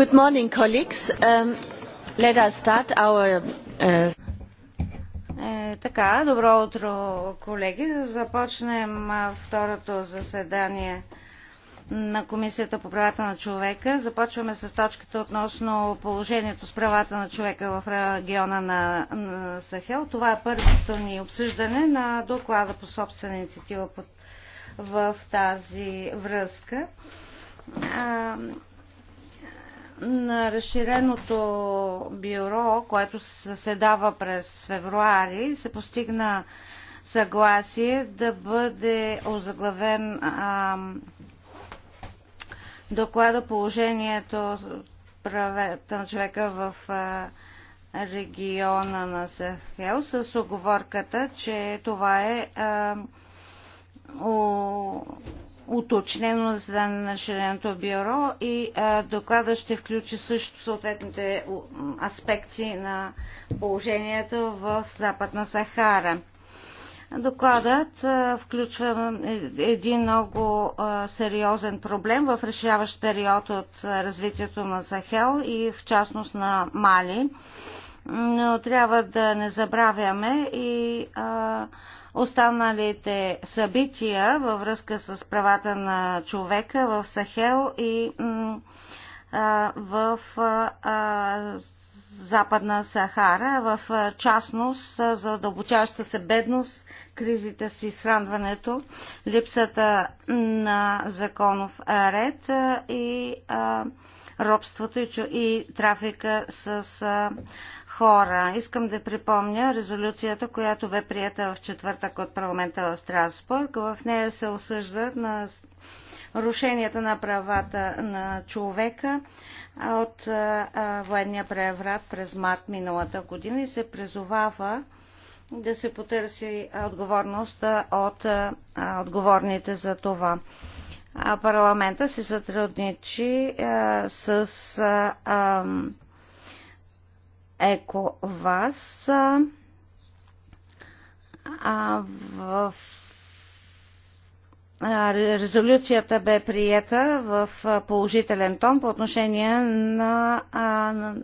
good morning, colleagues. Um, let us start our. Uh, е, така, добро утро, колеги. Да започнем второто заседание на Комисията по правата на човека. Започваме с точката относно положението с правата на човека в региона на, на Сахел. Това е първото ни обсъждане на доклада по собствена инициатива под, в тази връзка на разширеното бюро, което се през февруари, се постигна съгласие да бъде озаглавен а, доклада положението правета на човека в а, региона на Сахел с оговорката, че това е а, о, уточнено на заседание на членото бюро и доклада ще включи също съответните аспекти на положението в Западна Сахара. Докладът включва един много сериозен проблем в решаващ период от развитието на Сахел и в частност на Мали. Но трябва да не забравяме и а, останалите събития във връзка с правата на човека в Сахел и в Западна Сахара, в частност за дълбочаща се бедност, кризите с изхранването, липсата на законов ред и а, робството и трафика с хора. Искам да припомня резолюцията, която бе прията в четвъртък от парламента в Страсбург. В нея се осъждат на рушенията на правата на човека от военния преврат през март миналата година и се призовава да се потърси отговорността от отговорните за това парламента се сътрудничи е, с е, ЕКОВАС е, в резолюцията бе приета в положителен тон по отношение на, на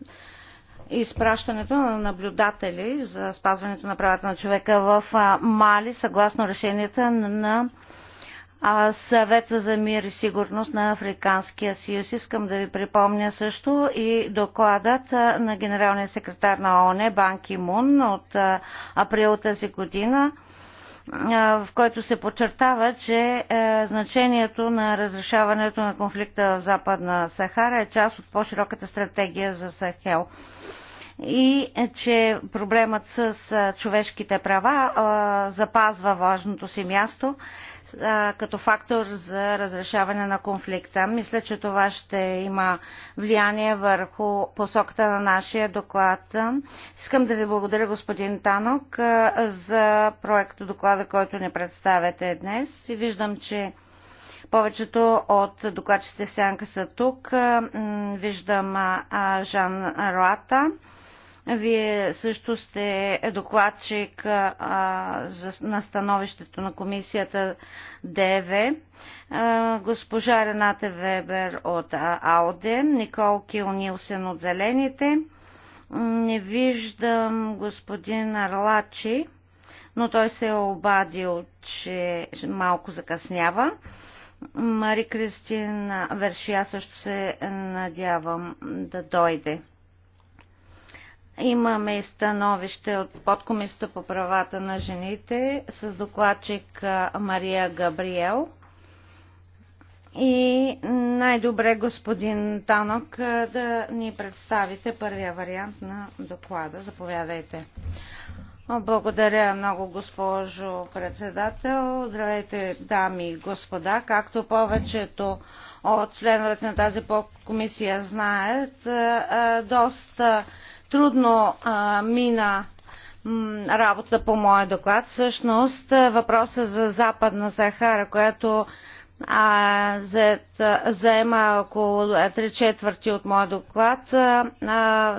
изпращането на наблюдатели за спазването на правата на човека в Мали, съгласно решенията на съвета за мир и сигурност на Африканския съюз. Искам да ви припомня също и докладът на генералния секретар на ООН Бан Ки Мун от април тази година, в който се подчертава, че е, значението на разрешаването на конфликта в Западна Сахара е част от по-широката стратегия за Сахел и е, че проблемът с човешките права запазва важното си място като фактор за разрешаване на конфликта. Мисля, че това ще има влияние върху посоката на нашия доклад. Искам да ви благодаря, господин Танок, за проекта доклада, който ни представяте днес. И виждам, че повечето от докладчите в сянка са тук. Виждам Жан Роата. Вие също сте докладчик а, за, на становището на комисията ДВ, а, госпожа Рената Вебер от АОДЕ, Никол Кил Нилсен от Зелените. Не виждам господин Арлачи, но той се е обадил, че малко закъснява. Мари Кристин Вершия също се надявам да дойде. Имаме и становище от подкомисията по правата на жените с докладчик Мария Габриел. И най-добре, господин Танок, да ни представите първия вариант на доклада. Заповядайте. Благодаря много, госпожо председател. Здравейте, дами и господа. Както повечето от членовете на тази подкомисия знаят, доста трудно а, мина работа по моя доклад. Всъщност въпроса за Западна Сахара, която а, за, заема около 3 четвърти от моя доклад, а,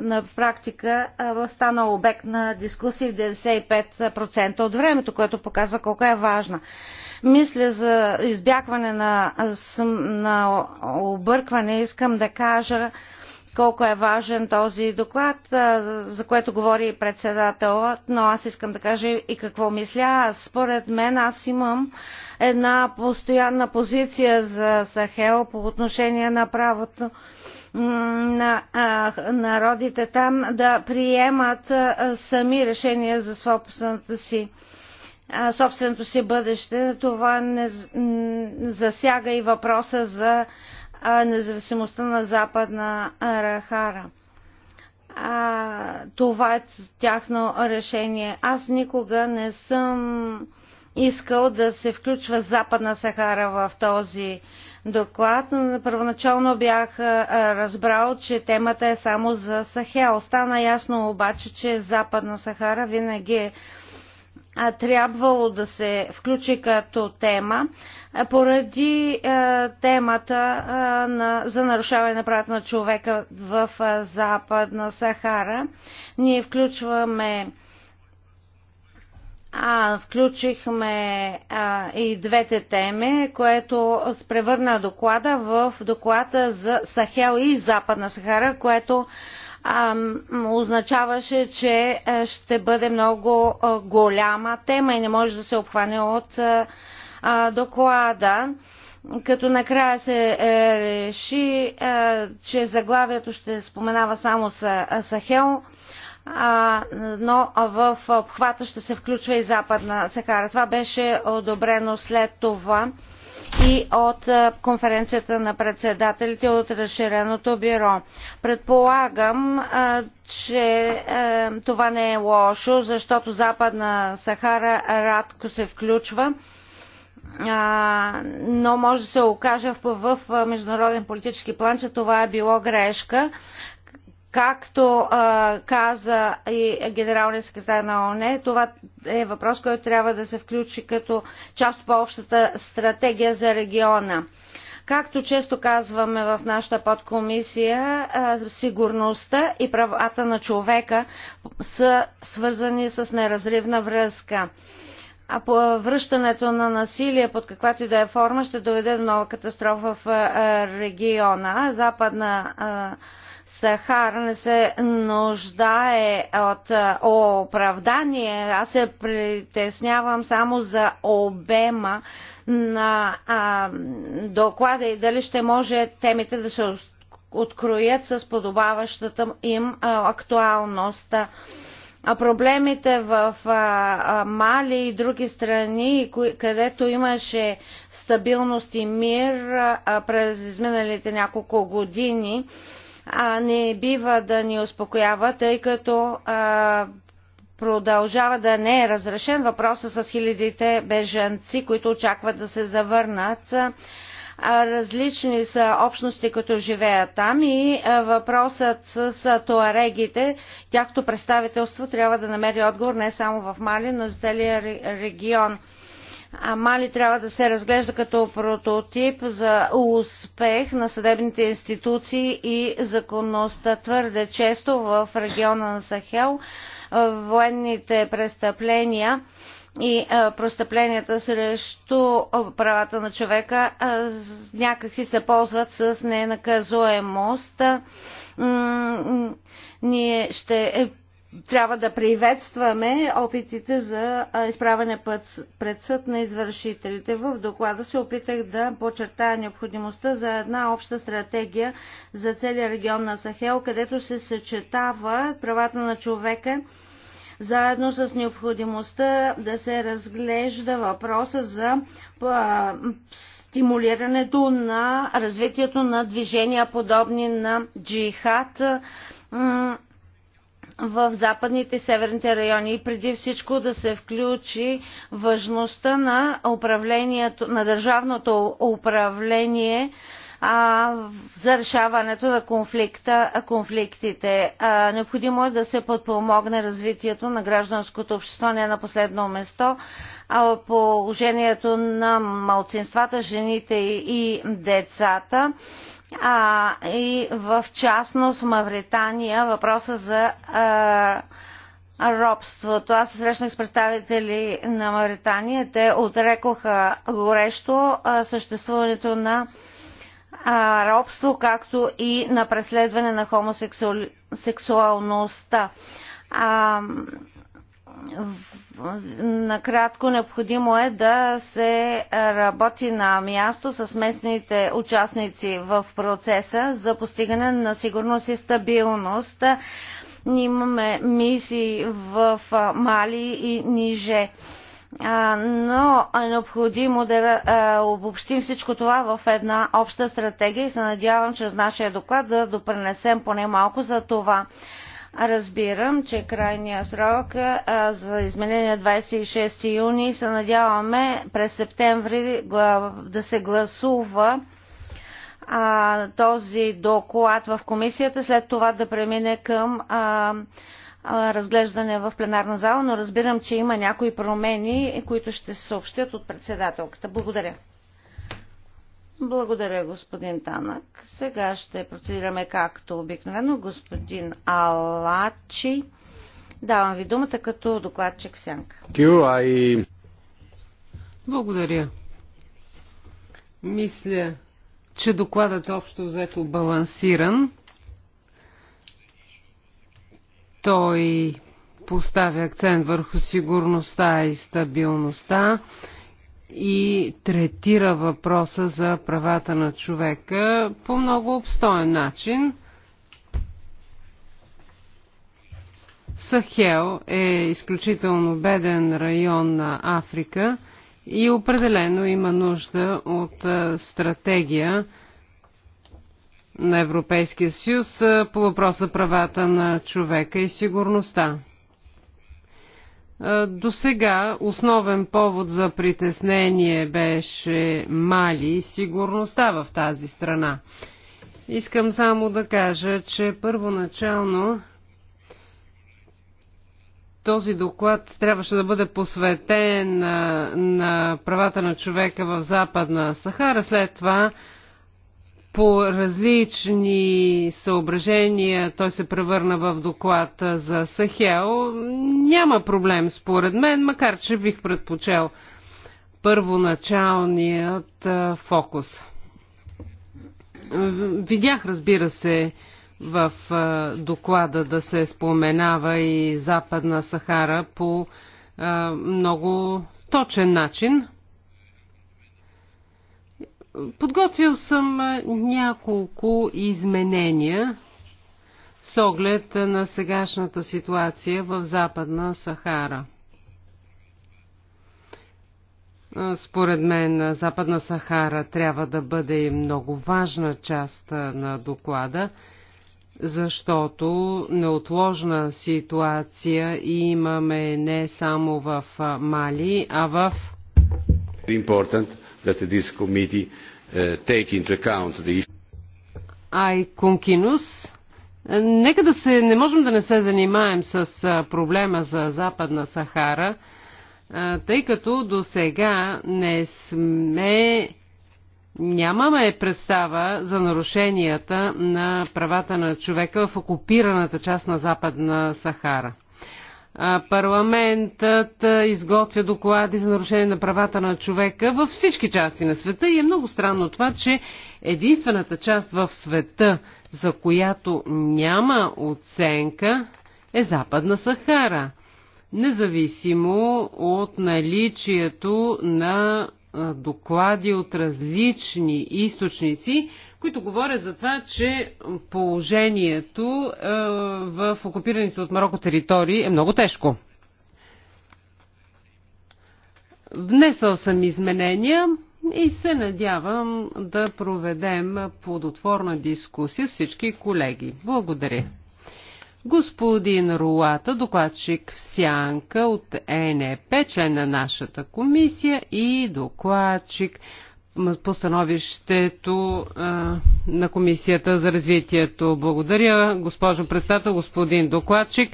на практика а, стана обект на дискусии в 95% от времето, което показва колко е важна. Мисля за избягване на, на объркване, искам да кажа, колко е важен този доклад, за което говори председателът, но аз искам да кажа и какво мисля. Според мен аз имам една постоянна позиция за Сахел по отношение на правото на народите там да приемат сами решения за собствената си собственото си бъдеще. Това не засяга и въпроса за независимостта на Западна Рахара. А, това е тяхно решение. Аз никога не съм искал да се включва Западна Сахара в този доклад. Първоначално бях разбрал, че темата е само за Сахел. Стана ясно обаче, че Западна Сахара винаги е трябвало да се включи като тема поради темата за нарушаване на правата на човека в Западна Сахара. Ние включваме а, включихме а, и двете теми, което превърна доклада в доклада за Сахел и Западна Сахара, което а, означаваше, че е, ще бъде много е, голяма тема и не може да се обхване от е, доклада. Като накрая се реши, че заглавието ще споменава само Сахел, но в обхвата ще се включва и Западна Сахара. Това беше одобрено след това и от конференцията на председателите от разширеното бюро. Предполагам, че това не е лошо, защото Западна Сахара радко се включва но може да се окаже в, в международен политически план, че това е било грешка. Както а, каза и генералният секретар на ООН, това е въпрос, който трябва да се включи като част по общата стратегия за региона. Както често казваме в нашата подкомисия, сигурността и правата на човека са свързани с неразривна връзка. А по връщането на насилие под каквато и да е форма ще доведе до нова катастрофа в региона. Западна Сахара не се нуждае от оправдание. Аз се притеснявам само за обема на а, доклада и дали ще може темите да се откроят с подобаващата им а, актуалност. А проблемите в а, а, Мали и други страни, кои, където имаше стабилност и мир а, през изминалите няколко години, а, а не бива да ни успокоява, тъй като а, продължава да не е разрешен въпроса с хилядите беженци, които очакват да се завърнат. Различни са общности, които живеят там и въпросът с туарегите, тяхто представителство трябва да намери отговор не само в Мали, но и за целия регион. Мали трябва да се разглежда като прототип за успех на съдебните институции и законността. Твърде често в региона на Сахел военните престъпления и престъпленията срещу правата на човека някакси се ползват с ненаказуемост. Ние ще трябва да приветстваме опитите за изправене път, пред съд на извършителите. В доклада се опитах да подчертая необходимостта за една обща стратегия за целия регион на Сахел, където се съчетава правата на човека заедно с необходимостта да се разглежда въпроса за стимулирането на развитието на движения подобни на джихад в западните и северните райони и преди всичко да се включи важността на, управлението, на държавното управление а, за решаването на конфликта, конфликтите. А, необходимо е да се подпомогне развитието на гражданското общество, не на последно место положението на малцинствата, жените и децата а, и в частност Мавритания въпроса за а, робството. Аз се срещнах с представители на Мавритания. Те отрекоха горещо а, съществуването на а, робство, както и на преследване на хомосексуалността. Хомосексуал накратко необходимо е да се работи на място с местните участници в процеса за постигане на сигурност и стабилност. Ние имаме мисии в Мали и Ниже. Но е необходимо да обобщим всичко това в една обща стратегия и се надявам чрез нашия доклад да допренесем поне малко за това. Разбирам, че крайния срок за изменение 26 юни се надяваме през септември да се гласува този доклад в комисията, след това да премине към разглеждане в пленарна зала, но разбирам, че има някои промени, които ще се съобщят от председателката. Благодаря. Благодаря, господин Танък. Сега ще процедираме както обикновено. Господин Алачи, давам ви думата като докладчик Сянка. Благодаря. Мисля, че докладът е общо взето балансиран. Той поставя акцент върху сигурността и стабилността и третира въпроса за правата на човека по много обстоен начин. Сахел е изключително беден район на Африка и определено има нужда от стратегия на Европейския съюз по въпроса правата на човека и сигурността. Е, до сега основен повод за притеснение беше Мали и сигурността в тази страна. Искам само да кажа, че първоначално този доклад трябваше да бъде посветен на, е, на правата на човека в Западна Сахара. След това по различни съображения той се превърна в доклад за Сахел. Няма проблем според мен, макар че бих предпочел първоначалният фокус. Видях, разбира се, в доклада да се споменава и Западна Сахара по много точен начин. Подготвил съм няколко изменения с оглед на сегашната ситуация в Западна Сахара. Според мен Западна Сахара трябва да бъде много важна част на доклада, защото неотложна ситуация имаме не само в Мали, а в Important that this committee uh, take into account the Айконкинус. Нека да се, не можем да не се занимаем с проблема за Западна Сахара, тъй като до сега не сме нямаме представа за нарушенията на правата на човека в окупираната част на Западна Сахара. Парламентът изготвя доклади за нарушение на правата на човека във всички части на света и е много странно това, че единствената част в света, за която няма оценка, е Западна Сахара, независимо от наличието на доклади от различни източници, които говорят за това, че положението е, в окупираните от Марокко територии е много тежко. Внесъл съм изменения и се надявам да проведем плодотворна дискусия с всички колеги. Благодаря. Господин Руата, докладчик в Сянка от ЕНЕП, член на нашата комисия и докладчик по становището на Комисията за развитието. Благодаря, госпожо председател, господин докладчик.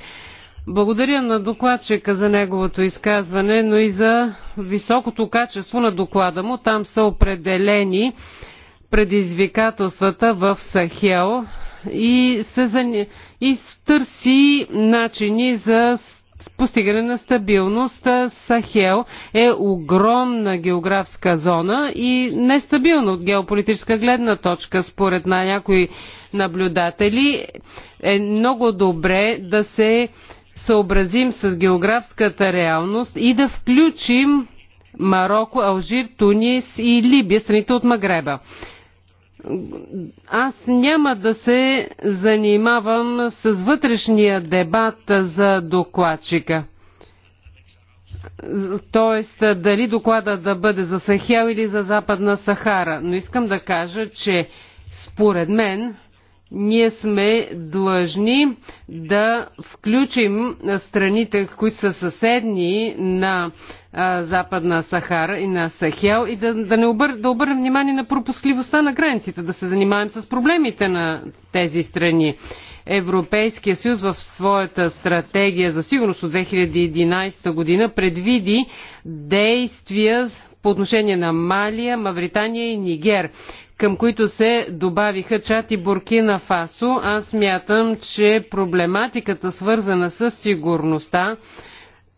Благодаря на докладчика за неговото изказване, но и за високото качество на доклада му. Там са определени предизвикателствата в Сахел и, се, и търси начини за постигане на стабилност. Сахел е огромна географска зона и нестабилна от геополитическа гледна точка, според на някои наблюдатели. Е много добре да се съобразим с географската реалност и да включим Марокко, Алжир, Тунис и Либия, страните от Магреба. Аз няма да се занимавам с вътрешния дебат за докладчика. Тоест, дали доклада да бъде за Сахел или за Западна Сахара. Но искам да кажа, че според мен ние сме длъжни да включим страните, които са съседни на а, Западна Сахара и на Сахел и да, да, не обър, да обърнем внимание на пропускливостта на границите, да се занимаем с проблемите на тези страни. Европейския съюз в своята стратегия за сигурност от 2011 година предвиди действия по отношение на Малия, Мавритания и Нигер към които се добавиха Чат и Буркина Фасо. Аз мятам, че проблематиката свързана с сигурността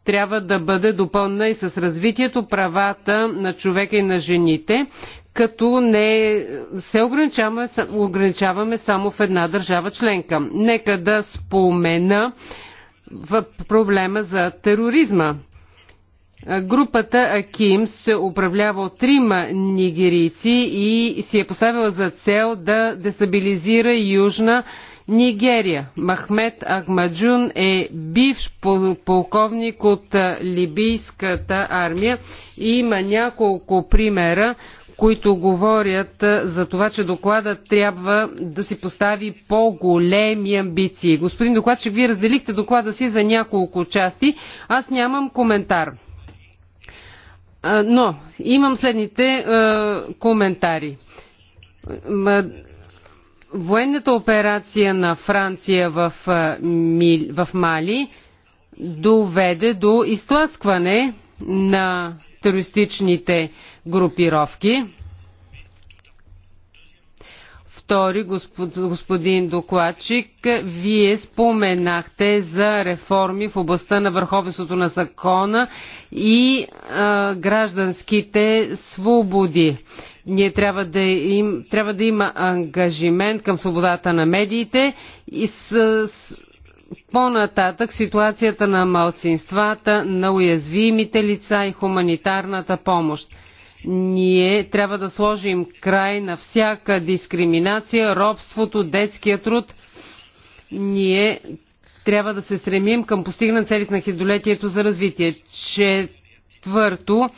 трябва да бъде допълнена и с развитието правата на човека и на жените, като не се ограничаваме, ограничаваме само в една държава членка. Нека да спомена в проблема за тероризма. Групата Аким се управлява от трима нигерийци и си е поставила за цел да дестабилизира Южна Нигерия. Махмед Ахмаджун е бивш полковник от либийската армия и има няколко примера, които говорят за това, че докладът трябва да си постави по-големи амбиции. Господин докладчик, вие разделихте доклада си за няколко части. Аз нямам коментар. Но имам следните е, коментари. Е, военната операция на Франция в, е, в Мали доведе до изтласкване на терористичните групировки втори, господ, господин докладчик, вие споменахте за реформи в областта на върховенството на закона и а, гражданските свободи. Ние трябва да, им, трябва да има ангажимент към свободата на медиите и с, с по-нататък ситуацията на малцинствата, на уязвимите лица и хуманитарната помощ ние трябва да сложим край на всяка дискриминация, робството, детския труд. Ние трябва да се стремим към постигна целите на хидолетието за развитие. Четвърто,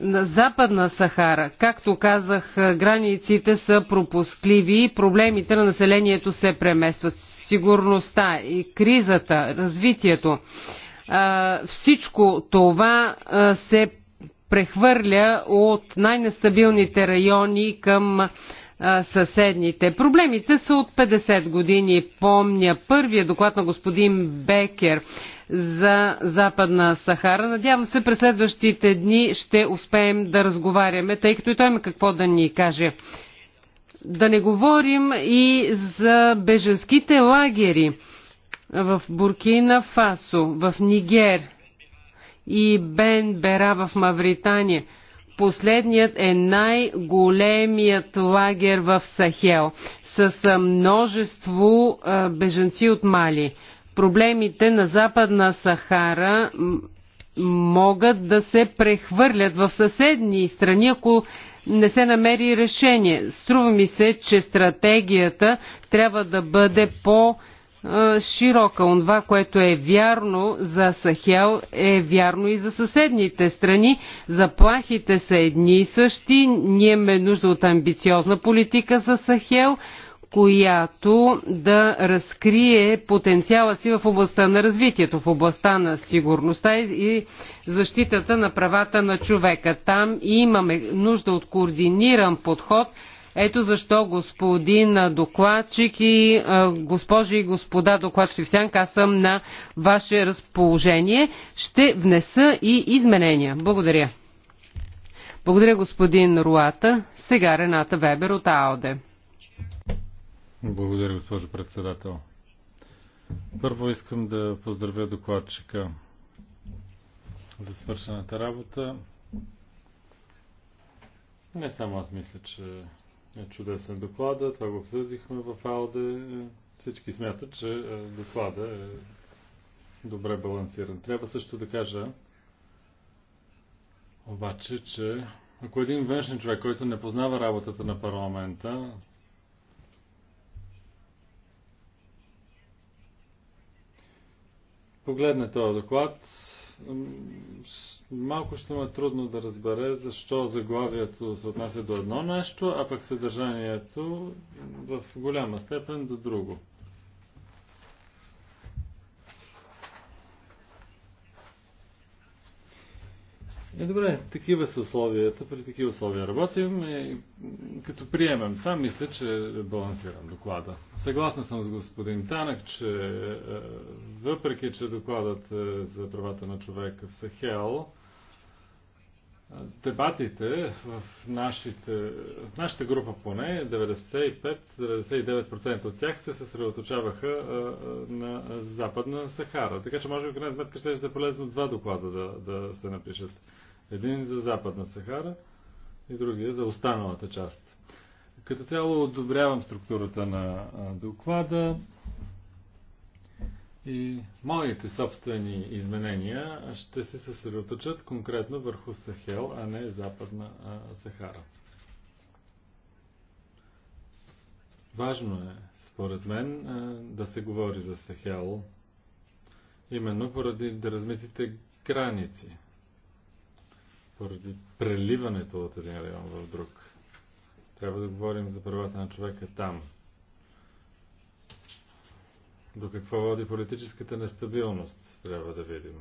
на Западна Сахара, както казах, границите са пропускливи, проблемите на населението се преместват. Сигурността и кризата, развитието, всичко това се прехвърля от най-нестабилните райони към съседните. Проблемите са от 50 години. Помня първия доклад на господин Бекер за Западна Сахара. Надявам се през следващите дни ще успеем да разговаряме, тъй като и той има какво да ни каже. Да не говорим и за беженските лагери в Буркина Фасо, в Нигер, и Бен Бера в Мавритания. Последният е най-големият лагер в Сахел с множество беженци от Мали. Проблемите на Западна Сахара могат да се прехвърлят в съседни страни, ако не се намери решение. Струва ми се, че стратегията трябва да бъде по- широка. Онова, което е вярно за Сахел, е вярно и за съседните страни. Заплахите са едни и същи. Ние имаме нужда от амбициозна политика за Сахел, която да разкрие потенциала си в областта на развитието, в областта на сигурността и защитата на правата на човека. Там имаме нужда от координиран подход – ето защо господин докладчик и госпожи и господа докладчици в сянка, аз съм на ваше разположение. Ще внеса и изменения. Благодаря. Благодаря господин Руата. Сега Рената Вебер от АОДЕ. Благодаря, госпожо председател. Първо искам да поздравя докладчика за свършената работа. Не само аз мисля, че е, чудесен доклада, това го обсъдихме в АЛДЕ. Е, всички смятат, че е, доклада е добре балансиран. Трябва също да кажа, обаче, че ако един външен човек, който не познава работата на парламента, погледне този доклад, малко ще му е трудно да разбере защо заглавието се отнася до едно нещо, а пък съдържанието в голяма степен до друго. Е, добре, такива са условията, при такива условия работим и като приемем това, мисля, че е балансиран доклада. Съгласна съм с господин Танък, че е, въпреки, че докладът е за правата на човека в Сахел дебатите в, нашите, в нашата група поне, 95-99% от тях се съсредоточаваха на Западна Сахара. Така че може би в крайна сметка ще е полезно два доклада да, да се напишат. Един за Западна Сахара и другия за останалата част. Като цяло одобрявам структурата на доклада. И моите собствени изменения ще се съсредоточат конкретно върху Сахел, а не Западна а, Сахара. Важно е, според мен, да се говори за Сахел, именно поради да размитите граници, поради преливането от един район в друг. Трябва да говорим за правата на човека там – до какво води политическата нестабилност, трябва да видим.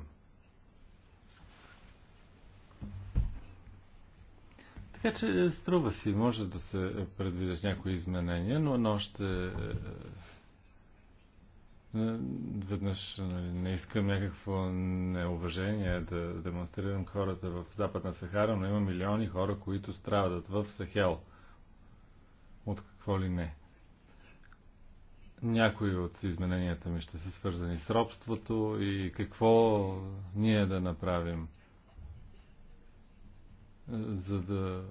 Така че струва си, може да се предвидят някои изменения, но, но още е, е, веднъж нали, не искам някакво неуважение да демонстрирам хората в Западна Сахара, но има милиони хора, които страдат в Сахел. От какво ли не? Някои от измененията ми ще са свързани с робството и какво ние да направим, за да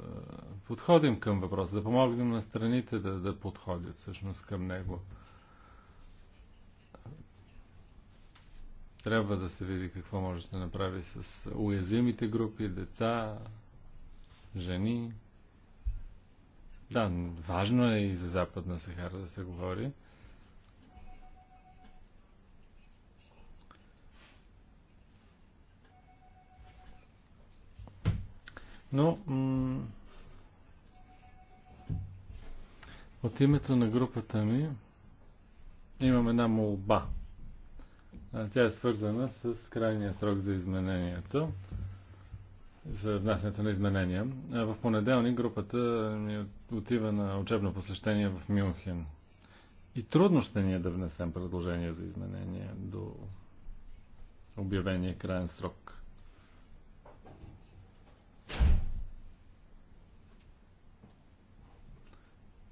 подходим към въпроса, да помогнем на страните да, да подходят всъщност към него. Трябва да се види какво може да се направи с уязвимите групи, деца, жени. Да, важно е и за Западна Сахара да се говори. Но от името на групата ми имам една молба. Тя е свързана с крайния срок за изменението, за внасянето на изменения. В понеделник групата ми отива на учебно посещение в Мюнхен. И трудно ще ни е да внесем предложение за изменение до обявения крайен срок.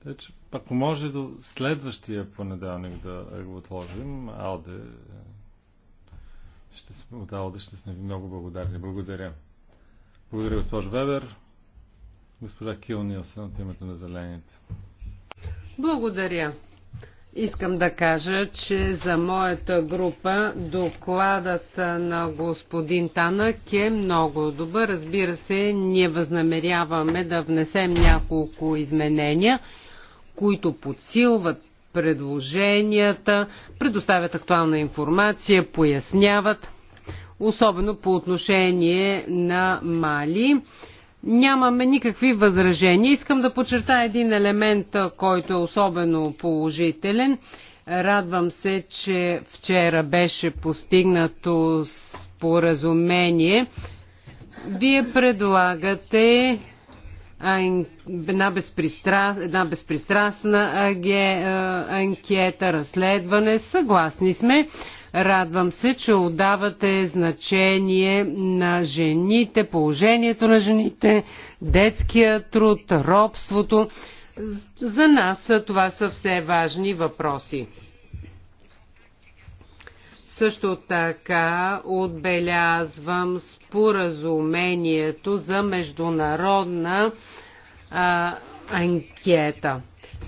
Тъй, е, ако може до следващия понеделник да го отложим, Алде, ще сме, от Алде ще сме ви много благодарни. Благодаря. Благодаря, госпожо Вебер. Госпожа Кил Нилсен от името на Зелените. Благодаря. Искам да кажа, че за моята група докладът на господин Танък е много добър. Разбира се, ние възнамеряваме да внесем няколко изменения които подсилват предложенията, предоставят актуална информация, поясняват, особено по отношение на Мали. Нямаме никакви възражения. Искам да подчертая един елемент, който е особено положителен. Радвам се, че вчера беше постигнато споразумение. Вие предлагате една, безпристран, една безпристрастна аге, анкета, разследване. Съгласни сме. Радвам се, че отдавате значение на жените, положението на жените, детския труд, робството. За нас това са все важни въпроси. Също така отбелязвам споразумението за международна а, анкета.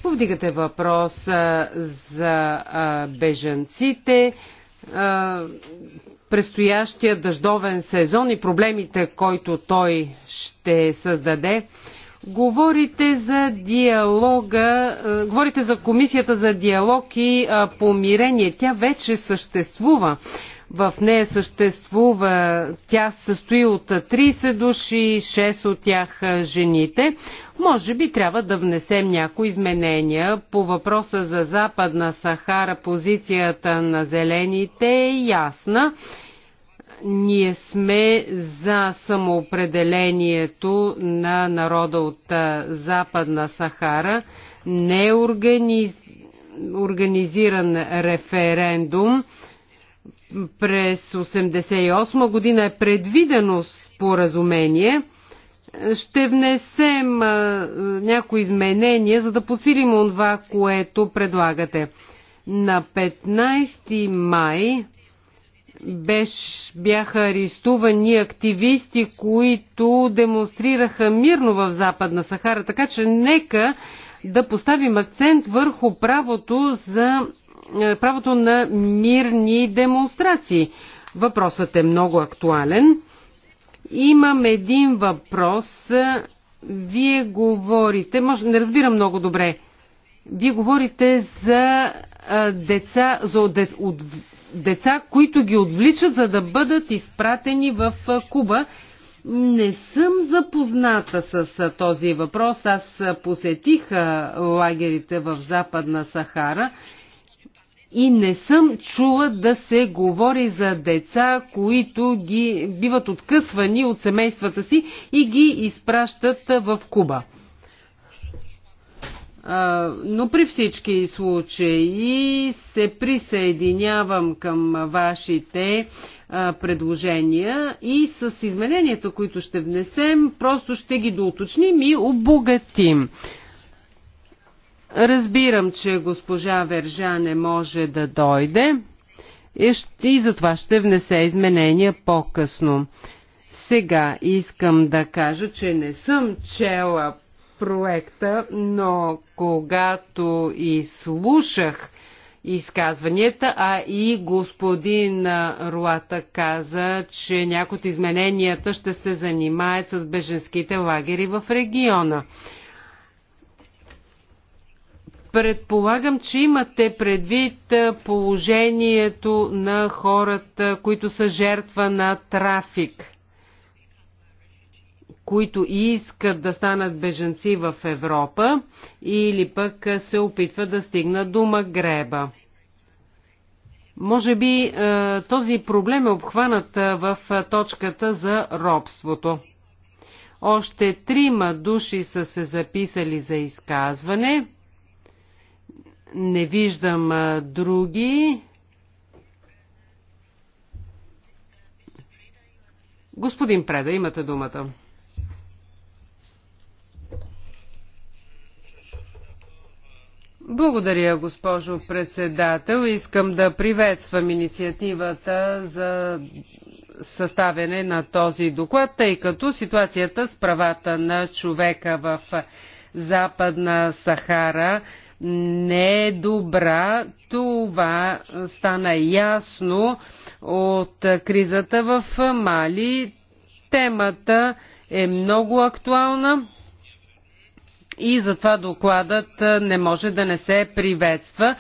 Повдигате въпроса за а, бежанците, а, предстоящия дъждовен сезон и проблемите, който той ще създаде. Говорите за диалога, е, говорите за комисията за диалог и е, помирение. Тя вече съществува. В нея съществува, тя състои от 30 души, 6 от тях е, жените. Може би трябва да внесем някои изменения. По въпроса за Западна Сахара позицията на зелените е ясна. Ние сме за самоопределението на народа от Западна Сахара, не организиран референдум. През 1988 година е предвидено споразумение. Ще внесем някои изменения, за да подсилим това, което предлагате. На 15 май беше, бяха арестувани активисти, които демонстрираха мирно в Западна Сахара. Така че нека да поставим акцент върху правото, за, е, правото на мирни демонстрации. Въпросът е много актуален. Имам един въпрос. Вие говорите, може, не разбирам много добре. Вие говорите за а, е, деца, за от, от деца, които ги отвличат, за да бъдат изпратени в Куба. Не съм запозната с този въпрос. Аз посетих лагерите в Западна Сахара и не съм чула да се говори за деца, които ги биват откъсвани от семействата си и ги изпращат в Куба но при всички случаи се присъединявам към вашите предложения и с измененията, които ще внесем, просто ще ги доуточним и обогатим. Разбирам, че госпожа Вержа не може да дойде и затова ще внесе изменения по-късно. Сега искам да кажа, че не съм чела проекта, но когато изслушах изказванията, а и господин Руата каза, че някои от измененията ще се занимаят с беженските лагери в региона. Предполагам, че имате предвид положението на хората, които са жертва на трафик които искат да станат беженци в Европа или пък се опитват да стигнат до Магреба. Може би е, този проблем е обхванат е, в точката за робството. Още трима души са се записали за изказване. Не виждам е, други. Господин Преда, имате думата. Благодаря, госпожо председател. Искам да приветствам инициативата за съставяне на този доклад, тъй като ситуацията с правата на човека в Западна Сахара не е добра. Това стана ясно от кризата в Мали. Темата е много актуална и затова докладът не може да не се приветства.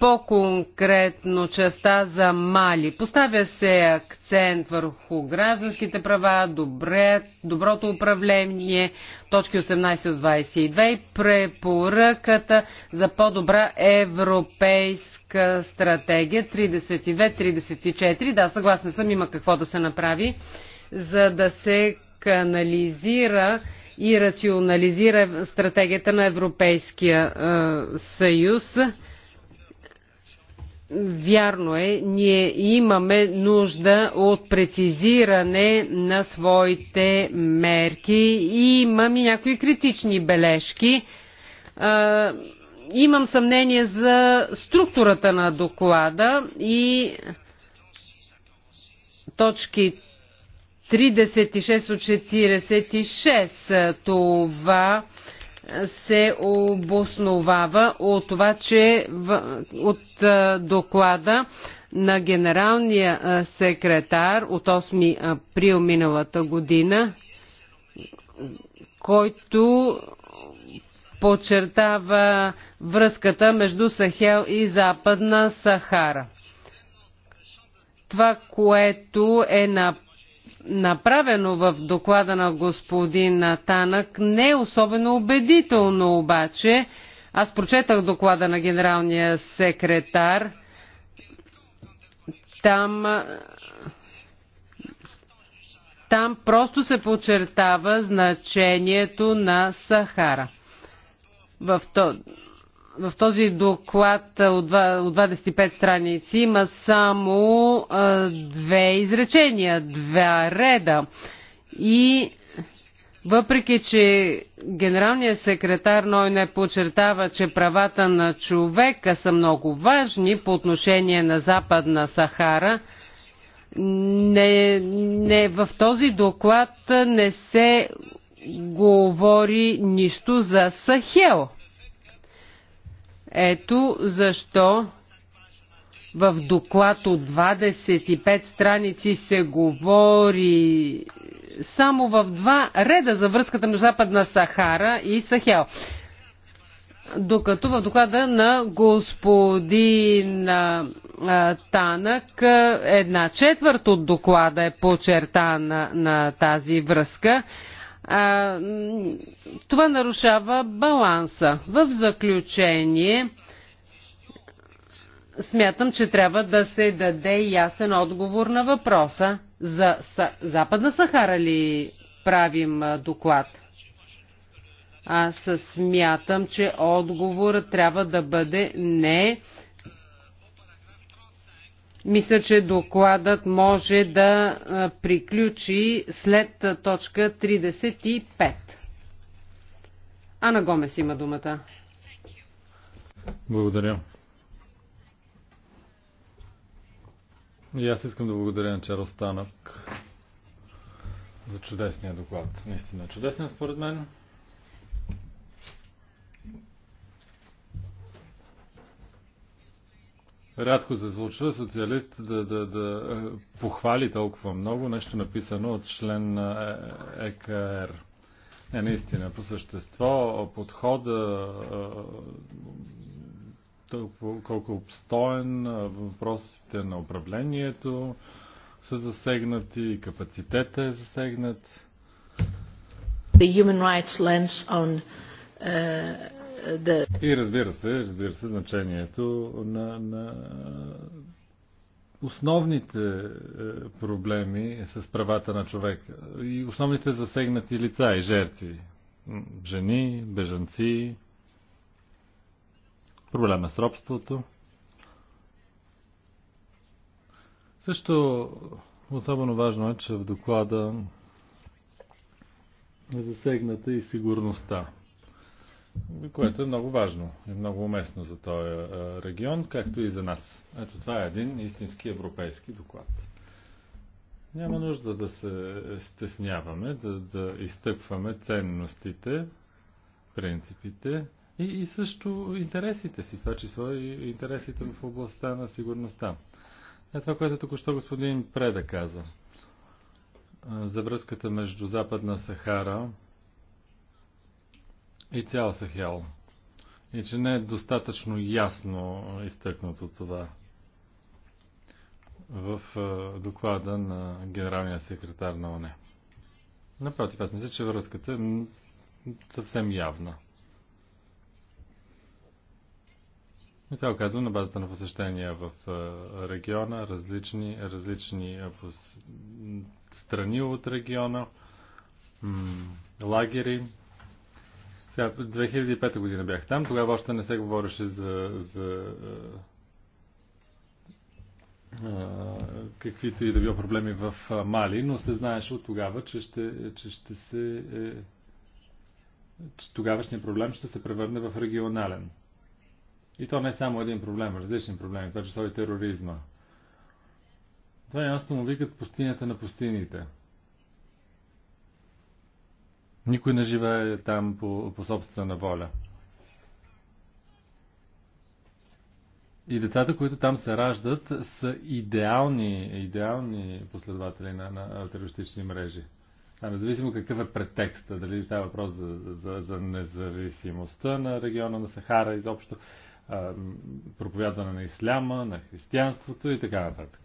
По-конкретно частта за Мали. Поставя се акцент върху гражданските права, добре, доброто управление, точки 18 от 22 и препоръката за по-добра европейска стратегия 32-34. Да, съгласна съм, има какво да се направи, за да се канализира и рационализира стратегията на Европейския съюз. Вярно е, ние имаме нужда от прецизиране на своите мерки и имам и някои критични бележки. Имам съмнение за структурата на доклада и точки 36 от 46. Това се обосновава от това, че в, от доклада на генералния секретар от 8 април миналата година, който подчертава връзката между Сахел и Западна Сахара. Това, което е направено направено в доклада на господин Танък не е особено убедително обаче. Аз прочетах доклада на генералния секретар. Там, там просто се подчертава значението на Сахара. В то, в този доклад е, от 25 страници има само е, две изречения, два реда. И въпреки, че генералният секретар ной не подчертава, че правата на човека са много важни по отношение на Западна Сахара, не, не, в този доклад не се говори нищо за Сахел. Ето защо в доклад от 25 страници се говори само в два реда за връзката между Западна Сахара и Сахел. Докато в доклада на господин Танък една четвърт от доклада е почертана на тази връзка а, това нарушава баланса. В заключение, смятам, че трябва да се даде ясен отговор на въпроса за Са... Западна Сахара ли правим доклад. Аз смятам, че отговорът трябва да бъде не. Мисля, че докладът може да приключи след точка 35. Ана Гомес има думата. Благодаря. И аз искам да благодаря на Чарл Станък за чудесния доклад. Наистина чудесен според мен. Рядко се случва социалист да, да, да е, похвали толкова много нещо написано от член на е, ЕКР. Не, наистина, по същество, подхода, е, толкова, колко обстоен, въпросите на управлението са засегнати, капацитета е засегнат. The human rights lens on uh, да... И разбира се, разбира се, значението на, на основните е, проблеми с правата на човека и основните засегнати лица и жертви. Жени, бежанци, проблема с робството. Също особено важно е, че в доклада е засегната и сигурността което е много важно и много уместно за този е, регион, както и за нас. Ето това е един истински европейски доклад. Няма нужда да се стесняваме, да, да изтъкваме ценностите, принципите и, и също интересите си, това число и интересите в областта на сигурността. Е това, което току-що господин Преда каза е, за връзката между Западна Сахара и цял Сахел. И че не е достатъчно ясно изтъкнато това в доклада на генералния секретар на ОНЕ. Напротив, аз мисля, че връзката е съвсем явна. И това казвам на базата на посещения в региона, различни, различни страни от региона, лагери, сега, 2005 година бях там, тогава още не се говореше за, за каквито и да било проблеми в Мали, но се знаеше от тогава, че ще, че ще се. Е, че тогавашният проблем ще се превърне в регионален. И то не е само един проблем, различни проблеми, това са и тероризма. Това място му викат пустинята на пустините – никой не живее там по, по собствена воля. И децата, които там се раждат, са идеални, идеални последователи на, на терористични мрежи. А независимо какъв е претекста, дали става въпрос за, за, за независимостта на региона на Сахара изобщо, проповядване на исляма, на християнството и така нататък.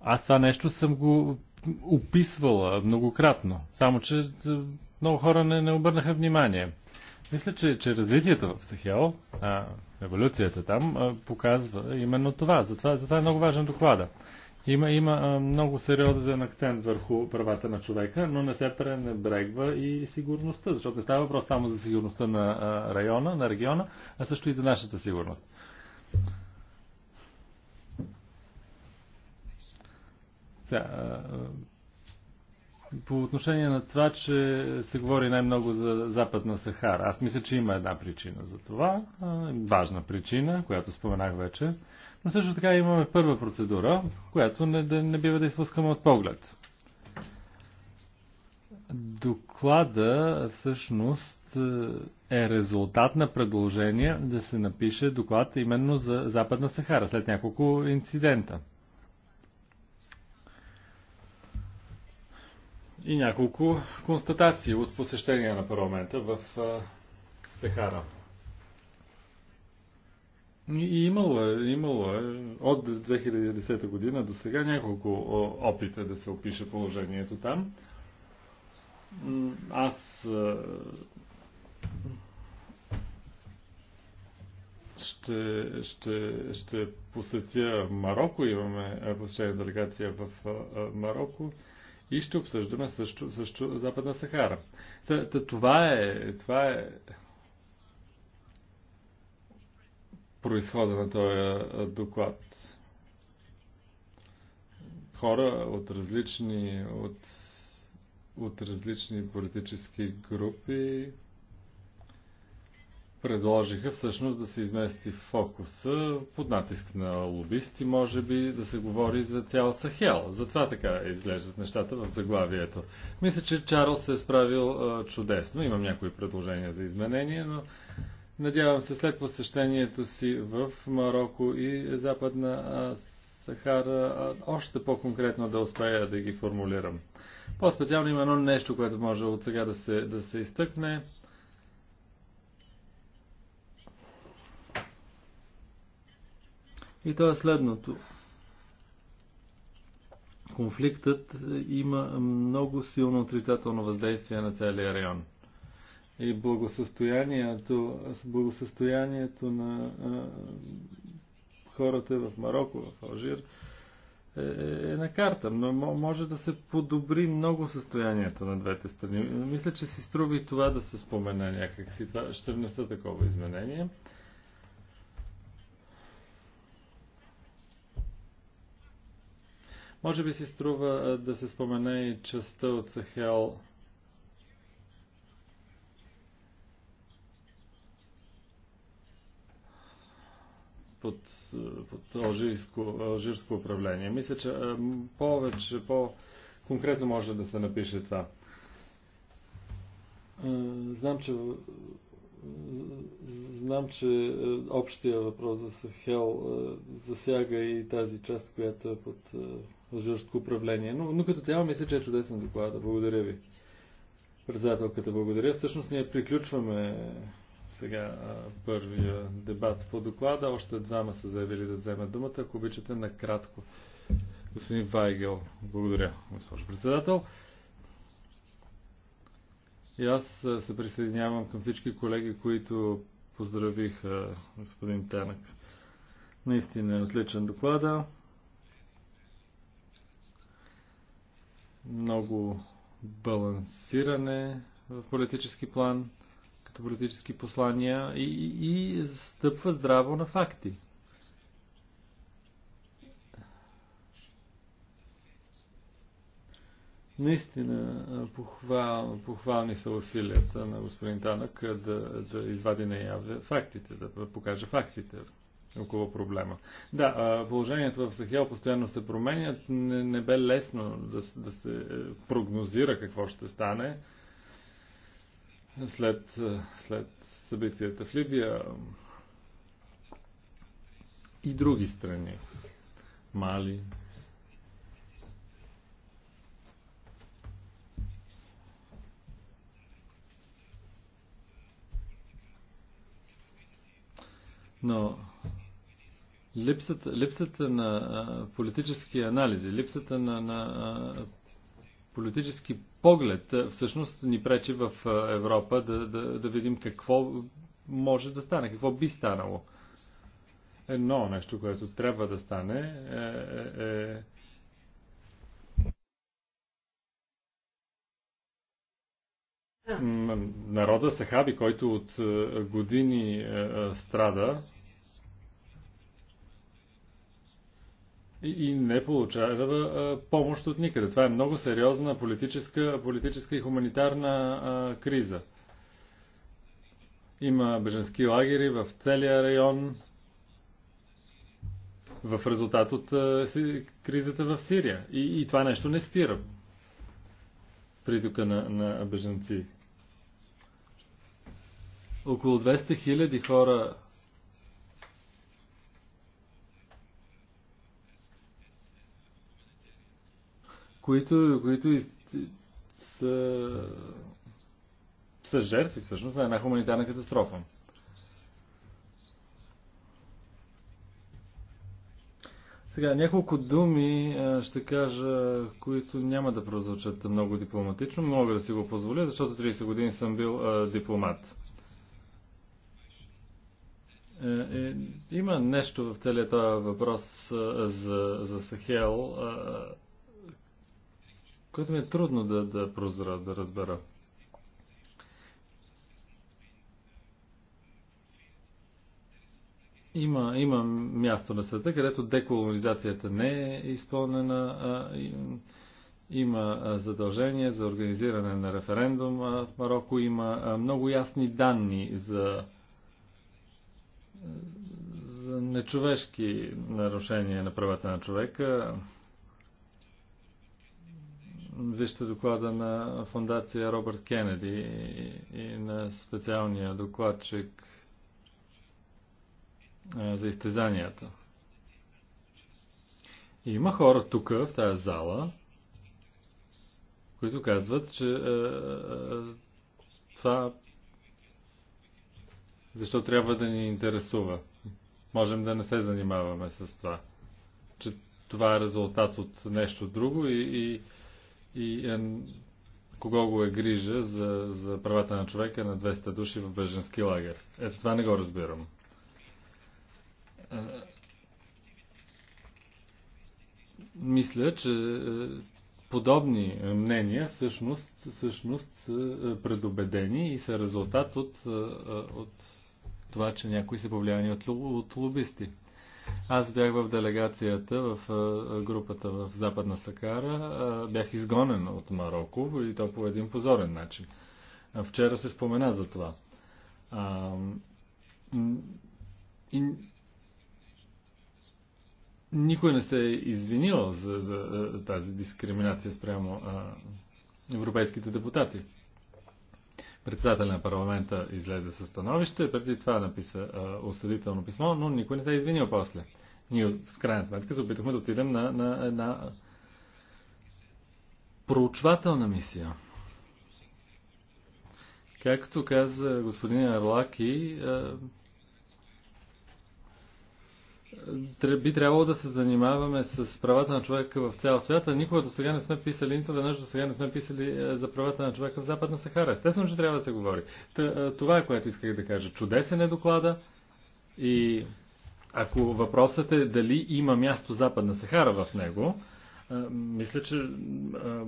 Аз това нещо съм го описвала многократно, само че е, много хора не, не обърнаха внимание. Мисля, че, че развитието в Сахел, а, еволюцията там, а, показва именно това. Затова, затова е много важен доклада. Има, има а, много сериозен акцент върху правата на човека, но не се пренебрегва и сигурността, защото не става въпрос само за сигурността на а, района, на региона, а също и за нашата сигурност. Сега, по отношение на това, че се говори най-много за Западна Сахара, аз мисля, че има една причина за това, важна причина, която споменах вече, но също така имаме първа процедура, която не, да, не бива да изпускаме от поглед. Доклада всъщност е резултат на предложение да се напише доклад именно за Западна Сахара след няколко инцидента – и няколко констатации от посещения на парламента в Сахара. И имало е, имало е от 2010 година до сега няколко опита да се опише положението там. Аз ще, ще, ще посетя Марокко. Имаме посещение делегация в Марокко и ще обсъждаме също, също Западна Сахара. Това е, това е произхода на този доклад. Хора от различни, от, от различни политически групи предложиха всъщност да се измести фокуса под натиск на лобисти, може би да се говори за цял Сахел. Затова така изглеждат нещата в заглавието. Мисля, че Чарлз се е справил а, чудесно. Имам някои предложения за изменение, но надявам се след посещението си в Марокко и Западна а, Сахара а, още по-конкретно да успея да ги формулирам. По-специално има едно нещо, което може от сега да се, да се изтъкне. И то е следното. Конфликтът има много силно отрицателно въздействие на целия район. И благосъстоянието, благосъстоянието на а, хората в Марокко, в Алжир, е, е, е на карта, но може да се подобри много състоянието на двете страни. Мисля, че си струва и това да се спомена някакси. Това ще внеса такова изменение. Може би си струва да се спомене и частта от Сахел, под, под алжирско, алжирско управление. Мисля, че повече, по-конкретно може да се напише това. Знам, че знам, че общия въпрос за Сахел засяга и тази част, която е под лъжурско управление. Но, но като цяло мисля, че е чудесен доклад. Благодаря ви. Председателката, благодаря. Всъщност ние приключваме сега първия дебат по доклада. Още двама са заявили да вземат думата. Ако обичате, накратко. Господин Вайгел, благодаря, госпожо председател. И аз се присъединявам към всички колеги, които поздравих господин Танък. Наистина е отличен доклада. много балансиране в политически план, като политически послания и, и, и стъпва здраво на факти. Наистина похвал, похвални са усилията на господин Танък да, да извади наяве фактите, да покаже фактите около проблема. Да, положението в Сахел постоянно се променят. Не, не бе лесно да, да се е, прогнозира какво ще стане след, е, след събитията в Либия и други страни. Мали. Но липсата, липсата на а, политически анализи, липсата на, на а, политически поглед всъщност ни пречи в Европа да, да, да видим какво може да стане, какво би станало. Едно нещо, което трябва да стане е, е, е народа Сахаби, който от години страда, и не получава помощ от никъде. Това е много сериозна политическа, политическа и хуманитарна а, криза. Има беженски лагери в целия район в резултат от а, си, кризата в Сирия. И, и това нещо не спира притока на, на беженци. Около 200 000 хора които, които из, са, са жертви всъщност на една хуманитарна катастрофа. Сега, няколко думи ще кажа, които няма да прозвучат много дипломатично. Мога да си го позволя, защото 30 години съм бил а, дипломат. Е, е, има нещо в целият този въпрос а, за, за Сахел, а, което ми е трудно да, да прозра, да разбера. Има, има място на света, където деколонизацията не е изпълнена. А, и, има задължение за организиране на референдум в Марокко. Има много ясни данни за, за нечовешки нарушения на правата на човека. Вижте доклада на фундация Робърт Кенеди и на специалния докладчик за изтезанията. И има хора тук, в тази зала, които казват, че е, това защо трябва да ни интересува. Можем да не се занимаваме с това. Че това е резултат от нещо друго и, и и е, кого го е грижа за, за правата на човека на 200 души в беженски лагер. Ето това не го разбирам. Е, мисля, че е, подобни мнения всъщност, всъщност са е, предубедени и са резултат от, е, от това, че някои са повлияни от, от лобисти. Аз бях в делегацията, в групата в Западна Сакара. Бях изгонен от Марокко и то по един позорен начин. Вчера се спомена за това. И никой не се е извинил за, за тази дискриминация спрямо европейските депутати. Председателя на парламента излезе със становище, преди това написа а, осъдително писмо, но никой не се е извинил после. Ние в крайна сметка се опитахме да отидем на, на една проучвателна мисия. Както каза господин Арлаки, а, би трябвало да се занимаваме с правата на човека в цял свят, а никога до сега не сме писали, нито веднъж до сега не сме писали е, за правата на човека в Западна Сахара. Естествено, че трябва да се говори. Е, това е което исках да кажа. Чудесен е доклада и ако въпросът е дали има място Западна Сахара в него, е, мисля, че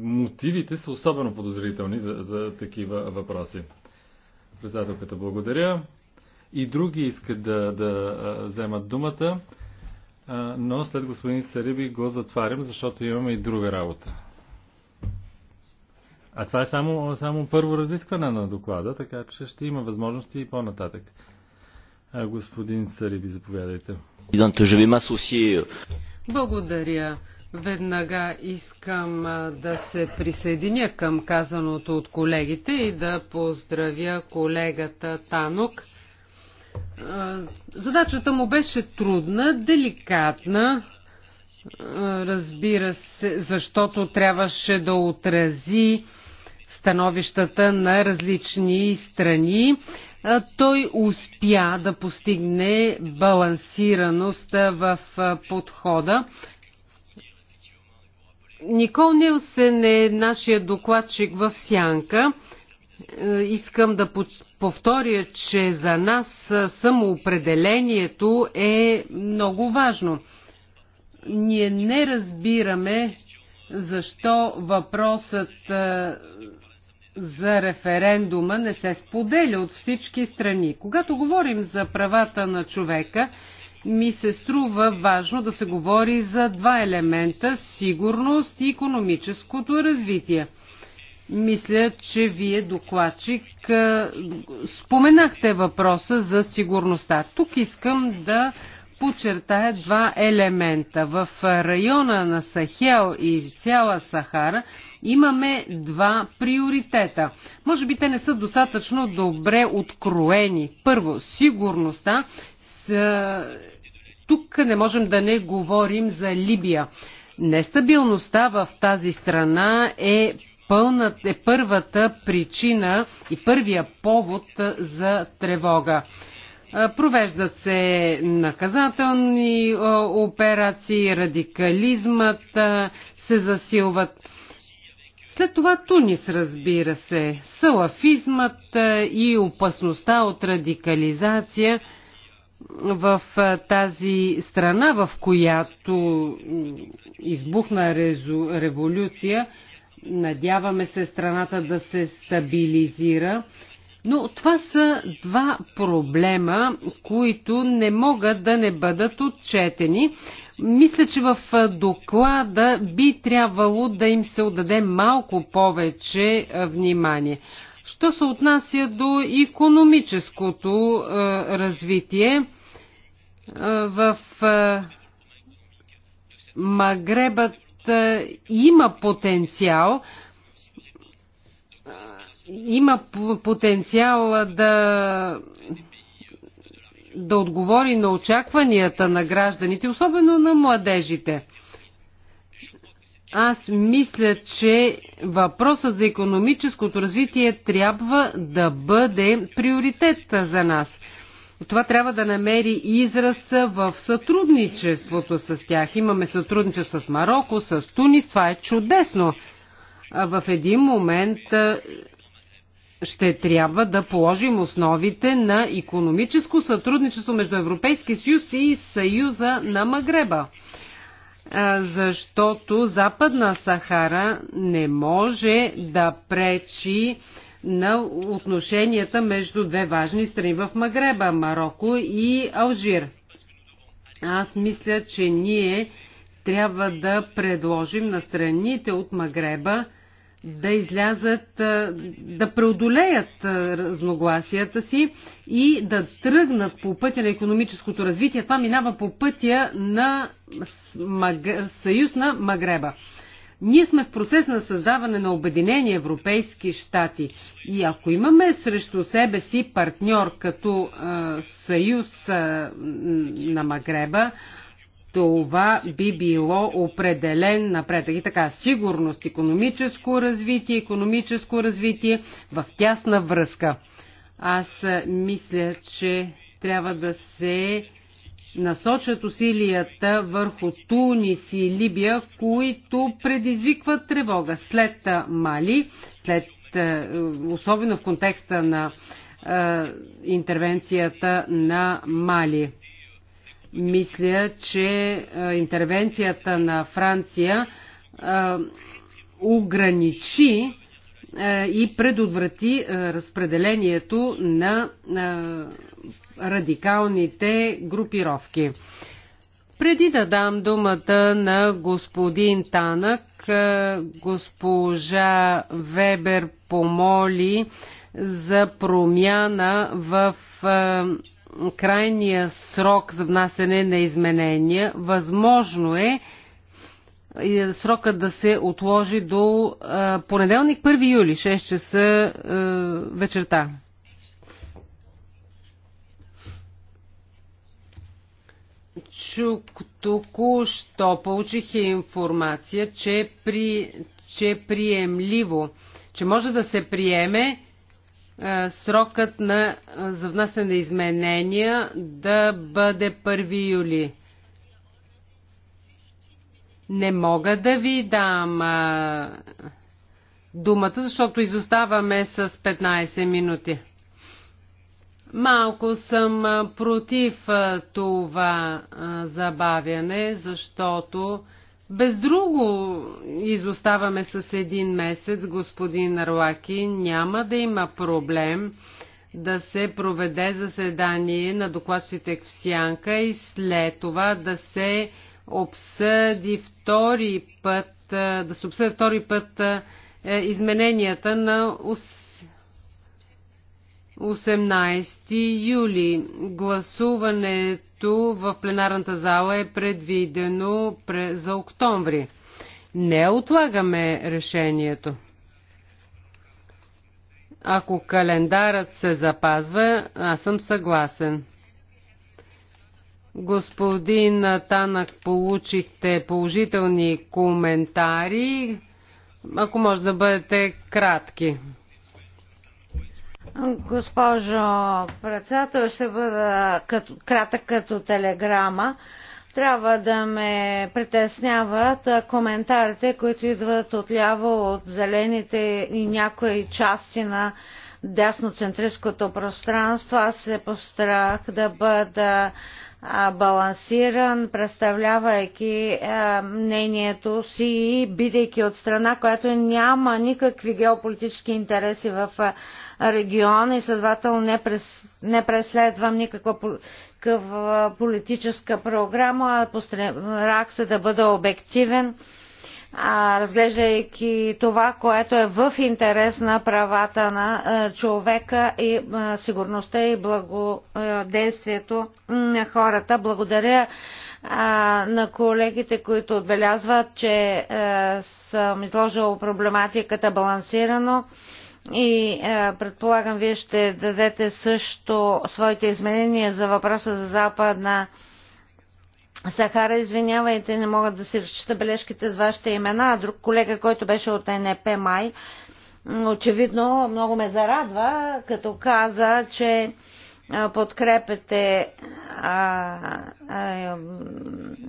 мотивите са особено подозрителни за, за такива въпроси. Председателката, благодаря. И други искат да, да вземат думата но след господин Сариби го затварям, защото имаме и друга работа. А това е само, само първо разискване на доклада, така че ще има възможности и по-нататък. господин Сариби, заповядайте. Euh, Благодаря. Веднага искам да се присъединя към казаното от колегите и да поздравя колегата Танок Задачата му беше трудна, деликатна, разбира се, защото трябваше да отрази становищата на различни страни. Той успя да постигне балансираност в подхода. Никол Нилсен е нашия докладчик в Сянка. Е, искам да повторя, че за нас самоопределението е много важно. Ние не разбираме защо въпросът е, за референдума не се споделя от всички страни. Когато говорим за правата на човека, ми се струва важно да се говори за два елемента – сигурност и економическото развитие. Мисля, че вие, докладчик, споменахте въпроса за сигурността. Тук искам да подчертая два елемента. В района на Сахел и цяла Сахара имаме два приоритета. Може би те не са достатъчно добре откроени. Първо, сигурността. С... Тук не можем да не говорим за Либия. Нестабилността в тази страна е пълна, е първата причина и първия повод за тревога. Провеждат се наказателни операции, радикализмът се засилват. След това Тунис, разбира се, салафизмът и опасността от радикализация в тази страна, в която избухна революция, Надяваме се страната да се стабилизира. Но това са два проблема, които не могат да не бъдат отчетени. Мисля, че в доклада би трябвало да им се отдаде малко повече внимание. Що се отнася до економическото е, развитие е, в е, Магребът е, има потенциал има потенциал да да отговори на очакванията на гражданите, особено на младежите. Аз мисля, че въпросът за економическото развитие трябва да бъде приоритет за нас това трябва да намери израз в сътрудничеството с тях. Имаме сътрудничество с Марокко, с Тунис, това е чудесно. В един момент ще трябва да положим основите на економическо сътрудничество между Европейския съюз и Съюза на Магреба. Защото Западна Сахара не може да пречи на отношенията между две важни страни в Магреба, Марокко и Алжир. Аз мисля, че ние трябва да предложим на страните от Магреба да излязат, да преодолеят разногласията си и да тръгнат по пътя на економическото развитие. Това минава по пътя на Съюз на Магреба. Ние сме в процес на създаване на Обединени Европейски щати и ако имаме срещу себе си партньор като а, съюз а, на Магреба, това би било определен напредък. И така, сигурност, економическо развитие, економическо развитие в тясна връзка. Аз мисля, че трябва да се насочат усилията върху Тунис и Либия, които предизвикват тревога. След Мали, след, особено в контекста на е, интервенцията на Мали. Мисля, че е, интервенцията на Франция е, ограничи и предотврати разпределението на радикалните групировки. Преди да дам думата на господин Танък, е, госпожа Вебер помоли за промяна в е, крайния срок за внасене на изменения. Възможно е, е срока да се отложи до понеделник 1 юли 6 часа вечерта. Чук току-що получих информация, че, е при, че е приемливо, че може да се приеме е, срокът на, е, за внасяне на изменения да бъде 1 юли. Не мога да ви дам е, думата, защото изоставаме с 15 минути. Малко съм против това забавяне, защото без друго изоставаме с един месец, господин Арлаки. Няма да има проблем да се проведе заседание на докладчите в Сянка и след това да се обсъди втори път, да се обсъди втори път е, измененията на 18 юли. Гласуването в пленарната зала е предвидено за октомври. Не отлагаме решението. Ако календарът се запазва, аз съм съгласен. Господин Танък, получихте положителни коментари. Ако може да бъдете кратки. Госпожо председател, ще бъда като, кратък като телеграма. Трябва да ме притесняват коментарите, които идват отляво от зелените и някои части на дясноцентристското пространство. Аз се пострах да бъда балансиран, представлявайки мнението си и бидейки от страна, която няма никакви геополитически интереси в региона и следвател не, прес, не преследвам никаква политическа програма, а постарах се да бъда обективен разглеждайки това, което е в интерес на правата на е, човека и е, сигурността и благоденствието на хората. Благодаря е, на колегите, които отбелязват, че съм изложила проблематиката балансирано и предполагам, вие ще дадете също своите изменения за въпроса за Западна Сахара, извинявайте, не могат да си разчита бележките с вашите имена. а Друг колега, който беше от НП Май, очевидно много ме зарадва, като каза, че подкрепете а, а,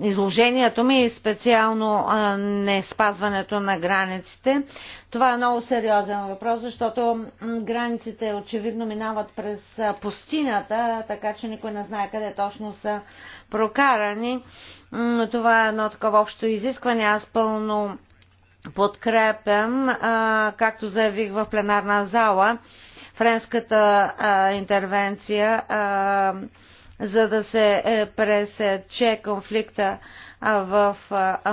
изложението ми и специално а, не спазването на границите. Това е много сериозен въпрос, защото границите очевидно минават през пустинята, така че никой не знае къде точно са прокарани. Това е едно такова общо изискване. Аз пълно подкрепям, както заявих в пленарна зала, френската а, интервенция, а, за да се е, пресече конфликта в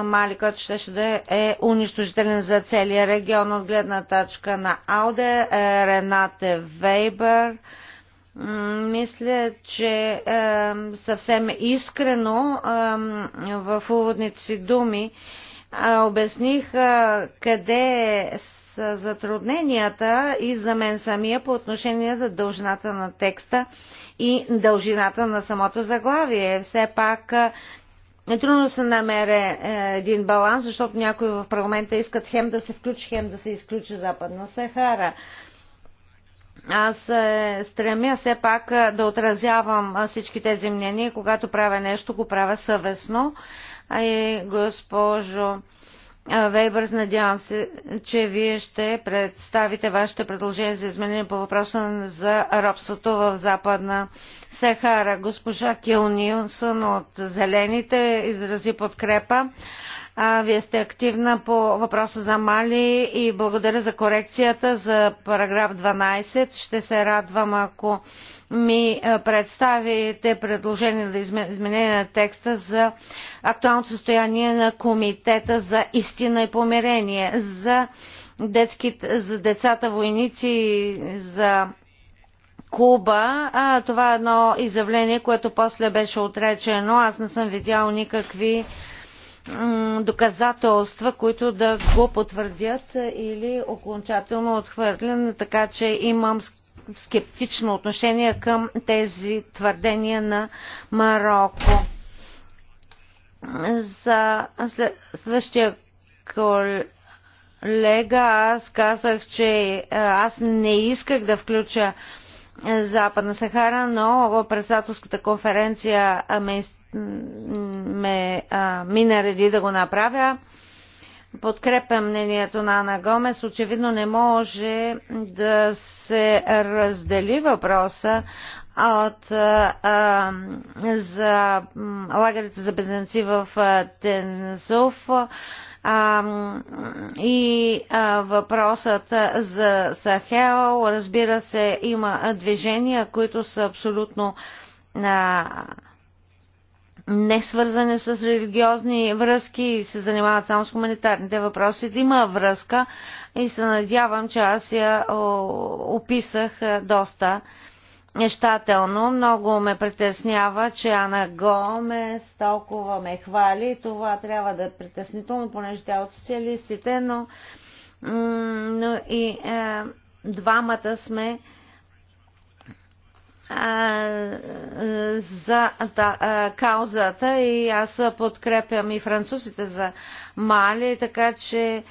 Мали, който ще, ще е унищожителен за целия регион от гледна точка на Ауде, е, Ренате Вейбер. Мисля, че е, съвсем искрено е, в уводните си думи е, обясних къде затрудненията и за мен самия по отношение на дължината на текста и дължината на самото заглавие. Все пак трудно се намере един баланс, защото някои в парламента искат хем да се включи, хем да се изключи Западна Сахара. Аз е, стремя все пак е, да отразявам е, всички тези мнения. Когато правя нещо, го правя съвестно. И госпожо Вейбърс, надявам се, че вие ще представите вашите предложения за изменение по въпроса за робството в Западна Сахара. Госпожа Кил Нилсон от Зелените изрази подкрепа вие сте активна по въпроса за Мали и благодаря за корекцията за параграф 12. Ще се радвам, ако ми е, представите предложение за изменение на текста за актуалното състояние на Комитета за истина и помирение, за, детски, за децата войници, за Куба. А, това е едно изявление, което после беше отречено. Аз не съм видял никакви доказателства, които да го потвърдят или окончателно отхвърлен, така че имам скептично отношение към тези твърдения на Марокко. За следващия колега аз казах, че аз не исках да включа Западна Сахара, но председателската конференция ме ме а, мина да го направя. Подкрепя мнението на Ана Гомес. Очевидно не може да се раздели въпроса от, а, за лагерите за бежанци в Тензов и а, въпросът за Сахел. Разбира се, има движения, които са абсолютно а, не свързани с религиозни връзки и се занимават само с хуманитарните въпроси. Има връзка и се надявам, че аз я описах е, доста нещателно. Много ме притеснява, че Ана Гомес толкова ме хвали. Това трябва да е притеснително, понеже тя е от социалистите, но, но и е, двамата сме за да, каузата и аз подкрепям и французите за Мали, така че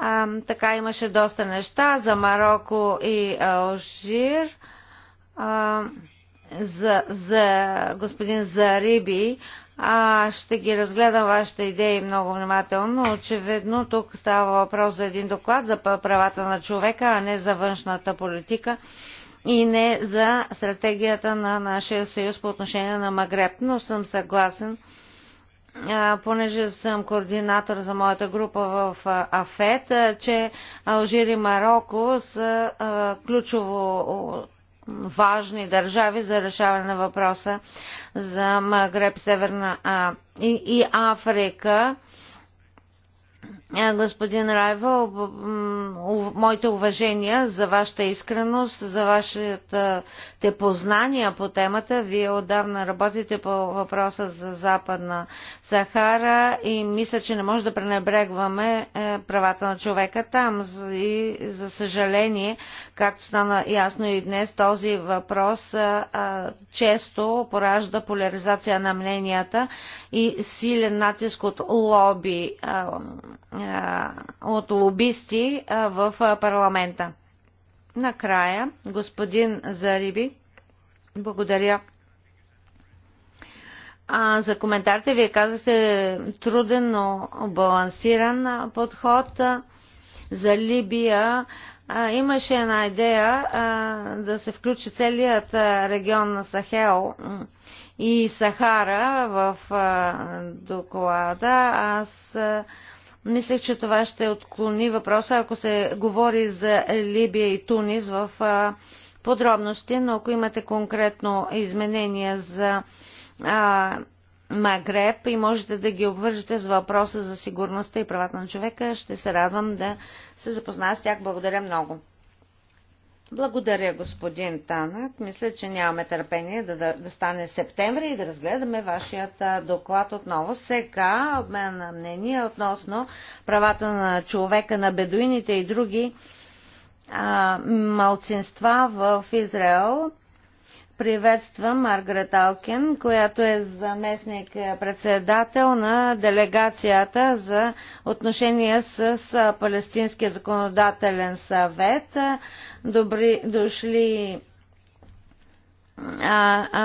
а, така имаше доста неща за Марокко и Алжир. А, за, за господин Зариби. А, ще ги разгледам вашите идеи много внимателно. Очевидно, тук става въпрос за един доклад за правата на човека, а не за външната политика и не за стратегията на нашия съюз по отношение на Магреб. Но съм съгласен, понеже съм координатор за моята група в АФЕТ, че Алжир и Марокко са ключово важни държави за решаване на въпроса за Магреб, Северна и Африка господин Райва, моите уважения за вашата искреност, за вашите познания по темата. Вие отдавна работите по въпроса за Западна Сахара и мисля, че не може да пренебрегваме е, правата на човека там. И за съжаление, както стана ясно и днес, този въпрос е, е, често поражда поляризация на мненията и силен натиск от лоби от лобисти в парламента. Накрая, господин Зариби, благодаря а, за коментарите. Вие казахте труден, но балансиран подход за Либия. А, имаше една идея а, да се включи целият регион на Сахел и Сахара в а, доклада. Аз а, Мислех, че това ще отклони въпроса, ако се говори за Либия и Тунис в подробности, но ако имате конкретно изменения за Магреб и можете да ги обвържете с въпроса за сигурността и правата на човека, ще се радвам да се запозная с тях. Благодаря много. Благодаря, господин Танък. Мисля, че нямаме търпение да, да, да стане септември и да разгледаме вашият доклад отново. Сега обмен на мнение относно правата на човека, на бедуините и други а, малцинства в Израел приветствам Маргарет Алкен, която е заместник е, председател на делегацията за отношения с Палестинския законодателен съвет. Добри дошли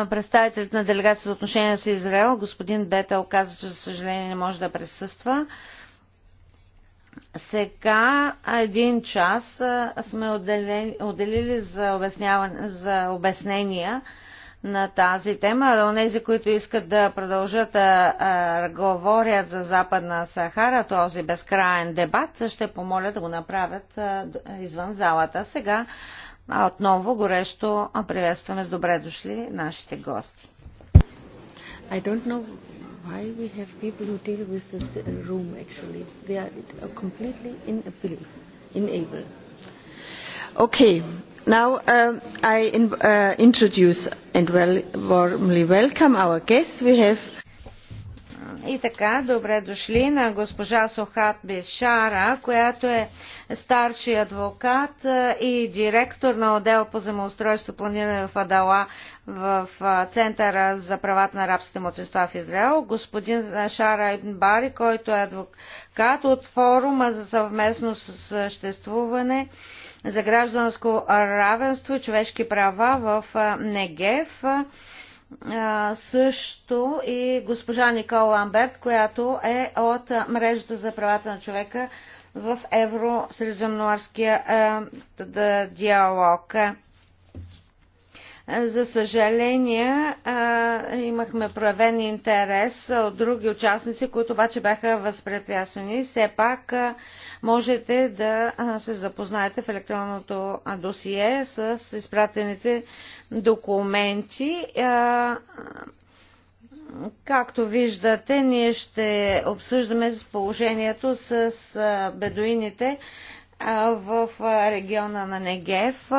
представителите на делегация за отношения с Израел, господин Бетел, каза, че за съжаление не може да присъства. Сега един час сме отделили, отделили за, за обяснения на тази тема. Онези, които искат да продължат да говорят за Западна Сахара, този безкраен дебат, ще помоля да го направят извън залата. Сега отново горещо приветстваме с добре дошли нашите гости. I don't know why we have people who deal with this room actually. They are completely inable. inable. Okay, now um, I in, uh, introduce and well, warmly welcome our guests. We have и така, добре дошли на госпожа Сохат Бешара, която е старши адвокат и директор на отдел по земоустройство планиране в Адала в Центъра за правата на арабските младсинства в Израел, господин Шара Ибн Бари, който е адвокат от форума за съвместно съществуване за гражданско равенство и човешки права в Негев също и госпожа Никол Ламберт, която е от мрежата за правата на човека в евро диалог. За съжаление, имахме проявен интерес от други участници, които обаче бяха възпрепятствани. Все пак можете да се запознаете в електронното досие с изпратените документи. Както виждате, ние ще обсъждаме положението с бедуините в региона на Негев.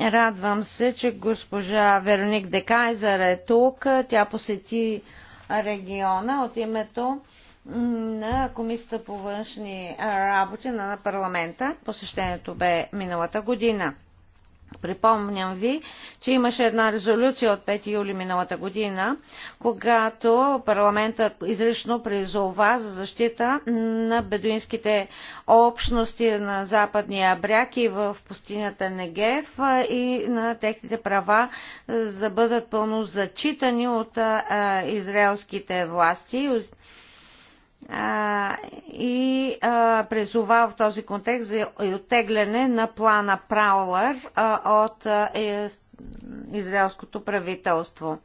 Радвам се, че госпожа Вероник Декайзер е тук. Тя посети региона от името на Комисията по външни работи на парламента. Посещението бе миналата година. Припомням ви, че имаше една резолюция от 5 юли миналата година, когато парламентът изрично призова за защита на бедуинските общности на западния бряг и в пустинята Негев и на техните права за бъдат пълно зачитани от израелските власти и призова в този контекст за оттегляне на плана Праулър от е, израелското правителство.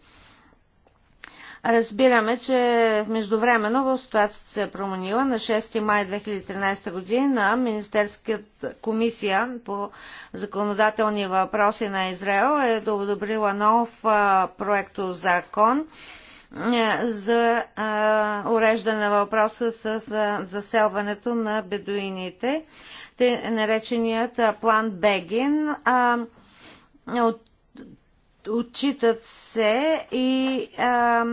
Разбираме, че междувременно в ситуацията се е променила. На 6 май 2013 година Министерската комисия по законодателни въпроси на Израел е одобрила нов проект закон, е, за е, уреждане на въпроса с е, заселването на бедуините, нареченият план Бегин. От Отчитат се и а,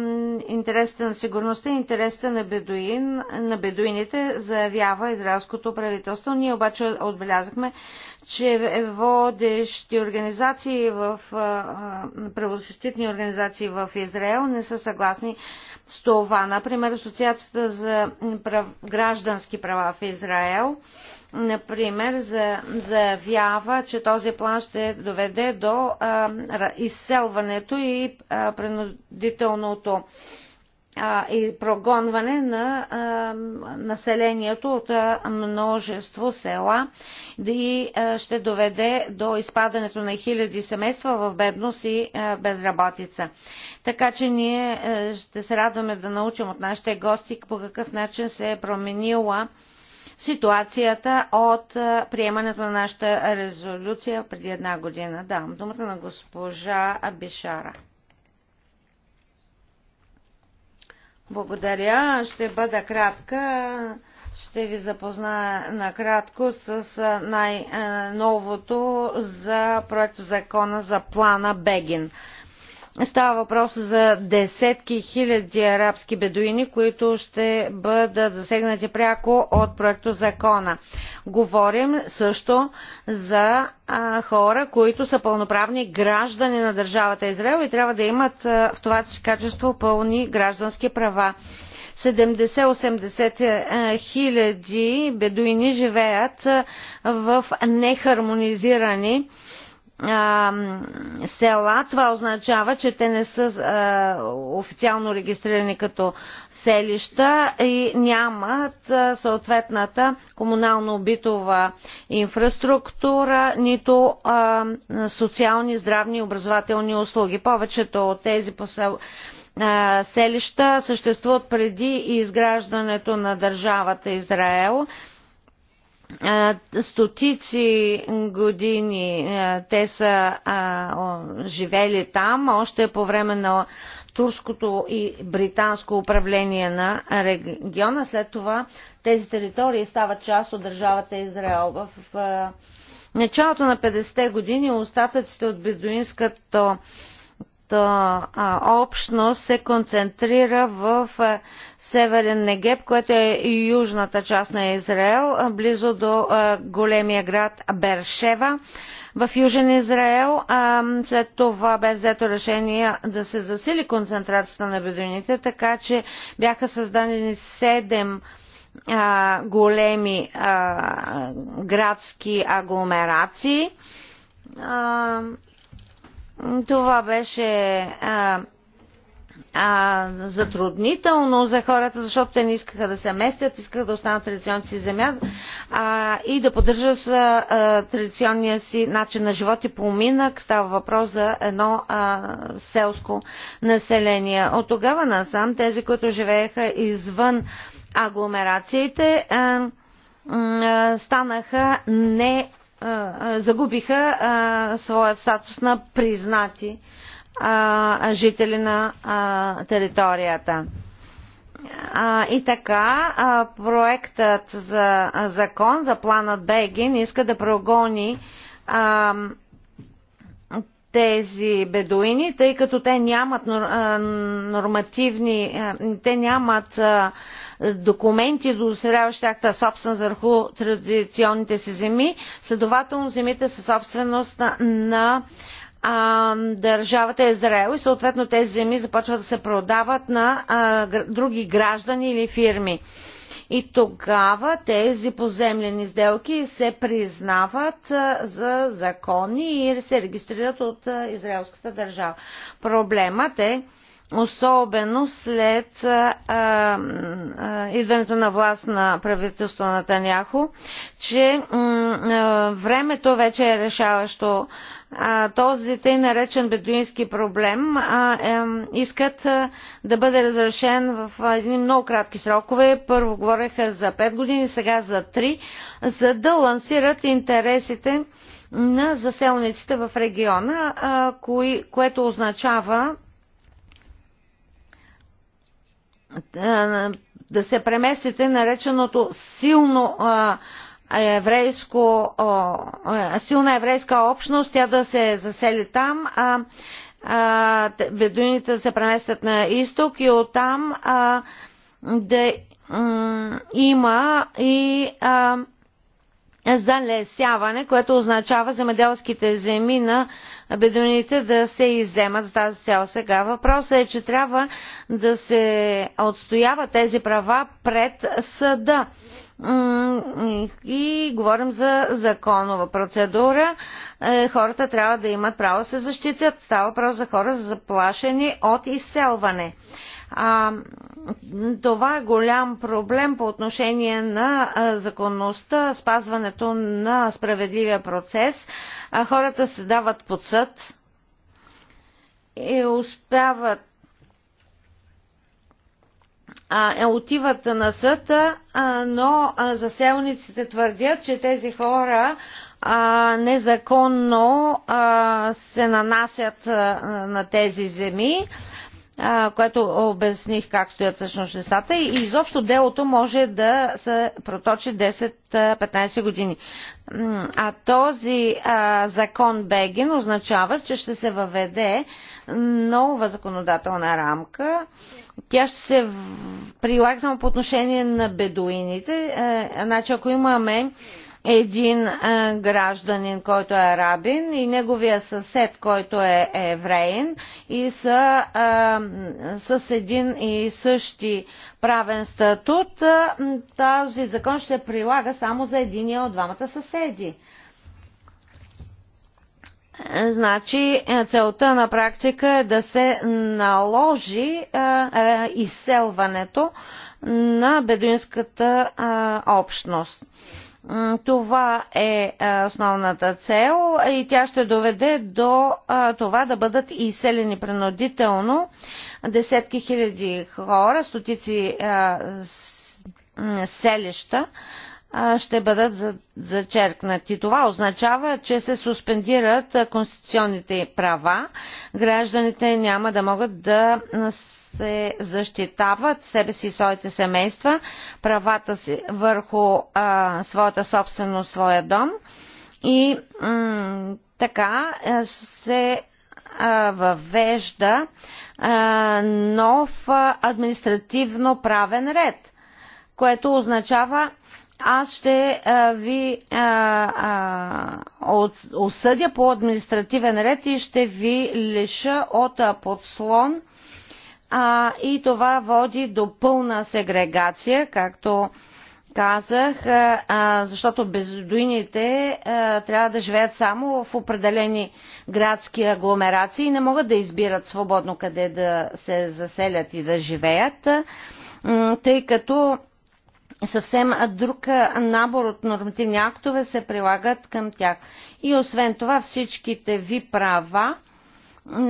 интересите на сигурността и интересите на, бедуин, на бедуините, заявява израелското правителство. Ние обаче отбелязахме, че водещи организации в а, правозащитни организации в Израел не са съгласни с това. Например, Асоциацията за прав, граждански права в Израел а, например, заявява, че този план ще доведе до изселването и принудителното и прогонване на населението от множество села и ще доведе до изпадането на хиляди семейства в бедност и безработица. Така че ние ще се радваме да научим от нашите гости по какъв начин се е променила ситуацията от приемането на нашата резолюция преди една година. Давам думата на госпожа Абишара. Благодаря. Ще бъда кратка. Ще ви запозная накратко с най-новото за проект закона за плана Бегин. Става въпрос за десетки хиляди арабски бедуини, които ще бъдат засегнати пряко от проекто закона. Говорим също за а, хора, които са пълноправни граждани на държавата Израел и трябва да имат а, в това качество пълни граждански права. 70-80 е, хиляди бедуини живеят в нехармонизирани а, села, това означава, че те не са а, официално регистрирани като селища и нямат а, съответната комунално-битова инфраструктура, нито а, социални, здравни и образователни услуги. Повечето от тези посел селища съществуват преди изграждането на държавата Израел стотици години те са живели там, още по време на турското и британско управление на региона. След това тези територии стават част от държавата Израел. В, началото на 50-те години остатъците от бедуинската общност се концентрира в Северен Негеб, което е южната част на Израел, близо до големия град Бершева в Южен Израел. След това бе взето решение да се засили концентрацията на бедуините, така че бяха създадени седем големи градски агломерации това беше а, а, затруднително за хората, защото те не искаха да се местят, искаха да останат традиционните си земя а, и да поддържат а, традиционния си начин на живот и поминък. Става въпрос за едно а, селско население. От тогава насам тези, които живееха извън агломерациите, а, станаха не загубиха а, своят статус на признати а, жители на а, територията. А, и така, а, проектът за а, закон, за планът Бегин, иска да прогони а, тези бедуини, тъй като те нямат нормативни, те нямат документи, удостоверяващи акта собственост върху традиционните си земи. Следователно земите са собственост на, на а, държавата Израел и съответно тези земи започват да се продават на а, други граждани или фирми. И тогава тези поземлени сделки се признават за закони и се регистрират от израелската държава. Проблемът е, особено след а, а, идването на власт на правителство на Таняхо, че а, времето вече е решаващо. А, този тъй наречен бедуински проблем а, е, искат а, да бъде разрешен в едни много кратки срокове. Първо говореха за 5 години, сега за 3, за да лансират интересите на заселниците в региона, а, кои, което означава да се преместите нареченото силно еврейско, силна еврейска общност, тя да се засели там, а, а, бедуините да се преместят на изток и оттам а, да има и а, залесяване, което означава земеделските земи на бедуините да се изземат с тази цел. Сега въпросът е, че трябва да се отстоява тези права пред съда. И говорим за законова процедура. Е, хората трябва да имат право да се защитят. Става въпрос за хора заплашени от изселване. А, това е голям проблем по отношение на законността, спазването на справедливия процес. А, хората се дават под съд и успяват а, е, отиват на а, но заселниците твърдят, че тези хора а, незаконно а, се нанасят а, на тези земи. А, което обясних как стоят всъщност нещата и изобщо делото може да се проточи 10-15 години. А този закон Бегин означава, че ще се въведе нова законодателна рамка. Тя ще се прилага само по отношение на бедуините. Е, е, значи, ако имаме един е, гражданин, който е арабин и неговия съсед, който е евреин и са а, е, с един и същи правен статут, е, този закон ще прилага само за единия от двамата съседи. Значи целта на практика е да се наложи а, изселването на бедуинската а, общност. Това е, е основната цел и тя ще доведе до е, това да бъдат изселени принудително десетки хиляди хора, стотици е, селища ще бъдат зачеркнати. Това означава, че се суспендират конституционните права. Гражданите няма да могат да се защитават себе си и своите семейства, правата си върху а, своята собственост, своя дом. И така се въвежда нов административно правен ред, което означава аз ще а, ви а, а, от, осъдя по административен ред и ще ви лиша от а, подслон а, и това води до пълна сегрегация, както казах, а, защото бездуините а, трябва да живеят само в определени градски агломерации и не могат да избират свободно къде да се заселят и да живеят, тъй като съвсем друг набор от нормативни актове се прилагат към тях. И освен това всичките ви права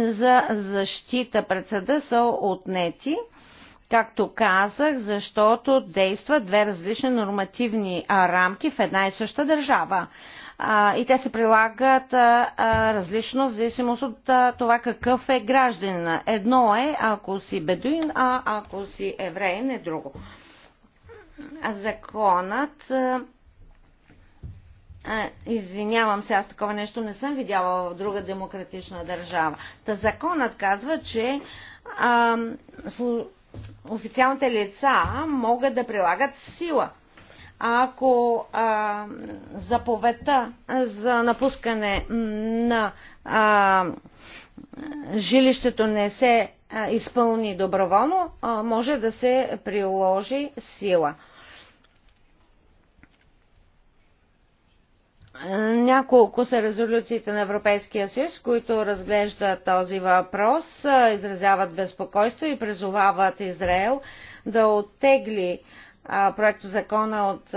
за защита пред съда са отнети, както казах, защото действат две различни нормативни рамки в една и съща държава. И те се прилагат различно в зависимост от това какъв е гражданина. Едно е ако си бедуин, а ако си евреин е друго. Законът извинявам се, аз такова нещо не съм видяла в друга демократична държава. Та законът казва, че а, официалните лица могат да прилагат сила. Ако а, заповедта за напускане на а, жилището не се а, изпълни доброволно, а, може да се приложи сила. Няколко са резолюциите на Европейския съюз, които разглеждат този въпрос, изразяват безпокойство и призовават Израел да оттегли проекто закона от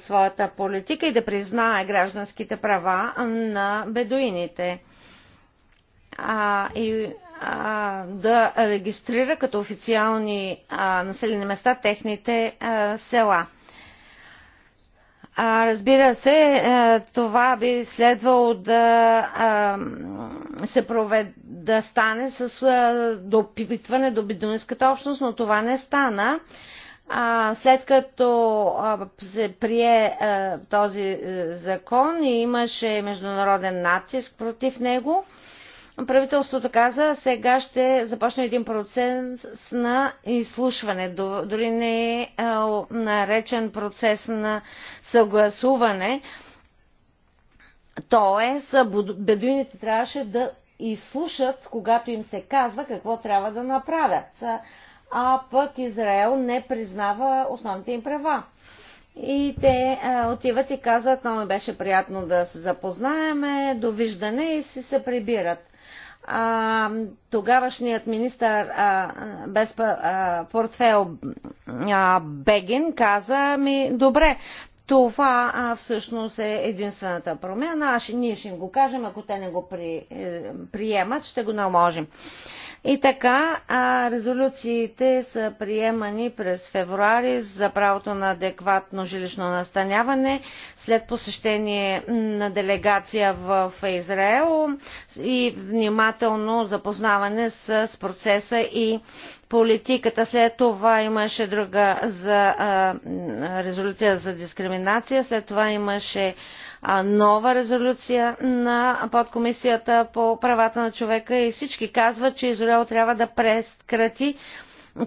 своята политика и да признае гражданските права на бедуините. и а, да регистрира като официални населени места техните села. А, разбира се, е, това би следвало да се проведе, да стане с допитване до бидонинската общност, но това не стана. След като се прие този е, закон и имаше международен натиск против него, Правителството каза, сега ще започне един процес на изслушване, дори не е наречен процес на съгласуване. Тоест, бедуините трябваше да изслушат, когато им се казва какво трябва да направят. А пък Израел не признава основните им права. И те а, отиват и казват, много беше приятно да се запознаеме, довиждане и си се прибират а, тогавашният министър а, без а, портфел а, Бегин каза ми, добре, това а, всъщност е единствената промяна. Аз, ние ще им го кажем, ако те не го при, е, приемат, ще го наложим. И така, а, резолюциите са приемани през февруари за правото на адекватно жилищно настаняване след посещение на делегация в Израел и внимателно запознаване с, процеса и политиката. След това имаше друга за а, резолюция за дискриминация, след това имаше нова резолюция на подкомисията по правата на човека и всички казват, че Израел трябва да прекрати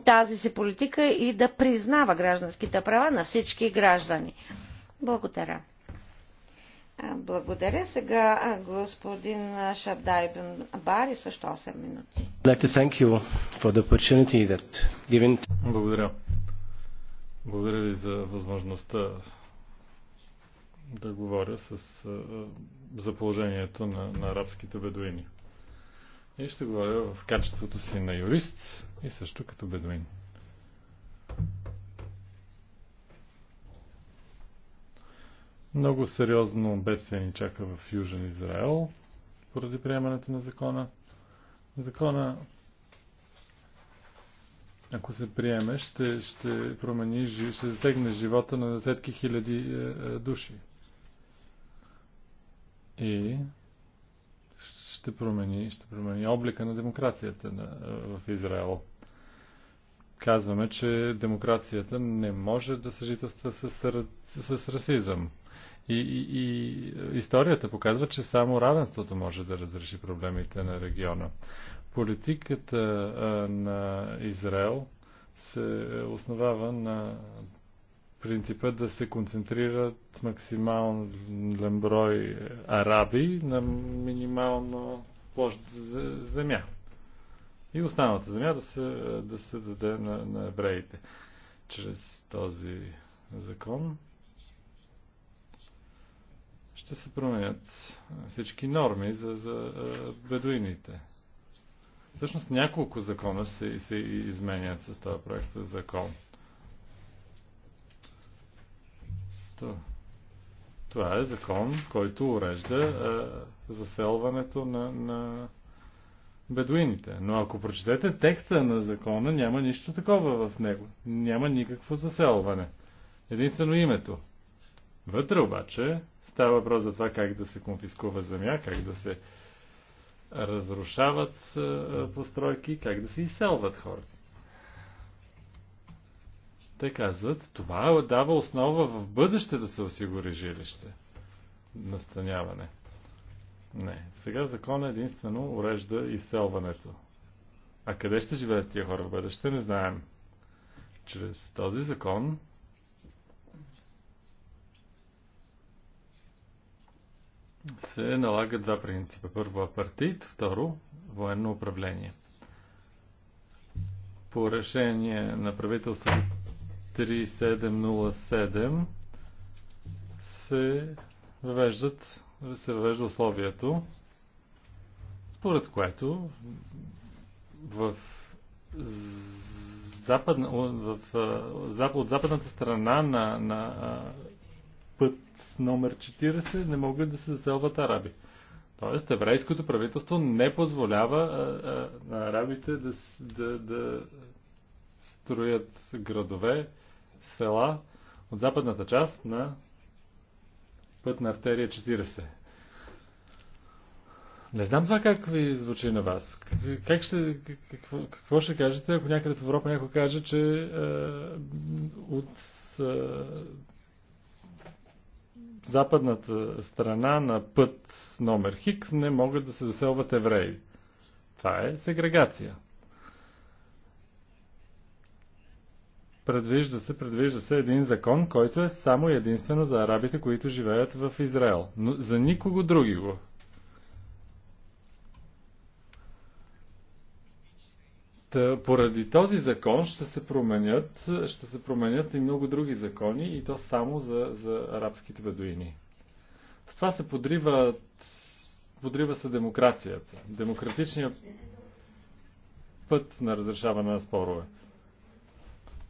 тази си политика и да признава гражданските права на всички граждани. Благодаря. Благодаря. Сега господин Шабдай Бари също 8 минути. Благодаря. Благодаря ви за възможността да говоря с, за положението на, на арабските бедуини. И ще говоря в качеството си на юрист и също като бедуин. Много сериозно бедствие ни чака в Южен Израел поради приемането на закона. Закона, ако се приеме, ще, ще промени, ще засегне живота на десетки хиляди е, е, души и ще промени, ще промени облика на демокрацията в Израел. Казваме, че демокрацията не може да съжителства с, с расизъм. И, и, и историята показва, че само равенството може да разреши проблемите на региона. Политиката на Израел се основава на принципът да се концентрират максимален брой араби на минимално площ земя. И останалата земя да се, да се даде на, на евреите чрез този закон. Ще се променят всички норми за, за бедуините. Всъщност няколко закона се, се изменят с този проект закон. Това е закон, който урежда а, е, заселването на, на бедуините. Но ако прочетете текста на закона, няма нищо такова в него. Няма никакво заселване. Единствено името. Вътре обаче става въпрос за това как да се конфискува земя, как да се разрушават а, е, постройки, как да се изселват хората. Те казват, това дава основа в бъдеще да се осигури жилище. Настаняване. Не. Сега закона единствено урежда изселването. А къде ще живеят тия хора в бъдеще, не знаем. Чрез този закон се налагат два принципа. Първо апартит, второ военно управление. По решение на правителството 3707 се въвеждат, се въвежда условието, според което в западна, в, в, от западната страна на, на път номер 40 не могат да се заселват араби. Тоест, еврейското правителство не позволява а, а, на арабите да, да, да строят градове села от западната част на път на артерия 40. Не знам това как ви звучи на вас. Как ще, какво, какво ще кажете, ако някъде в Европа някой каже, че е, от е, западната страна на път номер Хикс не могат да се заселват евреи? Това е сегрегация. Предвижда се, предвижда се един закон, който е само единствено за арабите, които живеят в Израел. Но за никого други го. Та, поради този закон ще се, променят, ще се променят и много други закони, и то само за, за арабските бедуини. С това се подрива, подрива се демокрацията, демократичният път на разрешаване на спорове.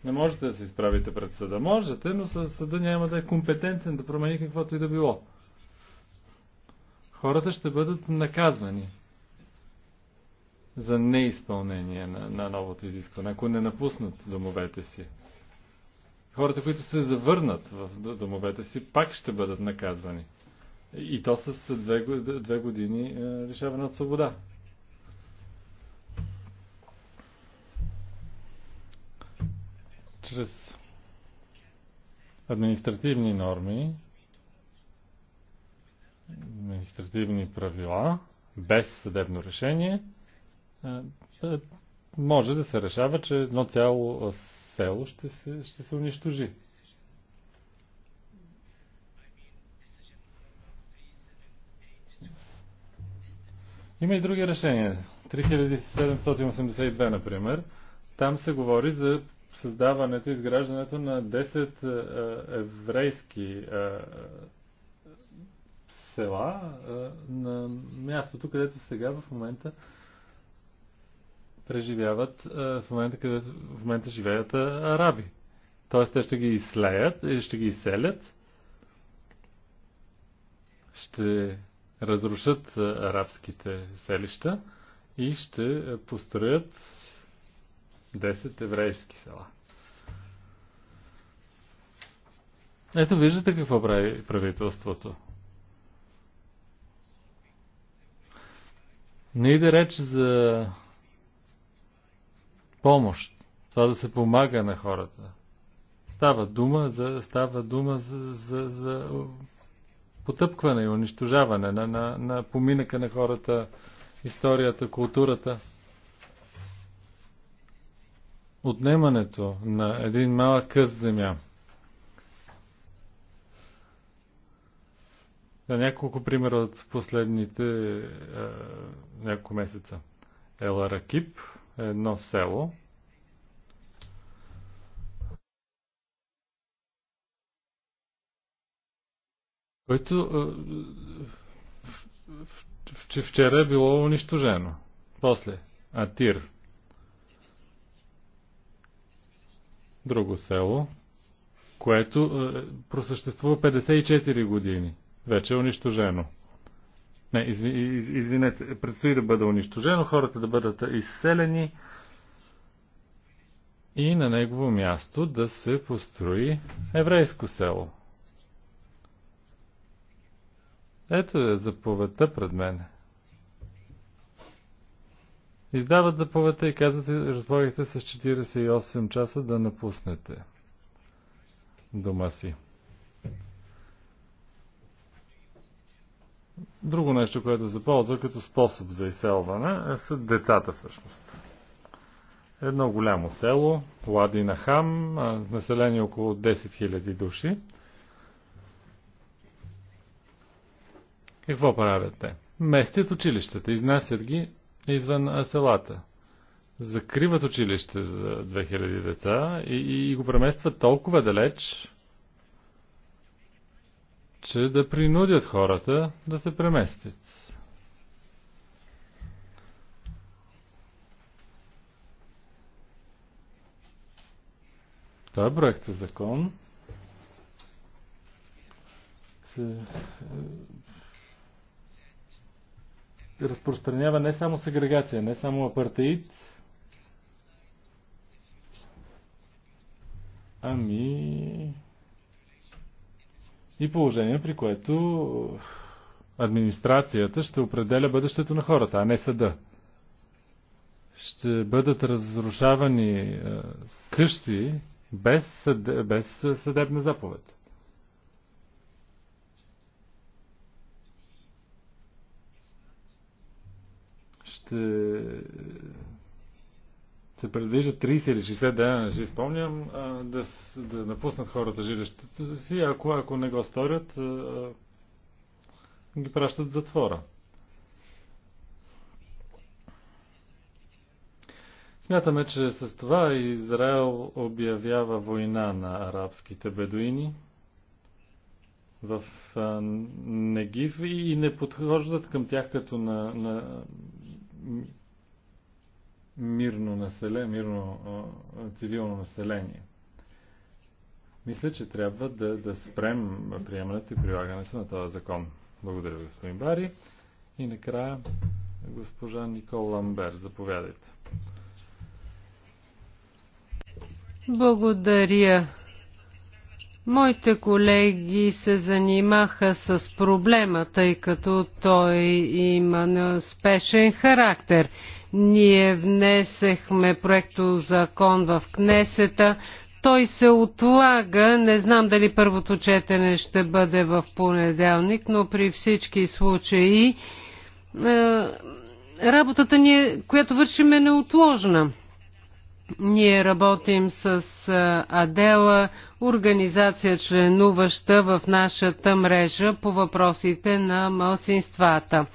Не можете да се изправите пред съда. Можете, но съда няма да е компетентен да промени каквото и да било. Хората ще бъдат наказвани за неизпълнение на, на новото изискване, ако не напуснат домовете си. Хората, които се завърнат в домовете си, пак ще бъдат наказвани. И то с две, две години е, лишаване от свобода. чрез административни норми, административни правила, без съдебно решение, може да се решава, че едно цяло село ще се, ще се унищожи. Има и други решения. 3782, например. Там се говори за създаването, изграждането на 10 е, еврейски е, села е, на мястото, където сега в момента преживяват, в момента, където в момента живеят араби. Тоест те ще ги изслеят и ще ги изселят, ще разрушат арабските селища и ще построят 10 еврейски села. Ето виждате какво прави правителството. Не иде реч за помощ. Това да се помага на хората. Става дума за, става дума за, за, за потъпкване и унищожаване на, на, на поминъка на хората, историята, културата отнемането на един малък къс земя. На няколко примера от последните е, няколко месеца. Еларакип е едно село. Което е, вчера е било унищожено. После. Атир. друго село, което е, просъществува 54 години. Вече е унищожено. Не, извинете, предстои да бъде унищожено, хората да бъдат изселени и на негово място да се построи еврейско село. Ето е заповедта пред мен. Издават заповедта и казват, разполагате с 48 часа да напуснете дома си. Друго нещо, което се ползва като способ за изселване, е са децата всъщност. Едно голямо село, Ладина Хам, население около 10 000 души. Какво правят те? Местят училищата, изнасят ги извън селата. Закриват училище за 2000 деца и, и, и го преместват толкова далеч, че да принудят хората да се преместят. Това е проекта закон. Се е, разпространява не само сегрегация, не само апартеид, ами и положение, при което администрацията ще определя бъдещето на хората, а не съда. Ще бъдат разрушавани къщи без, съд... без съдебна заповед. ще се предвижда 30 или 60 дена, не си спомням, да, да напуснат хората жилището си, ако, ако не го сторят, ги пращат в затвора. Смятаме, че с това Израел обявява война на арабските бедуини в Негив и не подхождат към тях като на, на мирно население, мирно цивилно население. Мисля, че трябва да, да спрем приемането и прилагането на този закон. Благодаря, господин Бари. И накрая госпожа Никол Ламбер. Заповядайте. Благодаря, Моите колеги се занимаха с проблема, тъй като той има неуспешен характер. Ние внесехме проекто закон в Кнесета. Той се отлага. Не знам дали първото четене ще бъде в понеделник, но при всички случаи е, работата ни, е, която вършим е неотложна. Ние работим с Адела, организация членуваща в нашата мрежа по въпросите на мълцинствата.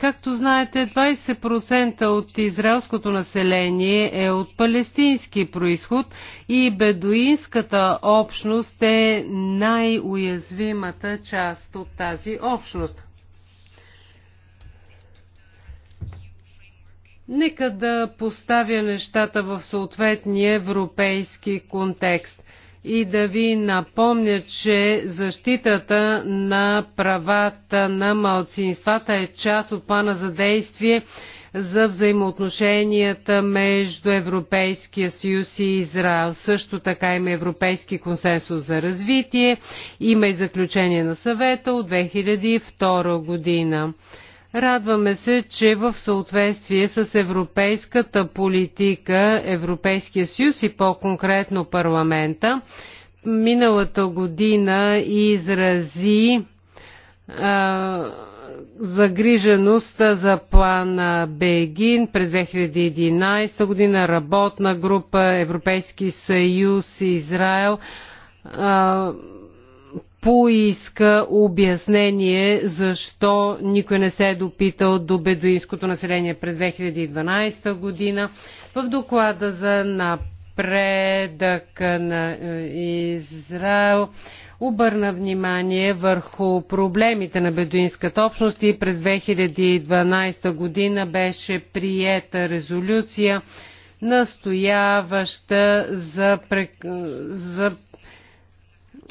Както знаете, 20% от израелското население е от палестински происход и бедуинската общност е най-уязвимата част от тази общност. Нека да поставя нещата в съответния европейски контекст и да ви напомня, че защитата на правата на малцинствата е част от плана за действие за взаимоотношенията между Европейския съюз и Израел. Също така има Европейски консенсус за развитие, има и заключение на съвета от 2002 година. Радваме се, че в съответствие с европейската политика, Европейския съюз и по-конкретно парламента, миналата година изрази а, загриженост за плана Бегин през 2011 година работна група Европейски съюз и Израел а, поиска обяснение защо никой не се е допитал до бедуинското население през 2012 година. В доклада за напредък на е, Израел обърна внимание върху проблемите на бедуинската общност и през 2012 година беше приета резолюция настояваща за, за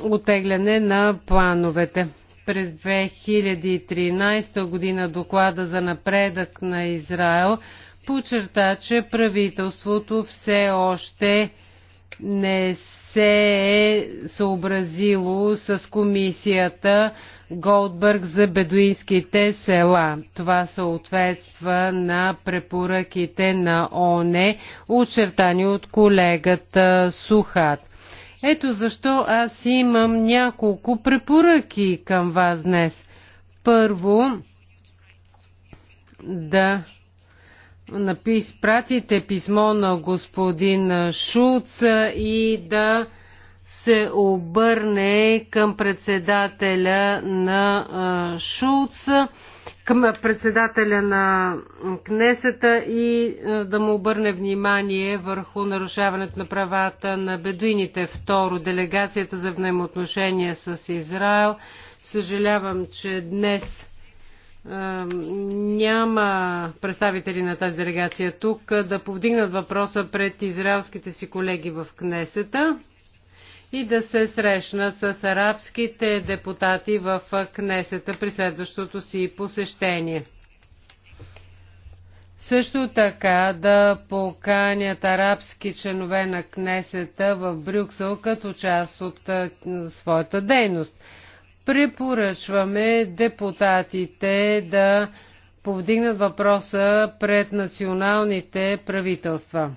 отегляне на плановете. През 2013 година доклада за напредък на Израел подчерта, че правителството все още не се е съобразило с комисията Голдбърг за бедуинските села. Това съответства на препоръките на ОНЕ, очертани от колегата Сухат. Ето защо аз имам няколко препоръки към вас днес. Първо, да пратите писмо на господин Шулц и да се обърне към председателя на Шулц към председателя на Кнесета и е, да му обърне внимание върху нарушаването на правата на бедуините. Второ, делегацията за взаимоотношения с Израел. Съжалявам, че днес е, няма представители на тази делегация тук е, да повдигнат въпроса пред израелските си колеги в Кнесета и да се срещнат с арабските депутати в Кнесета при следващото си посещение. Също така да поканят арабски членове на Кнесета в Брюксел като част от своята дейност. Препоръчваме депутатите да повдигнат въпроса пред националните правителства.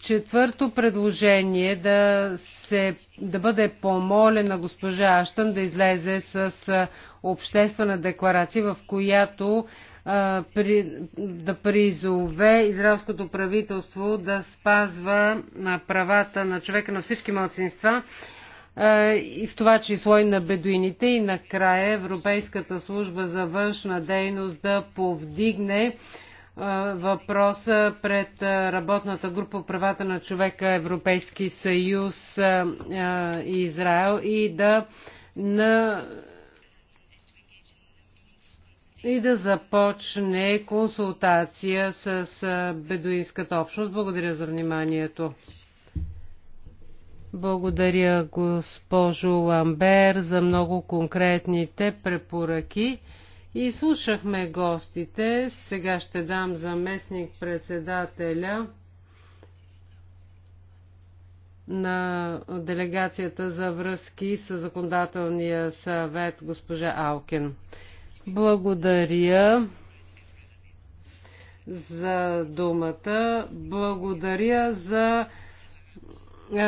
Четвърто предложение е да, се, да бъде помолена госпожа Аштън да излезе с обществена декларация, в която а, при, да призове израелското правителство да спазва на правата на човека на всички малцинства и в това число и на бедуините и накрая Европейската служба за външна дейност да повдигне въпроса пред работната група правата на човека Европейски съюз и Израел и да на и да започне консултация с бедуинската общност. Благодаря за вниманието. Благодаря, госпожо Ламбер, за много конкретните препоръки. И слушахме гостите. Сега ще дам заместник председателя на делегацията за връзки с законодателния съвет госпожа Алкен. Благодаря за думата. Благодаря за е,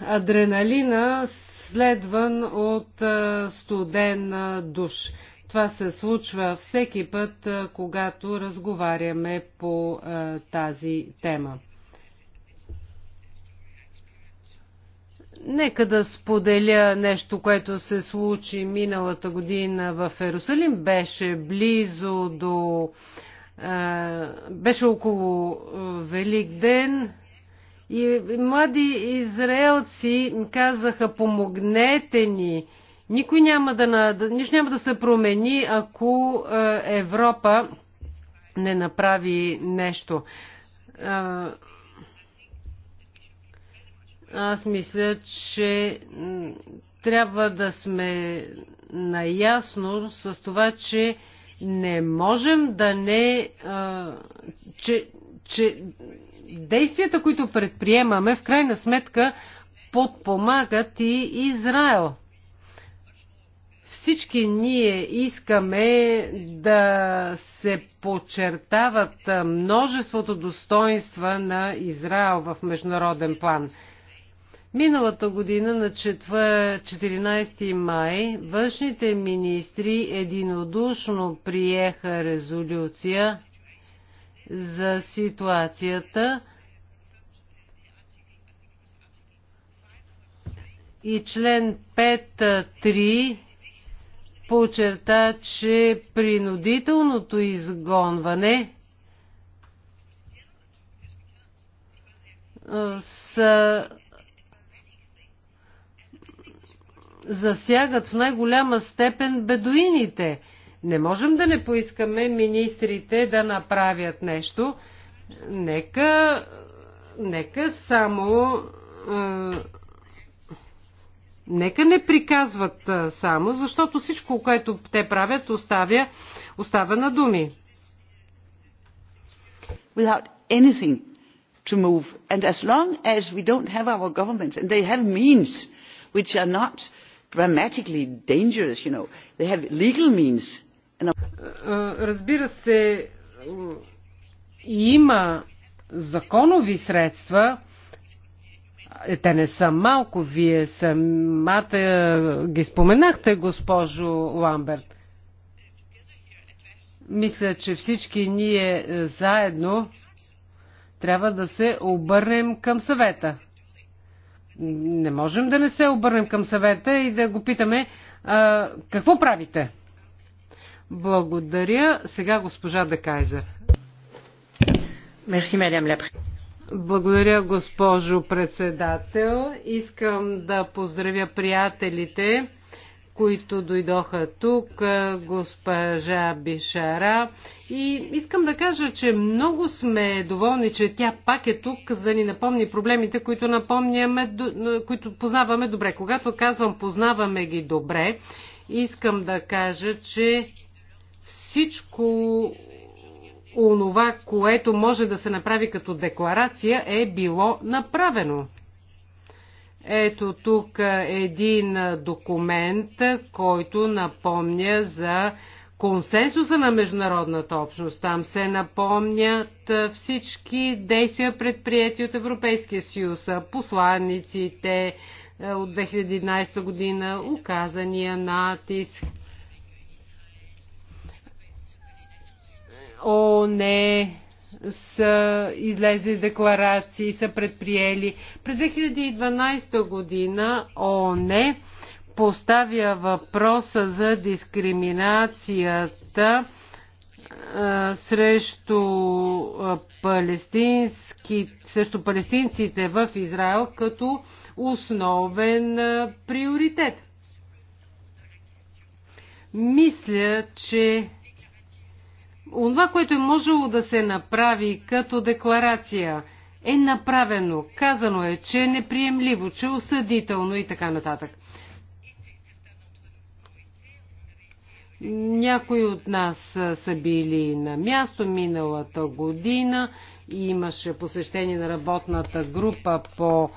адреналина, следван от е, студен душ. Това се случва всеки път, когато разговаряме по тази тема. Нека да споделя нещо, което се случи миналата година в Ерусалим. Беше близо до. Беше около Велик ден. И млади израелци казаха, помогнете ни, никой няма да, нищо няма да се промени, ако е, Европа не направи нещо. Аз мисля, че трябва да сме наясно с това, че не можем да не. че, че действията, които предприемаме, в крайна сметка подпомагат и Израел. Всички ние искаме да се подчертават множеството достоинства на Израел в международен план. Миналата година на 14 май външните министри единодушно приеха резолюция за ситуацията и член 5.3 подчерта, че принудителното изгонване са засягат в най-голяма степен бедуините. Не можем да не поискаме министрите да направят нещо. Нека, нека само Нека не приказват само, защото всичко, което те правят, оставя, оставя на думи. Without anything to move. And as long as we don't have our governments, and they have means which are not dramatically dangerous, you know, they have legal means. And... Разбира се, има законови средства, е, те не са малко, вие самата ги споменахте, госпожо Ламберт. Мисля, че всички ние е, заедно трябва да се обърнем към съвета. Не можем да не се обърнем към съвета и да го питаме а, какво правите. Благодаря. Сега госпожа Декайзер. Мерси, мадам благодаря, госпожо председател. Искам да поздравя приятелите, които дойдоха тук, госпожа Бишара. И искам да кажа, че много сме доволни, че тя пак е тук, за да ни напомни проблемите, които, напомняме, които познаваме добре. Когато казвам познаваме ги добре, искам да кажа, че всичко онова, което може да се направи като декларация, е било направено. Ето тук един документ, който напомня за консенсуса на международната общност. Там се напомнят всички действия предприяти от Европейския съюз, посланниците от 2011 година, указания натиск ООН са излезли декларации, са предприели. През 2012 година ООН поставя въпроса за дискриминацията срещу, палестински, срещу палестинците в Израел като основен приоритет. Мисля, че Онова, което е можело да се направи като декларация, е направено. Казано е, че е неприемливо, че е осъдително и така нататък. Някои от нас са били на място миналата година. Имаше посещение на работната група по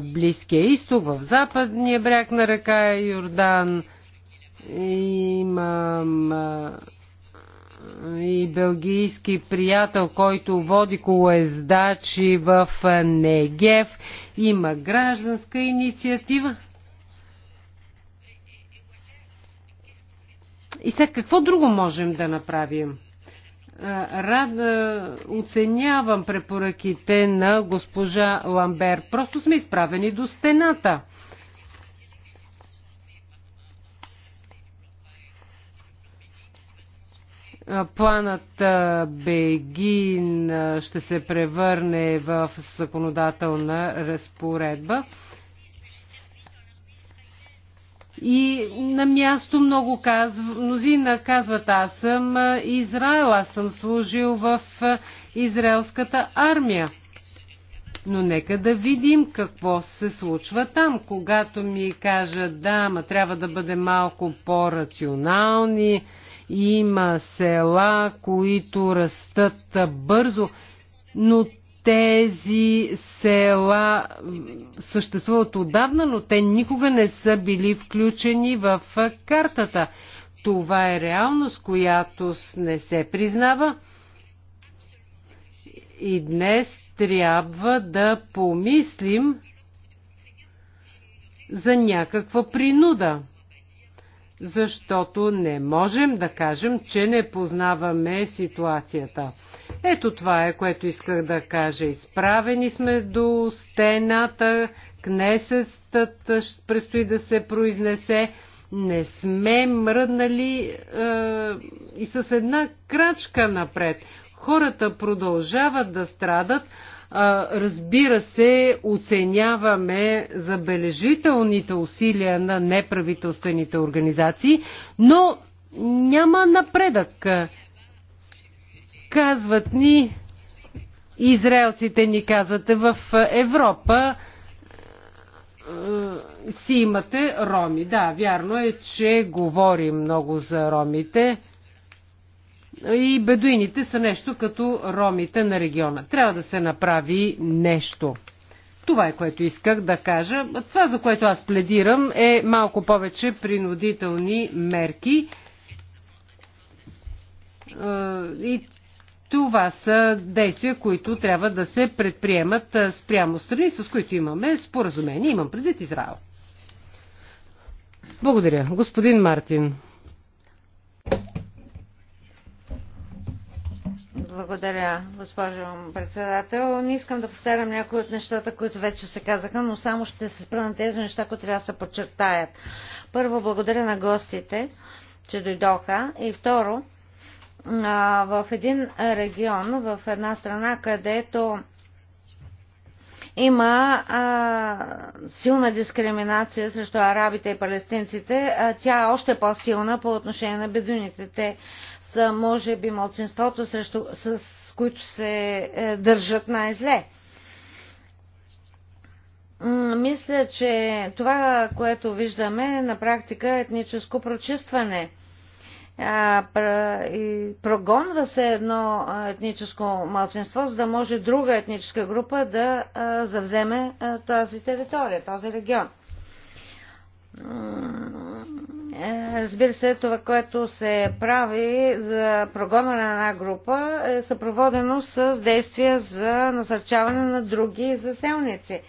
Близкия изток, в западния бряг на река Йордан. Имам и белгийски приятел, който води колоездачи в е, Негев. Има гражданска инициатива. И сега какво друго можем да направим? Е, Рада е, оценявам препоръките на госпожа Ламбер. Просто сме изправени до стената. Планът Бегин ще се превърне в законодателна разпоредба. И на място много казв... мнозина казват, аз съм Израел, аз съм служил в израелската армия. Но нека да видим какво се случва там. Когато ми кажат, да, ма трябва да бъде малко по-рационални, има села, които растат бързо, но тези села съществуват отдавна, но те никога не са били включени в картата. Това е реалност, която не се признава. И днес трябва да помислим за някаква принуда защото не можем да кажем, че не познаваме ситуацията. Ето това е, което исках да кажа. Изправени сме до стената, кнесестът предстои да се произнесе. Не сме мръднали е, и с една крачка напред. Хората продължават да страдат, Разбира се, оценяваме забележителните усилия на неправителствените организации, но няма напредък. Казват ни, израелците ни казват, в Европа си имате роми. Да, вярно е, че говорим много за ромите и бедуините са нещо като ромите на региона. Трябва да се направи нещо. Това е което исках да кажа. Това, за което аз пледирам, е малко повече принудителни мерки. Е, и това са действия, които трябва да се предприемат е, спрямо страни, с които имаме споразумение. Имам предвид Израел. Благодаря. Господин Мартин. Благодаря, госпожо председател. Не искам да повтарям някои от нещата, които вече се казаха, но само ще се спра на тези неща, които трябва да се подчертаят. Първо, благодаря на гостите, че дойдоха. И второ, в един регион, в една страна, където има а, силна дискриминация срещу арабите и палестинците, а тя е още по-силна по отношение на бедуните. Те са, може би, младсинството, срещу, с които се е, държат най-зле. Мисля, че това, което виждаме е на практика е етническо прочистване. Прогонва се едно етническо младсинство, за да може друга етническа група да завземе тази територия, този регион е, разбира се, това, което се прави за прогона на една група е съпроводено с действия за насърчаване на други заселници.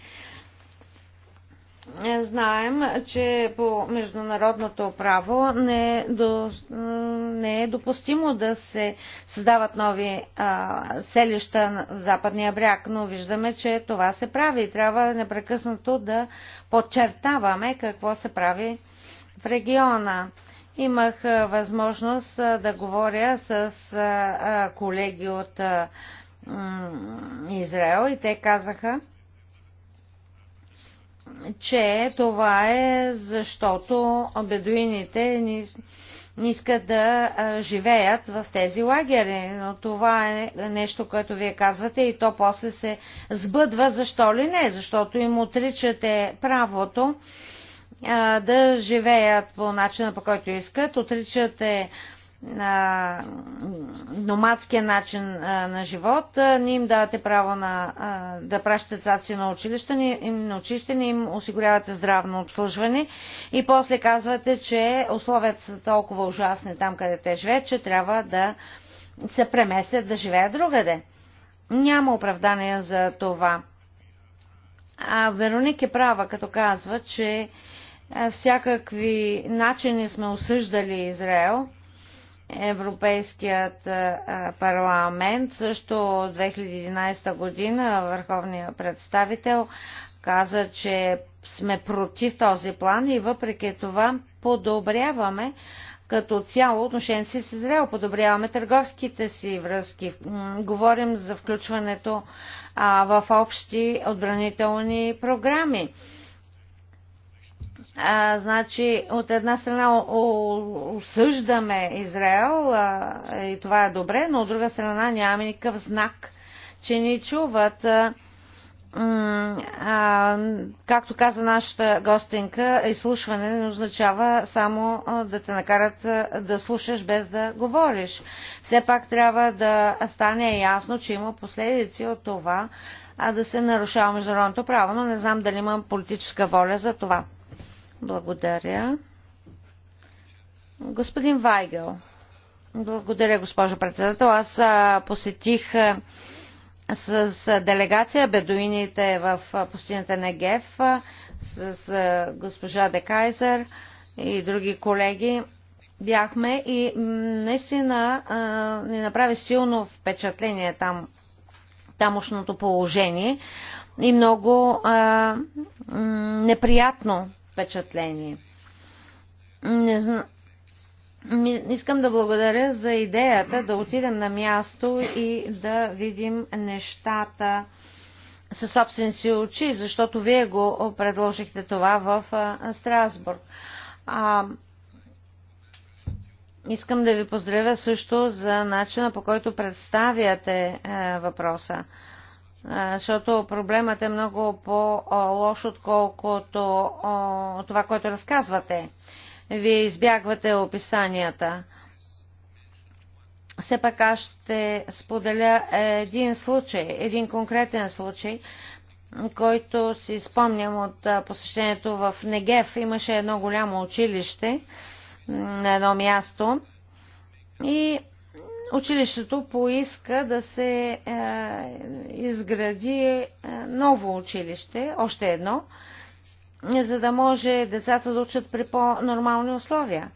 Е, знаем, че по международното право не е, до, не е допустимо да се създават нови а, селища в западния бряг, но виждаме, че това се прави и трябва непрекъснато да подчертаваме какво се прави в региона. Имах възможност да говоря с колеги от Израел и те казаха, че това е защото бедуините не искат да живеят в тези лагери. Но това е нещо, което вие казвате и то после се сбъдва, защо ли не, защото им отричате правото а, да живеят по начина по който искат. Отричате а, номадския начин а, на живот. Не им давате право на, а, да пращат децата си на училище, не, им, на училище, не им осигурявате здравно обслужване и после казвате, че условията са толкова ужасни там, къде те живеят, че трябва да се преместят да живеят другаде. Няма оправдание за това. А Вероник е права, като казва, че е, всякакви начини сме осъждали Израел. Европейският е, е, парламент също 2011 година върховният представител каза, че сме против този план и въпреки това подобряваме като цяло отношение си с Израел, подобряваме търговските си връзки. Говорим за включването в общи отбранителни програми. А, значи, от една страна осъждаме Израел а, и това е добре, но от друга страна нямаме никакъв знак, че ни чуват. А, а, както каза нашата гостенка, изслушване не означава само да те накарат да слушаш без да говориш. Все пак трябва да стане ясно, че има последици от това а да се нарушава международното право, но не знам дали имам политическа воля за това. Благодаря. Господин Вайгел, Благодаря, госпожо председател. Аз посетих с делегация бедуините в пустината Негев, с госпожа Декайзер и други колеги бяхме и наистина ни направи силно впечатление там тамошното положение и много а, неприятно впечатление. Не знам. Искам да благодаря за идеята да отидем на място и да видим нещата със собствените си очи, защото вие го предложихте това в Страсбург. А, искам да ви поздравя също за начина по който представяте е, въпроса защото проблемът е много по-лош, отколкото това, което разказвате. Вие избягвате описанията. Все пак аз ще споделя един случай, един конкретен случай, който си спомням от посещението в Негев. Имаше едно голямо училище на едно място и училището поиска да се е, изгради е, ново училище, още едно, за да може децата да учат при по-нормални условия.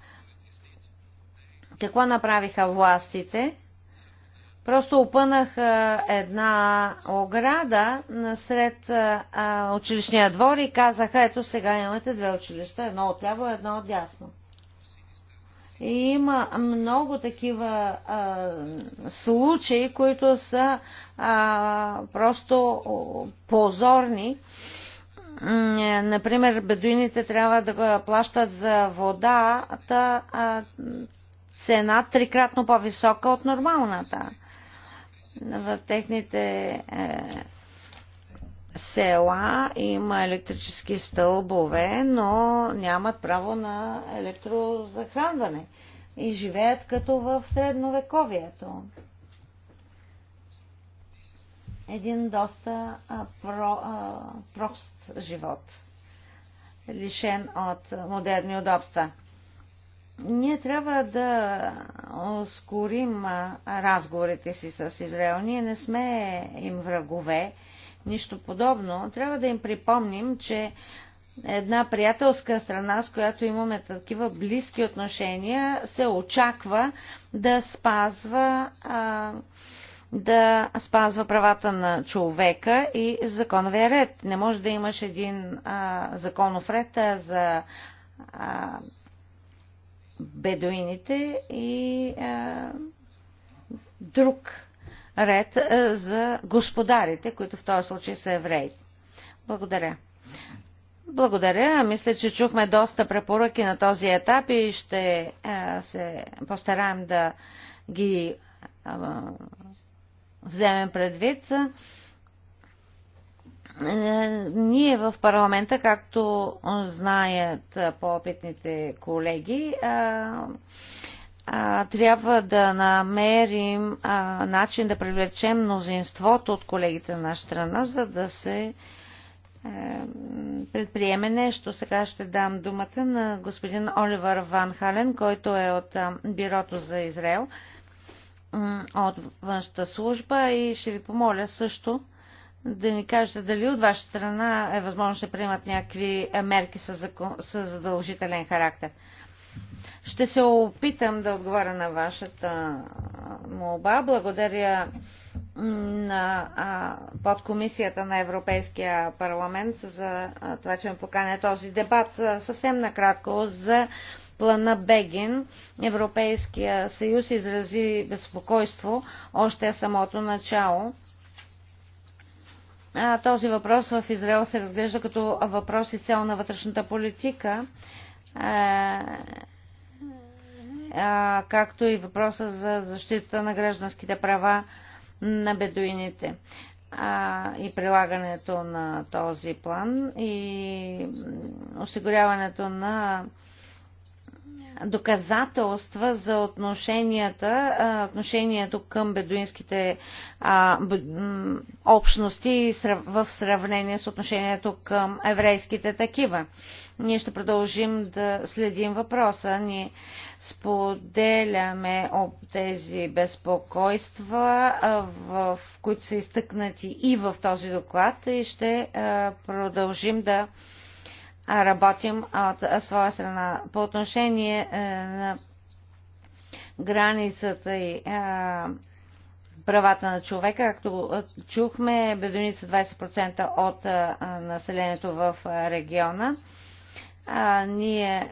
Какво направиха властите? Просто опънаха една ограда насред е, е, училищния двор и казаха, ето сега имате две училища, едно от ляво, едно отдясно. И има много такива а, случаи, които са а, просто позорни. Е, например, бедуините трябва да плащат за водата а, цена трикратно по-висока от нормалната в техните е, села има електрически стълбове, но нямат право на електрозахранване и живеят като в средновековието. Един доста а, про, а, прост живот, лишен от модерни удобства. Ние трябва да ускорим разговорите си с Израел. Ние не сме им врагове Нищо подобно. Трябва да им припомним, че една приятелска страна, с която имаме такива близки отношения, се очаква да спазва, а, да спазва правата на човека и законовия ред. Не може да имаш един а, законов ред а, за а, бедуините и а, друг ред е, за господарите, които в този случай са евреи. Благодаря. Благодаря. Мисля, че чухме доста препоръки на този етап и ще е, се постараем да ги е, вземем предвид. Ние в парламента, както знаят по-опитните колеги, а, трябва да намерим а, начин да привлечем мнозинството от колегите на наша страна, за да се а, е, предприеме нещо. Сега ще дам думата на господин Оливър Ван Хален, който е от а, Бюрото за Израел, от външната служба и ще ви помоля също да ни кажете дали от ваша страна е възможно да приемат някакви мерки с, с задължителен характер. Ще се опитам да отговоря на вашата молба. Благодаря на подкомисията на Европейския парламент за това, че ме поканя този дебат. Съвсем накратко за плана Бегин Европейския съюз изрази безпокойство още в самото начало. Този въпрос в Израел се разглежда като въпрос и цел на вътрешната политика а, както и въпроса за защита на гражданските права на бедуините а, и прилагането на този план и осигуряването на доказателства за отношенията, отношението към бедуинските общности в сравнение с отношението към еврейските такива. Ние ще продължим да следим въпроса. Ние споделяме об тези безпокойства, в които са изтъкнати и в този доклад и ще продължим да работим от своя страна. По отношение е, на границата и е, правата на човека. Както е, чухме, бедуница 20% от населението в региона а, ние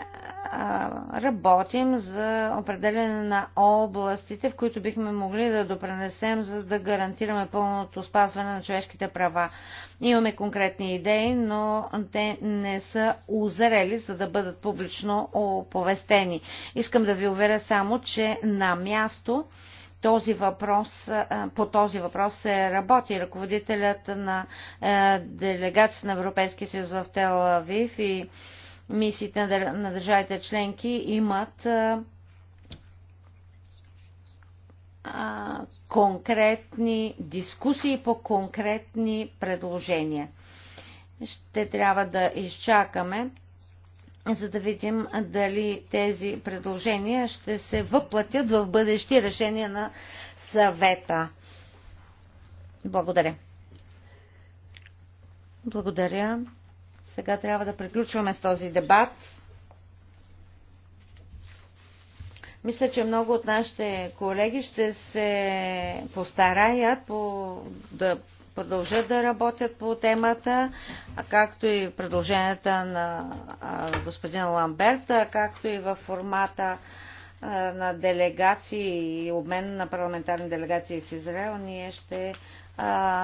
а, работим за определене на областите, в които бихме могли да допренесем, за да гарантираме пълното спазване на човешките права. Имаме конкретни идеи, но те не са озрели, за да бъдат публично оповестени. Искам да ви уверя само, че на място този въпрос, по този въпрос се работи. Ръководителят на делегацията на Европейския съюз в Тел Авив и мисиите на, държавите членки имат конкретни дискусии по конкретни предложения. Ще трябва да изчакаме, за да видим дали тези предложения ще се въплатят в бъдещи решения на съвета. Благодаря. Благодаря. Сега трябва да приключваме с този дебат. Мисля, че много от нашите колеги ще се постараят по, да продължат да работят по темата, както и предложенията на господин Ламберта, както и в формата на делегации и обмен на парламентарни делегации с Израел, ние ще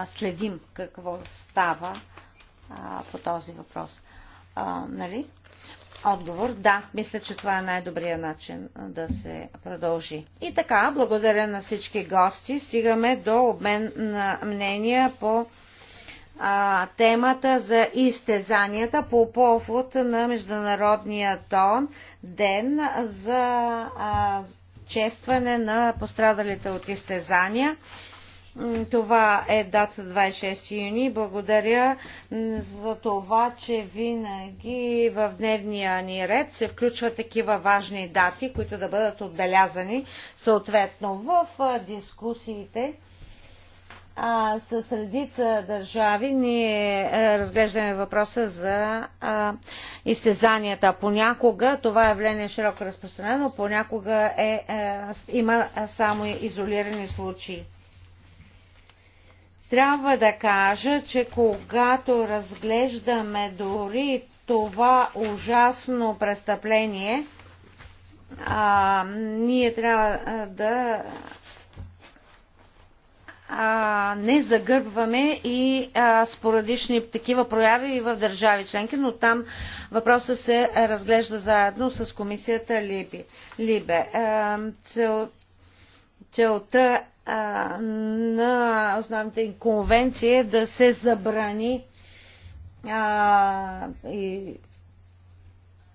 следим какво става по този въпрос. А, нали? Отговор да, мисля, че това е най-добрият начин да се продължи. И така, благодаря на всички гости. Стигаме до обмен на мнения по а, темата за изтезанията по повод на Международния тон ден за а, честване на пострадалите от изтезания. Това е дата 26 юни. Благодаря за това, че винаги в дневния ни ред се включват такива важни дати, които да бъдат отбелязани съответно в дискусиите. А, с редица държави ние разглеждаме въпроса за а, изтезанията. Понякога това явление е широко разпространено, понякога е, е, има само изолирани случаи. Трябва да кажа, че когато разглеждаме дори това ужасно престъпление, а, ние трябва да а, не загърбваме и а, спорадични такива прояви и в държави членки, но там въпросът се разглежда заедно с комисията Либе. цел, целта на основните конвенции да се забрани а, и,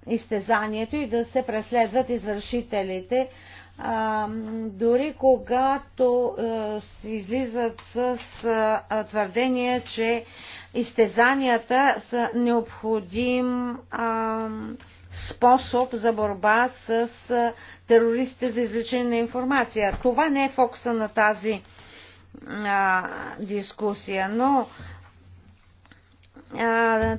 изтезанието и да се преследват извършителите, а, дори когато а, излизат с а, твърдение, че изтезанията са необходим а, способ за борба с терористите за извлечение на информация. Това не е фокуса на тази а, дискусия, но а,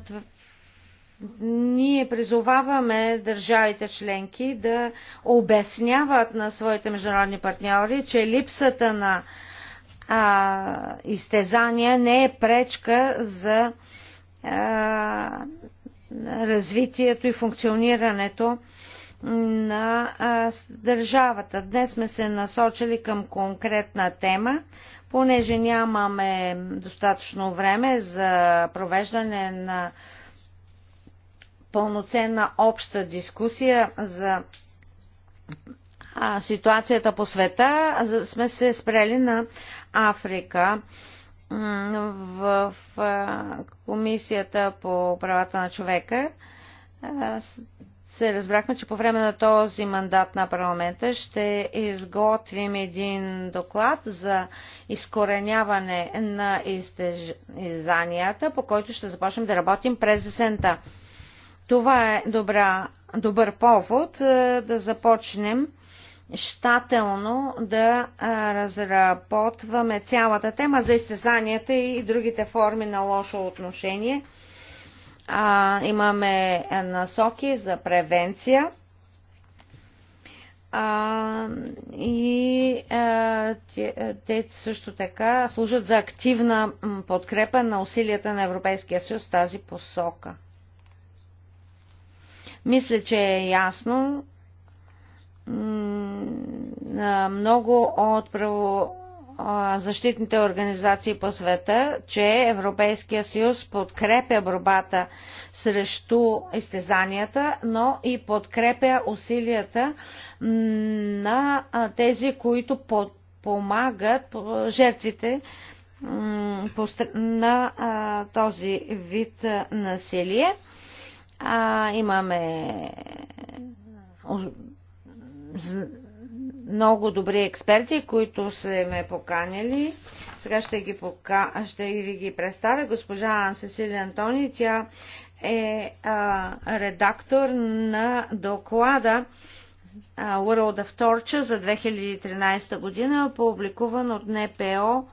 ние призоваваме държавите членки да обясняват на своите международни партньори, че липсата на а, изтезания не е пречка за а, развитието и функционирането на държавата. Днес сме се насочили към конкретна тема, понеже нямаме достатъчно време за провеждане на пълноценна обща дискусия за ситуацията по света, сме се спрели на Африка в Комисията по правата на човека се разбрахме, че по време на този мандат на парламента ще изготвим един доклад за изкореняване на изтезанията, по който ще започнем да работим през есента. Това е добра, добър повод да започнем щателно да разработваме цялата тема за изтезанията и другите форми на лошо отношение. А, имаме насоки за превенция а, и а, те, те също така служат за активна подкрепа на усилията на Европейския съюз в тази посока. Мисля, че е ясно, много от право защитните организации по света, че Европейския съюз подкрепя борбата срещу изтезанията, но и подкрепя усилията на тези, които помагат жертвите на този вид насилие. имаме много добри експерти, които са ме поканили. Сега ще ги, пока... ще ви ги представя. Госпожа Сесилия Антони, тя е а, редактор на доклада World of Torture за 2013 година, публикуван от НПО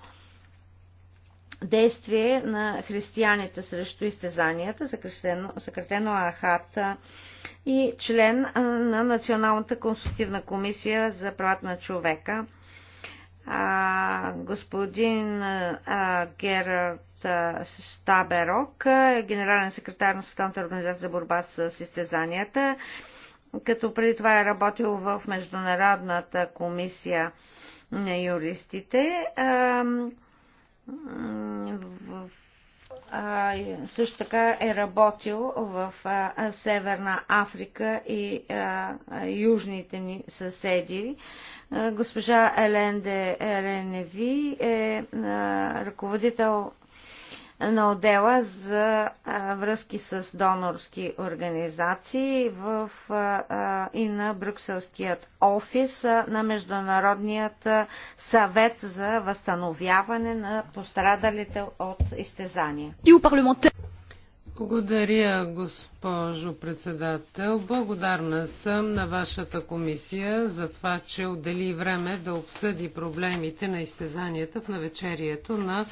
Действие на християните срещу изтезанията, съкратено, съкратено и член на Националната консултативна комисия за правата на човека. А, господин а, Герард а, Стаберок е генерален секретар на Световната организация за борба с изтезанията, като преди това е работил в Международната комисия на юристите. А, в също така е работил в Северна Африка и южните ни съседи. Госпожа Еленде Реневи е ръководител на отдела за връзки с донорски организации в, и на Брюкселският офис на Международният съвет за възстановяване на пострадалите от изтезания. Благодаря, госпожо председател. Благодарна съм на вашата комисия за това, че отдели време да обсъди проблемите на изтезанията в навечерието на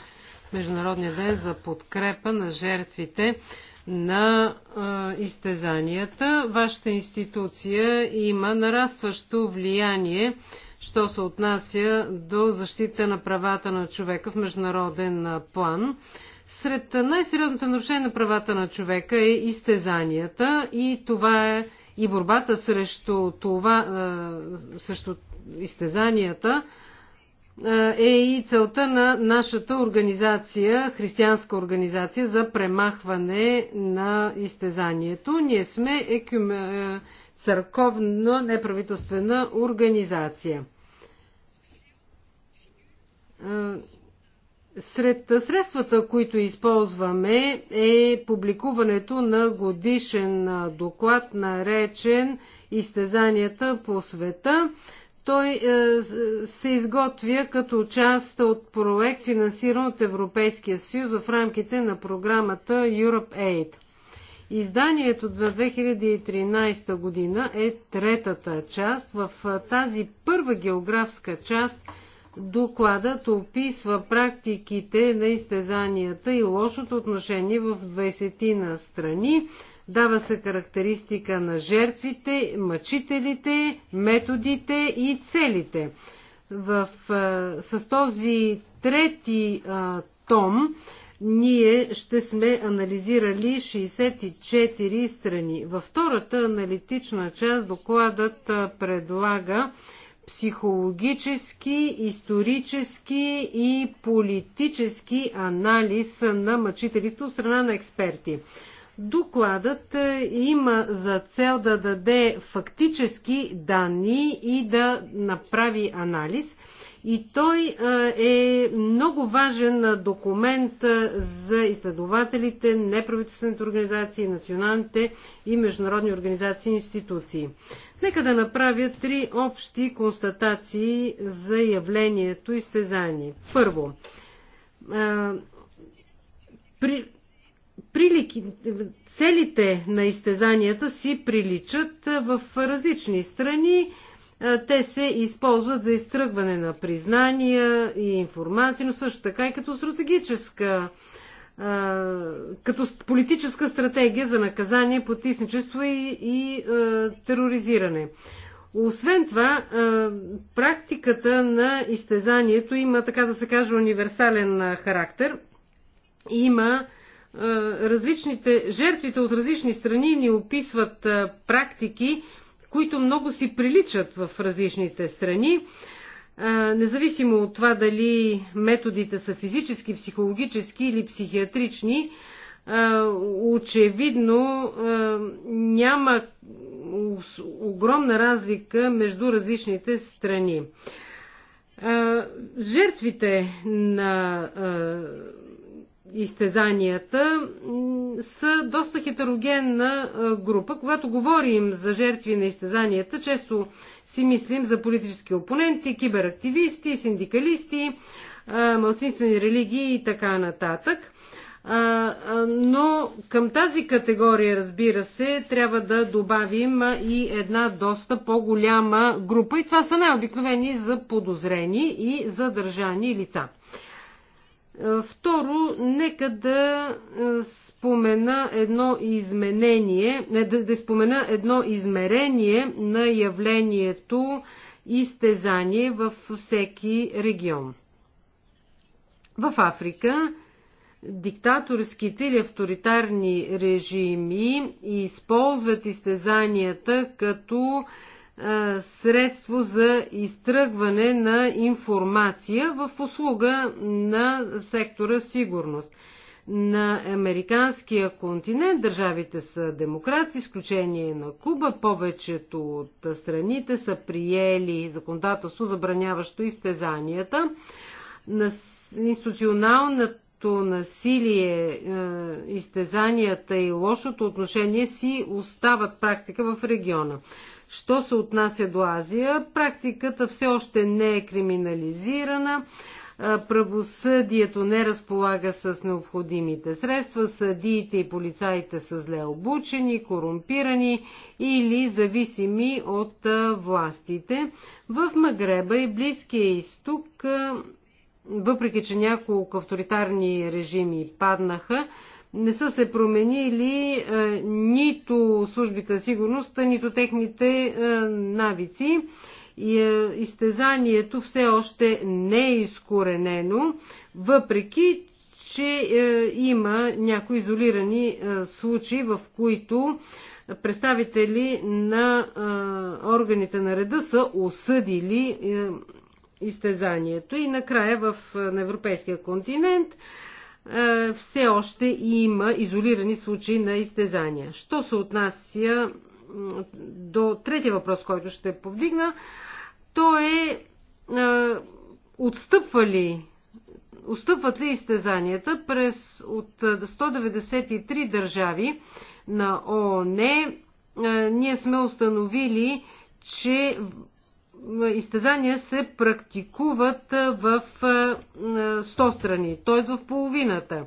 Международния ден за подкрепа на жертвите на а, изтезанията. Вашата институция има нарастващо влияние, що се отнася до защита на правата на човека в международен план. Сред най-сериозните нарушения на правата на човека е изтезанията и това е и борбата срещу това, срещу изтезанията е и целта на нашата организация, християнска организация за премахване на изтезанието. Ние сме екюм... Е, църковна неправителствена организация. Е, сред средствата, които използваме е публикуването на годишен е, доклад, наречен Изтезанията по света. Той е, се изготвя като част от проект, финансиран от Европейския съюз в рамките на програмата Europe Aid. Изданието за 2013 година е третата част. В е, тази първа географска част докладът описва практиките на изтезанията и лошото отношение в 20 на страни Дава се характеристика на жертвите, мъчителите, методите и целите. В, с този трети а, том ние ще сме анализирали 64 страни. Във втората аналитична част докладът предлага психологически, исторически и политически анализ на мъчителите от страна на експерти. Докладът е, има за цел да даде фактически данни и да направи анализ. И той е, е много важен документ е, за изследователите, неправителствените организации, националните и международни организации и институции. Нека да направя три общи констатации за явлението изтезание. Първо, при прилики, целите на изтезанията си приличат в различни страни. Те се използват за изтръгване на признания и информация, но също така и като стратегическа като политическа стратегия за наказание, потисничество и, и е, тероризиране. Освен това, е, практиката на изтезанието има, така да се каже, универсален характер. Има е, е, различните, жертвите от различни страни ни описват е, практики, които много си приличат в различните страни. Е, независимо от това дали методите са физически, психологически или психиатрични, очевидно няма огромна разлика между различните страни. Жертвите на изтезанията са доста хетерогенна група. Когато говорим за жертви на изтезанията, често си мислим за политически опоненти, киберактивисти, синдикалисти, малцинствени религии и така нататък. Но към тази категория, разбира се, трябва да добавим и една доста по-голяма група. И това са най-обикновени за подозрени и задържани лица. Е, второ, нека да е, спомена едно изменение, е, да, да спомена едно измерение на явлението изтезание във всеки регион. В Африка диктаторските или авторитарни режими използват изтезанията като е, средство за изтръгване на информация в услуга на сектора сигурност. На американския континент държавите са демократи, изключение на Куба. Повечето от страните са приели законодателство, забраняващо изтезанията. На институционалната насилие, е, изтезанията и лошото отношение си остават практика в региона. Що се отнася до Азия, практиката все още не е криминализирана правосъдието не разполага с необходимите средства, съдиите и полицаите са зле обучени, корумпирани или зависими от властите. В Магреба и Близкия изток, въпреки че няколко авторитарни режими паднаха, не са се променили е, нито службите сигурност, нито техните е, навици. И е, изтезанието все още не е изкоренено, въпреки че има някои изолирани случаи, в които представители на органите на реда са осъдили изтезанието. И накрая в, на европейския континент е, все още има изолирани случаи на изтезания. Що се отнася до третия въпрос, който ще повдигна, то е, е отстъпва ли, отстъпват ли изтезанията през от 193 е, държави на ООН, ние сме установили, че изтезания се практикуват в 100 страни, т.е. в половината.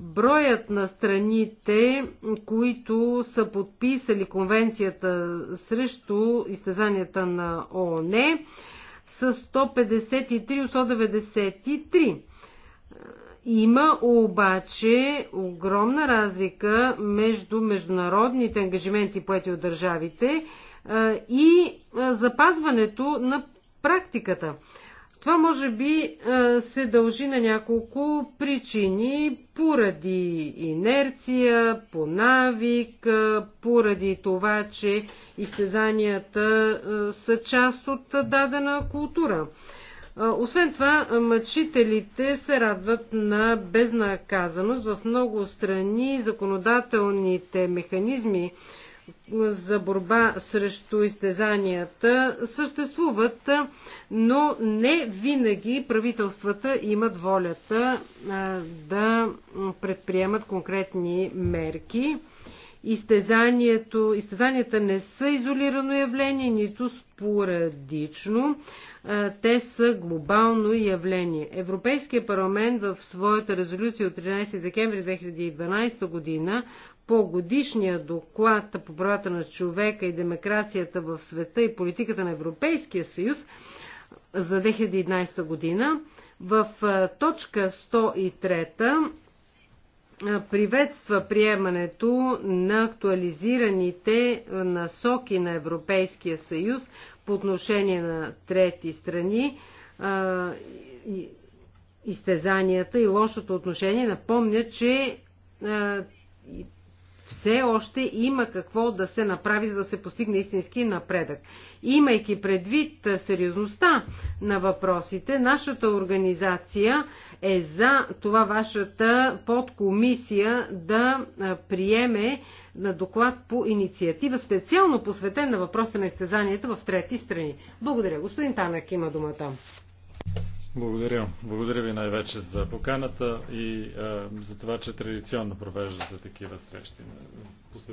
Броят на страните, които са подписали конвенцията срещу изтезанията на ООН, са 153 от 193. Има обаче огромна разлика между международните ангажименти, поети от държавите, и запазването на практиката. Това може би се дължи на няколко причини, поради инерция, по навик, поради това, че изтезанията са част от дадена култура. Освен това, мъчителите се радват на безнаказаност. В много страни законодателните механизми, за борба срещу изтезанията съществуват, но не винаги правителствата имат волята да предприемат конкретни мерки. Изтезанието, изтезанията не са изолирано явление, нито спорадично. Те са глобално явление. Европейския парламент в своята резолюция от 13 декември 2012 година по годишния доклад по правата на човека и демокрацията в света и политиката на Европейския съюз за 2011 година, в точка 103 приветства приемането на актуализираните насоки на Европейския съюз по отношение на трети страни, изтезанията и лошото отношение. Напомня, че все още има какво да се направи, за да се постигне истински напредък. Имайки предвид е, сериозността на въпросите, нашата организация е за това вашата подкомисия да е, приеме на е, доклад по инициатива, специално посветен на въпроса на изтезанията в трети страни. Благодаря. Господин Танък има думата. Благодаря. Благодаря ви най-вече за поканата и а, за това, че традиционно провеждате такива срещи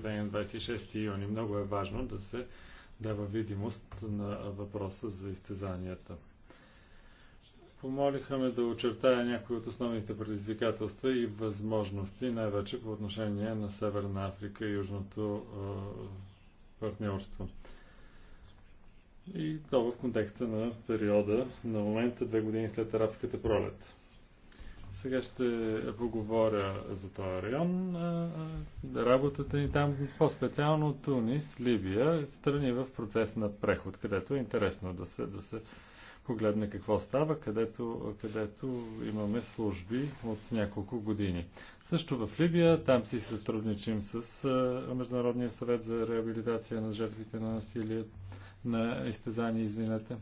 на на 26 юни. Много е важно да се дава видимост на въпроса за изтезанията. Помолиха ме да очертая някои от основните предизвикателства и възможности, най-вече по отношение на Северна Африка и Южното а, партньорство. И то в контекста на периода, на момента, две години след арабската пролет. Сега ще поговоря за този район. Работата ни там, по-специално Тунис, Либия, страни в процес на преход, където е интересно да се, да се погледне какво става, където, където имаме служби от няколко години. Също в Либия, там си сътрудничим с Международния съвет за реабилитация на жертвите на насилие, на изтезания, извинете,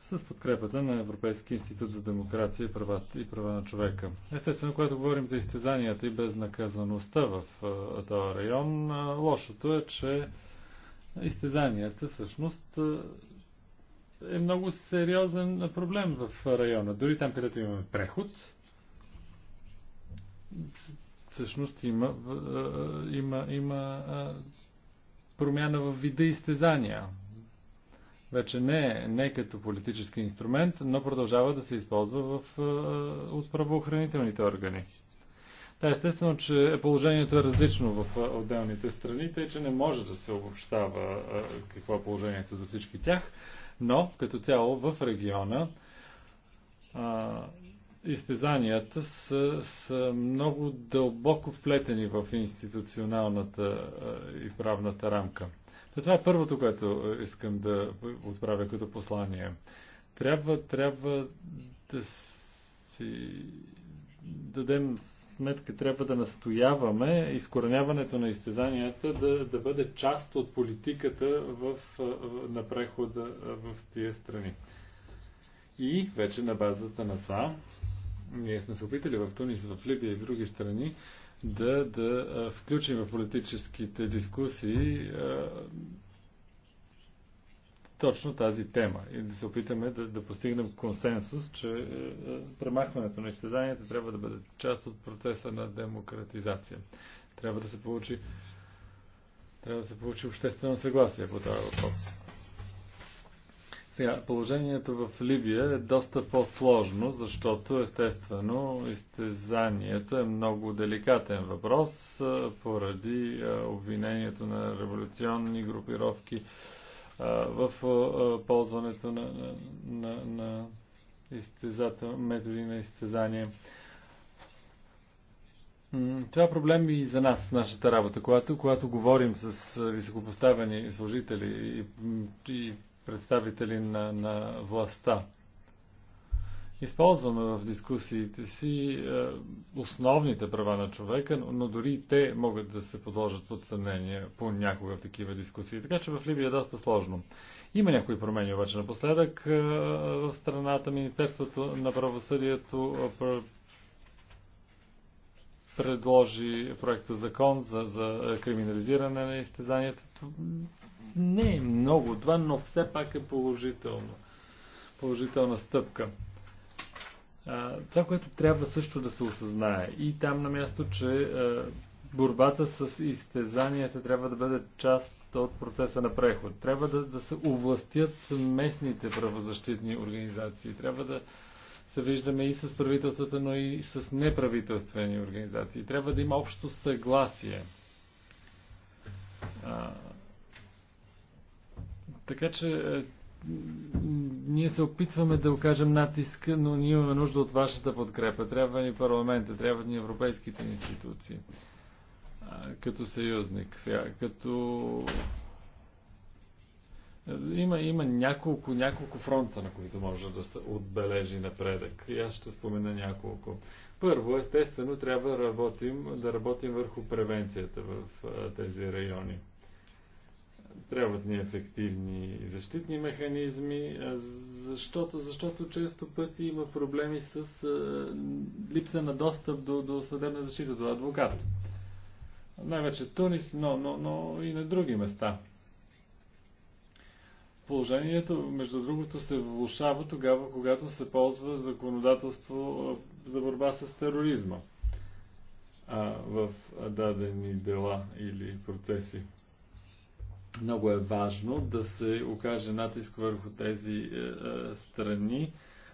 с подкрепата на Европейския институт за демокрация и права, и права на човека. Естествено, когато говорим за изтезанията и безнаказаността в този район, лошото е, че изтезанията всъщност е много сериозен проблем в района. Дори там, където имаме преход, всъщност има, има, има промяна в вида изтезания. Вече не, не като политически инструмент, но продължава да се използва в, от правоохранителните органи. Та, естествено, че положението е различно в отделните страни, тъй че не може да се обобщава какво е положението за всички тях, но като цяло в региона изтезанията са, са много дълбоко вплетени в институционалната е, и правната рамка. Това е първото, което искам да отправя като послание. Трябва, трябва да си дадем сметка, трябва да настояваме изкореняването на изтезанията да, да бъде част от политиката в, на прехода в тия страни. И вече на базата на това ние сме се опитали в Тунис, в Либия и в други страни да, да включим в политическите дискусии а, точно тази тема и да се опитаме да, да постигнем консенсус, че а, премахването на изтезанията трябва да бъде част от процеса на демократизация. Трябва да се получи трябва да се получи обществено съгласие по този въпрос. Сега, положението в Либия е доста по-сложно, защото естествено изтезанието е много деликатен въпрос поради обвинението на революционни групировки в ползването на, на, на, на изтезател, методи на изтезание. Това е проблем и за нас, нашата работа. Когато, когато говорим с високопоставени служители и, и представители на, на властта. Използваме в дискусиите си е, основните права на човека, но дори и те могат да се подложат под съмнение понякога в такива дискусии. Така че в Либия е доста сложно. Има някои промени обаче напоследък е, в страната. Министерството на правосъдието е, предложи проекта закон за, за криминализиране на изтезанията не е много това, но все пак е положително. Положителна стъпка. А, това, което трябва също да се осъзнае и там на място, че а, борбата с изтезанията трябва да бъде част от процеса на преход. Трябва да, да се овластят местните правозащитни организации. Трябва да се виждаме и с правителствата, но и с неправителствени организации. Трябва да има общо съгласие. Така че е, ние се опитваме да окажем натиск, но ние имаме нужда от вашата подкрепа. Трябва ни парламента, трябва ни европейските институции е, като съюзник. Сега, като... Е, има, има няколко, няколко фронта, на които може да се отбележи напредък. И аз ще спомена няколко. Първо, естествено, трябва да работим, да работим върху превенцията в тези райони трябват ни ефективни защитни механизми, защото, защото често пъти има проблеми с а, липса на достъп до, до съдебна защита, до адвокат. Най-вече Тунис, но, но, но и на други места. Положението, между другото, се влушава тогава, когато се ползва законодателство за борба с тероризма а, в дадени дела или процеси. Много е важно да се окаже натиск върху тези е, е, страни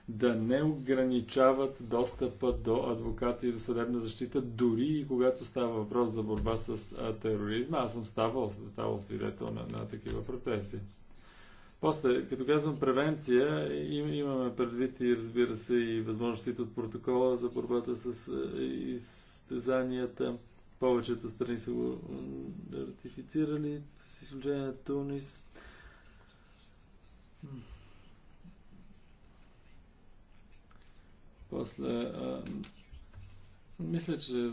да не ограничават достъпа до адвокати и до съдебна защита, дори и когато става въпрос за борба с е, тероризма. Аз съм ставал, ставал свидетел на, на такива процеси. После, като казвам превенция, им, имаме предвид и разбира се и възможностите от протокола за борбата с изтезанията. Повечето страни са го ратифицирали изключение на Тунис. После, а, мисля, че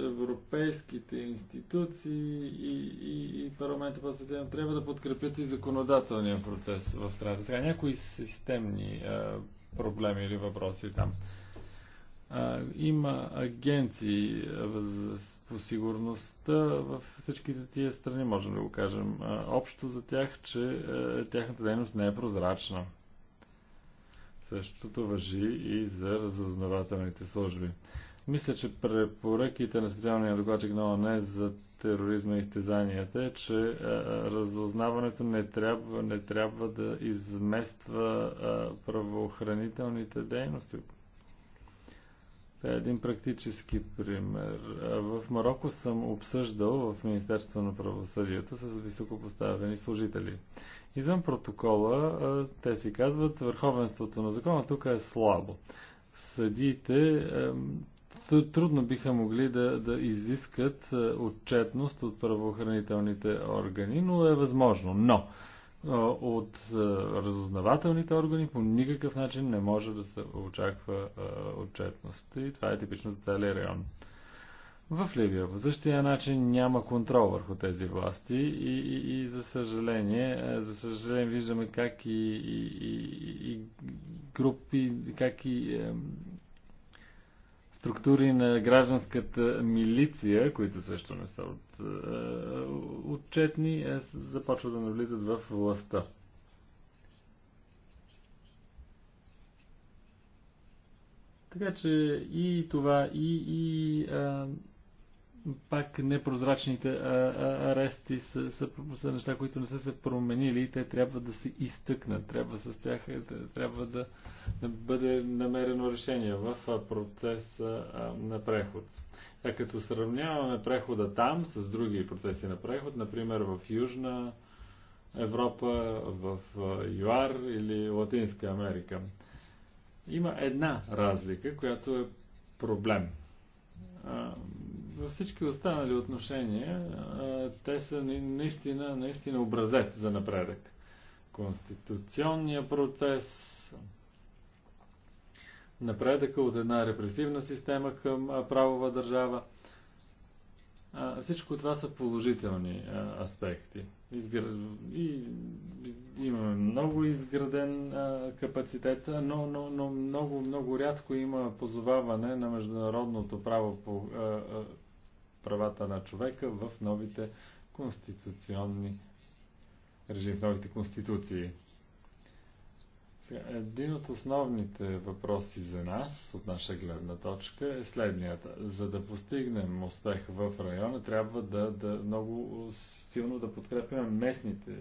европейските институции и, и, и парламента по-специално трябва да подкрепят и законодателния процес в страната. Сега някои системни а, проблеми или въпроси там а, има агенции за по сигурността в всичките тия страни, можем да го кажем а, общо за тях, че а, тяхната дейност не е прозрачна. Същото въжи и за разузнавателните служби. Мисля, че препоръките на специалния докладчик на ОНЕ за тероризма и изтезанията е, че а, разузнаването не трябва, не трябва да измества а, правоохранителните дейности, това е един практически пример. В Марокко съм обсъждал в Министерство на правосъдието с високопоставени служители. Извън протокола те си казват, върховенството на закона тук е слабо. Съдиите трудно биха могли да, да изискат отчетност от правоохранителните органи, но е възможно. Но от разузнавателните органи по никакъв начин не може да се очаква отчетност. И това е типично за целия район. В Ливия по същия начин няма контрол върху тези власти и, и, и за съжаление, за съжаление виждаме как и, и, и групи, как и структури на гражданската милиция, които също не са от, е, отчетни, е, започват да навлизат в властта. Така че и това, и, и а, е, пак непрозрачните а, е, а, арести са, са, са неща, които не са се променили и те трябва да се изтъкнат. Трябва с тях, трябва да да бъде намерено решение в процеса на преход. А като сравняваме прехода там с други процеси на преход, например в Южна Европа, в ЮАР или Латинска Америка, има една разлика, която е проблем. Във всички останали отношения те са наистина, наистина образец за напредък. Конституционният процес, напредъка от една репресивна система към правова държава. Всичко това са положителни аспекти. Изгр... И... Имаме много изграден капацитет, но, но, но много, много рядко има позоваване на международното право по правата на човека в новите конституционни режим, в новите конституции. Един от основните въпроси за нас, от наша гледна точка, е следният. За да постигнем успех в района, трябва да, да много силно да подкрепяме местните е,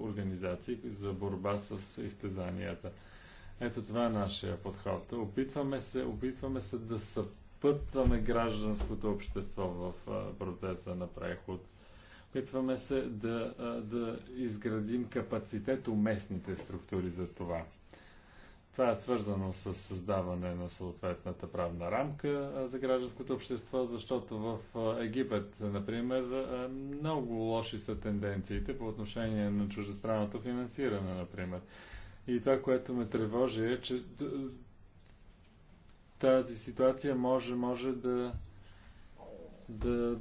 организации за борба с изтезанията. Ето това е нашия подход. Опитваме се, опитваме се да съпътваме гражданското общество в е, процеса на преход Опитваме се да, да изградим капацитет у местните структури за това. Това е свързано с създаване на съответната правна рамка за гражданското общество, защото в Египет, например, много лоши са тенденциите по отношение на чуждестранното финансиране, например. И това, което ме тревожи е, че тази ситуация може, може да, да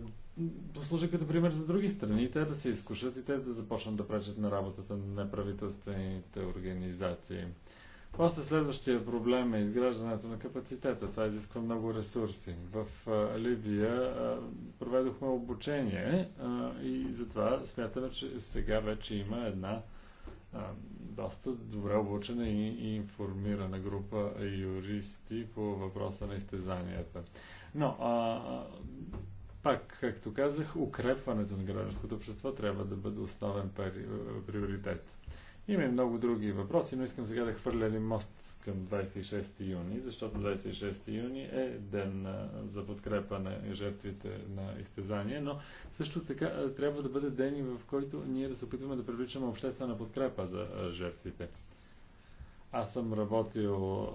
послужи като пример за други страни, те да се изкушат и те да започнат да пречат на работата на неправителствените организации. После следващия проблем е изграждането на капацитета. Това изисква много ресурси. В Ливия проведохме обучение и затова смятаме, че сега вече има една доста добре обучена и информирана група юристи по въпроса на изтезанията. Но а, пак, както казах, укрепването на гражданското общество трябва да бъде основен приоритет. Има и много други въпроси, но искам сега да хвърля един мост към 26 юни, защото 26 юни е ден за подкрепа на жертвите на изтезания, но също така трябва да бъде ден в който ние да се опитваме да привличаме обществена подкрепа за жертвите. Аз съм работил а,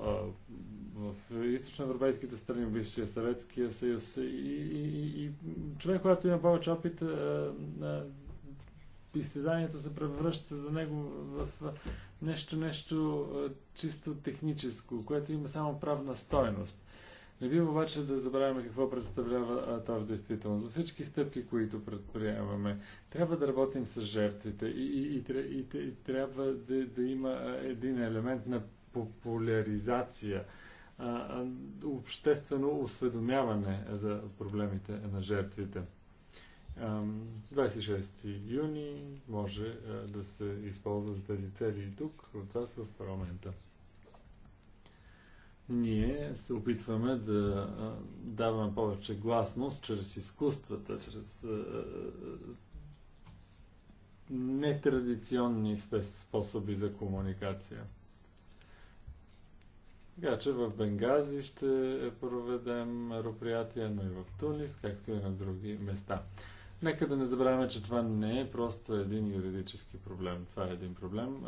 в източноевропейските страни, в бившия Съветския съюз и, и, и човек, който има повече опит, а, а, изтезанието се превръща за него в нещо, нещо чисто техническо, което има само правна стойност. Не бива обаче да забравяме какво представлява това в действителност. За всички стъпки, които предприемаме, трябва да работим с жертвите и, и, и, и, и трябва да, да има един елемент на популяризация, а, обществено осведомяване за проблемите на жертвите. 26 юни може да се използва за тези цели и тук, от вас в парламента ние се опитваме да даваме повече гласност чрез изкуствата, чрез нетрадиционни способи за комуникация. Така че в Бенгази ще проведем мероприятия, но и в Тунис, както и на други места. Нека да не забравяме, че това не е просто един юридически проблем. Това е един проблем,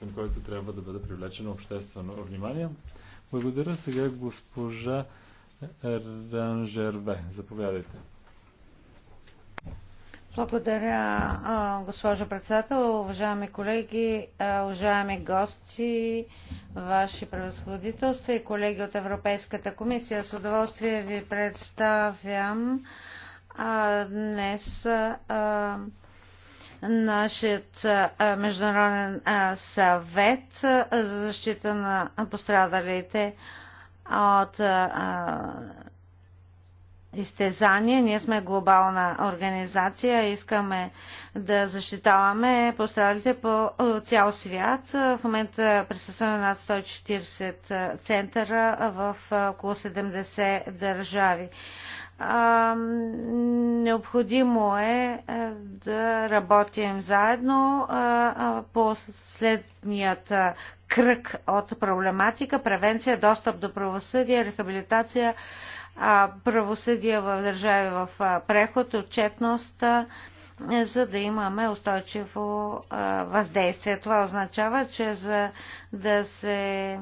към който трябва да бъде привлечено обществено внимание. Благодаря сега госпожа Ранжерве. Заповядайте. Благодаря, госпожо председател, уважаеми колеги, уважаеми гости, ваши превъзходителства и колеги от Европейската комисия. С удоволствие ви представям днес нашият международен съвет за защита на пострадалите от изтезания. Ние сме глобална организация, искаме да защитаваме пострадалите по цял свят. В момента присъстваме над 140 центъра в около 70 държави. А, необходимо е, е да работим заедно а, по следният кръг от проблематика превенция, достъп до правосъдие, рехабилитация, а, правосъдие в държави в преход, отчетност за да имаме устойчиво а, въздействие. Това означава, че за да се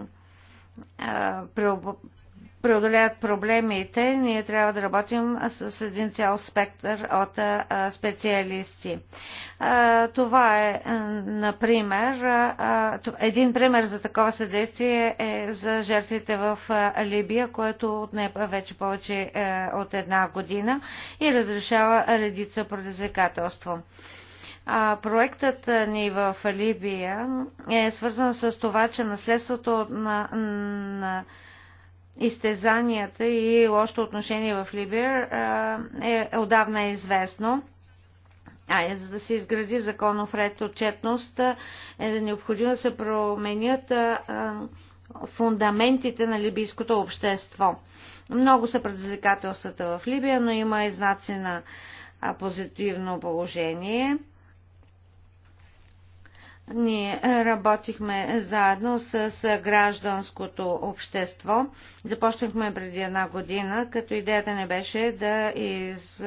преодолеят проблемите, ние трябва да работим с един цял спектър от специалисти. Това е, например, един пример за такова съдействие е за жертвите в Либия, което отне вече повече е, от една година и разрешава редица предизвикателство. Проектът ни в Либия е свързан с това, че наследството на, на изтезанията и лошото отношение в Либия е, отдавна е известно. А за да се изгради законов ред отчетност е необходимо да се променят фундаментите на либийското общество. Много са предизвикателствата в Либия, но има и знаци на позитивно положение. Ние работихме заедно с гражданското общество. Започнахме преди една година, като идеята не беше да, из,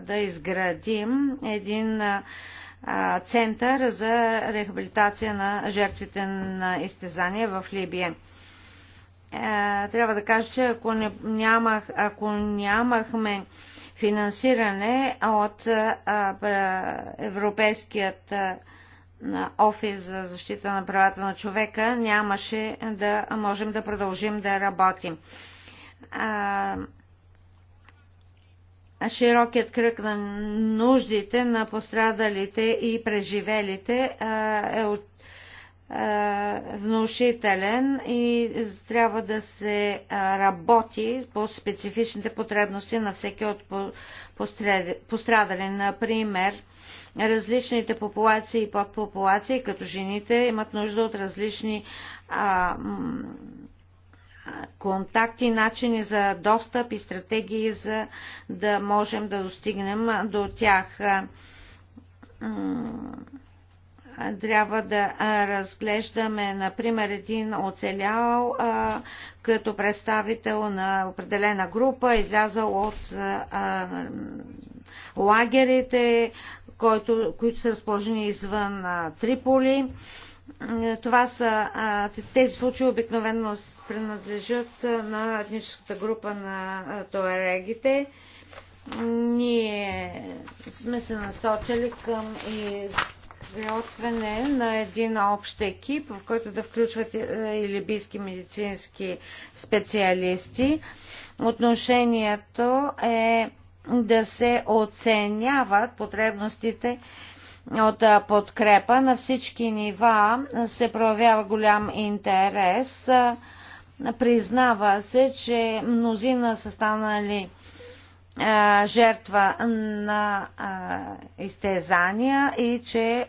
да изградим един център за рехабилитация на жертвите на изтезания в Либия. Трябва да кажа, че ако, не, нямах, ако нямахме финансиране от Европейският на Офис за защита на правата на човека, нямаше да можем да продължим да работим. А, широкият кръг на нуждите на пострадалите и преживелите е внушителен и трябва да се работи по специфичните потребности на всеки от пострадали. Например, различните популации и подпопулации, като жените имат нужда от различни а, контакти, начини за достъп и стратегии, за да можем да достигнем до тях. Трябва да разглеждаме, например, един оцелял като представител на определена група, излязал от лагерите, който, които са разположени извън а, Триполи. Е, това са, а, тези случаи обикновено принадлежат на етническата група на туарегите. Ние сме се насочили към изготвяне на един общ екип, в който да включват е, и либийски медицински специалисти. Отношението е да се оценяват потребностите от подкрепа на всички нива се проявява голям интерес. Признава се, че мнозина са станали жертва на изтезания и че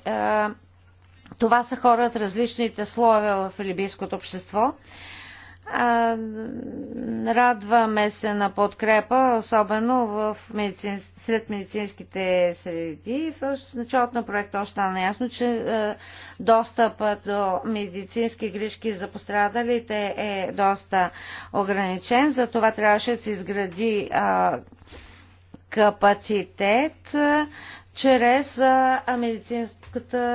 това са хора от различните слоеве в либийското общество. Радваме се на подкрепа, особено в медицин, сред медицинските среди. В началото на проекта още стана ясно, че достъпът до медицински грижки за пострадалите е доста ограничен. За това трябваше да се изгради капацитет чрез медицинската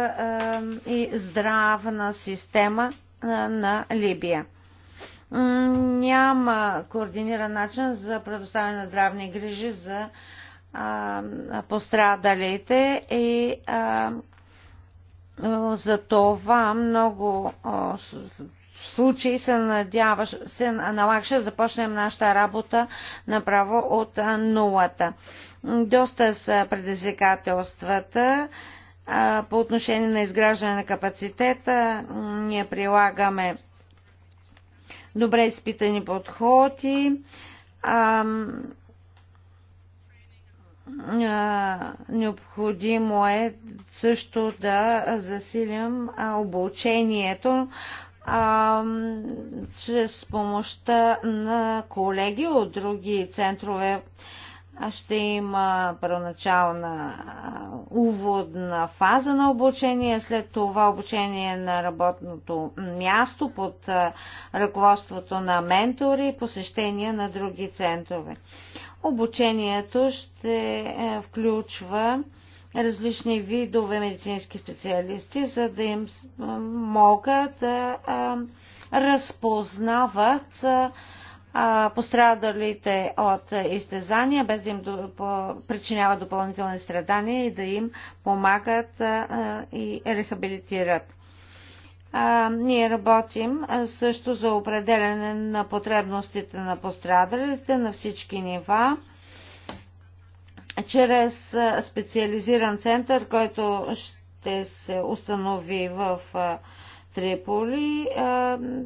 и здравна система на Либия няма координиран начин за предоставяне на здравни грижи за а, пострадалите и а, за това много а, случаи се, надяваш, се налагаше да започнем нашата работа направо от нулата. Доста са предизвикателствата по отношение на изграждане на капацитета. Ние прилагаме добре изпитани подходи, а, а, необходимо е също да засилим обучението а, чрез помощта на колеги от други центрове ще има първоначална уводна фаза на обучение, след това обучение на работното място под ръководството на ментори и посещения на други центрове. Обучението ще е, включва различни видове медицински специалисти, за да им могат да разпознават пострадалите от изтезания, без да им причиняват допълнителни страдания и да им помагат и рехабилитират. Ние работим също за определене на потребностите на пострадалите на всички нива чрез специализиран център, който ще се установи в Триполи.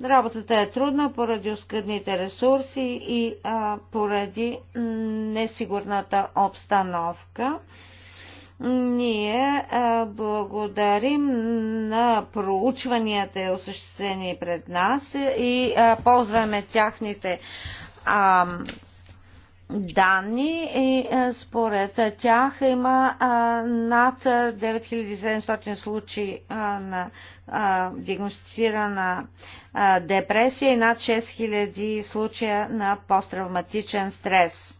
Работата е трудна поради оскъдните ресурси и поради несигурната обстановка. Ние благодарим на проучванията, осъществени пред нас и ползваме тяхните данни и е, според тях има над 9700 случаи на диагностицирана депресия и над 6000 случая на посттравматичен стрес.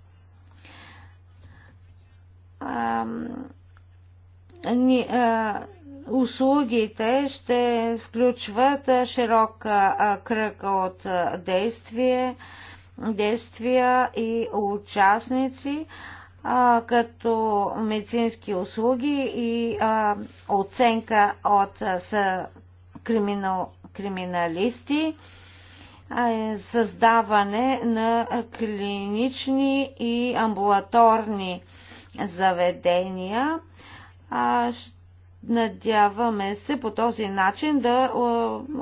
Услугите ще включват широк кръг от действие, действия и участници, а, като медицински услуги и а, оценка от са криминал, криминалисти, а, е създаване на клинични и амбулаторни заведения. А, ще Надяваме се по този начин да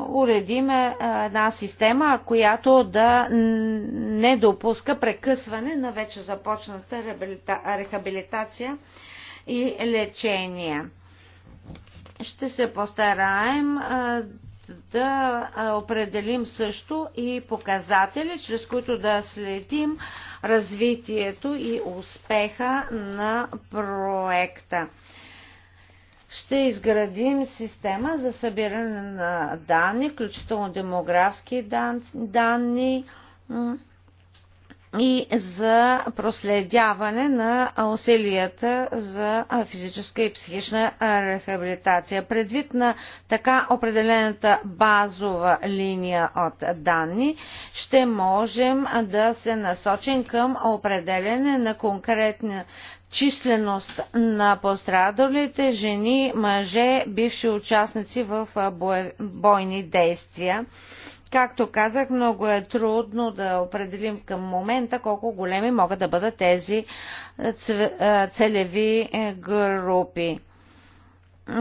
уредим една система, която да не допуска прекъсване на вече започната рехабилитация и лечение. Ще се постараем да определим също и показатели, чрез които да следим развитието и успеха на проекта ще изградим система за събиране на данни, включително демографски данни и за проследяване на усилията за физическа и психична рехабилитация. Предвид на така определената базова линия от данни, ще можем да се насочим към определене на конкретни численост на пострадалите жени, мъже, бивши участници в бойни действия. Както казах, много е трудно да определим към момента колко големи могат да бъдат тези целеви е, групи.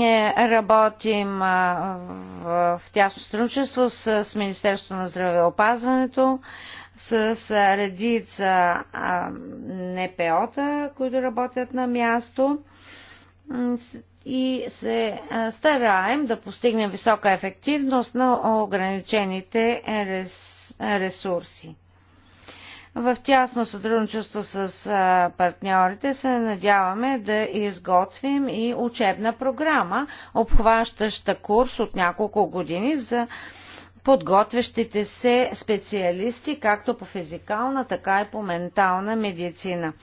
Е, работим в тясно сътрудничество с Министерството на здравеопазването с редица НПО-та, които работят на място и се стараем да постигнем висока ефективност на ограничените ресурси. В тясно сътрудничество с партньорите се надяваме да изготвим и учебна програма, обхващаща курс от няколко години за подготвящите се специалисти, както по физикална, така и по ментална медицина.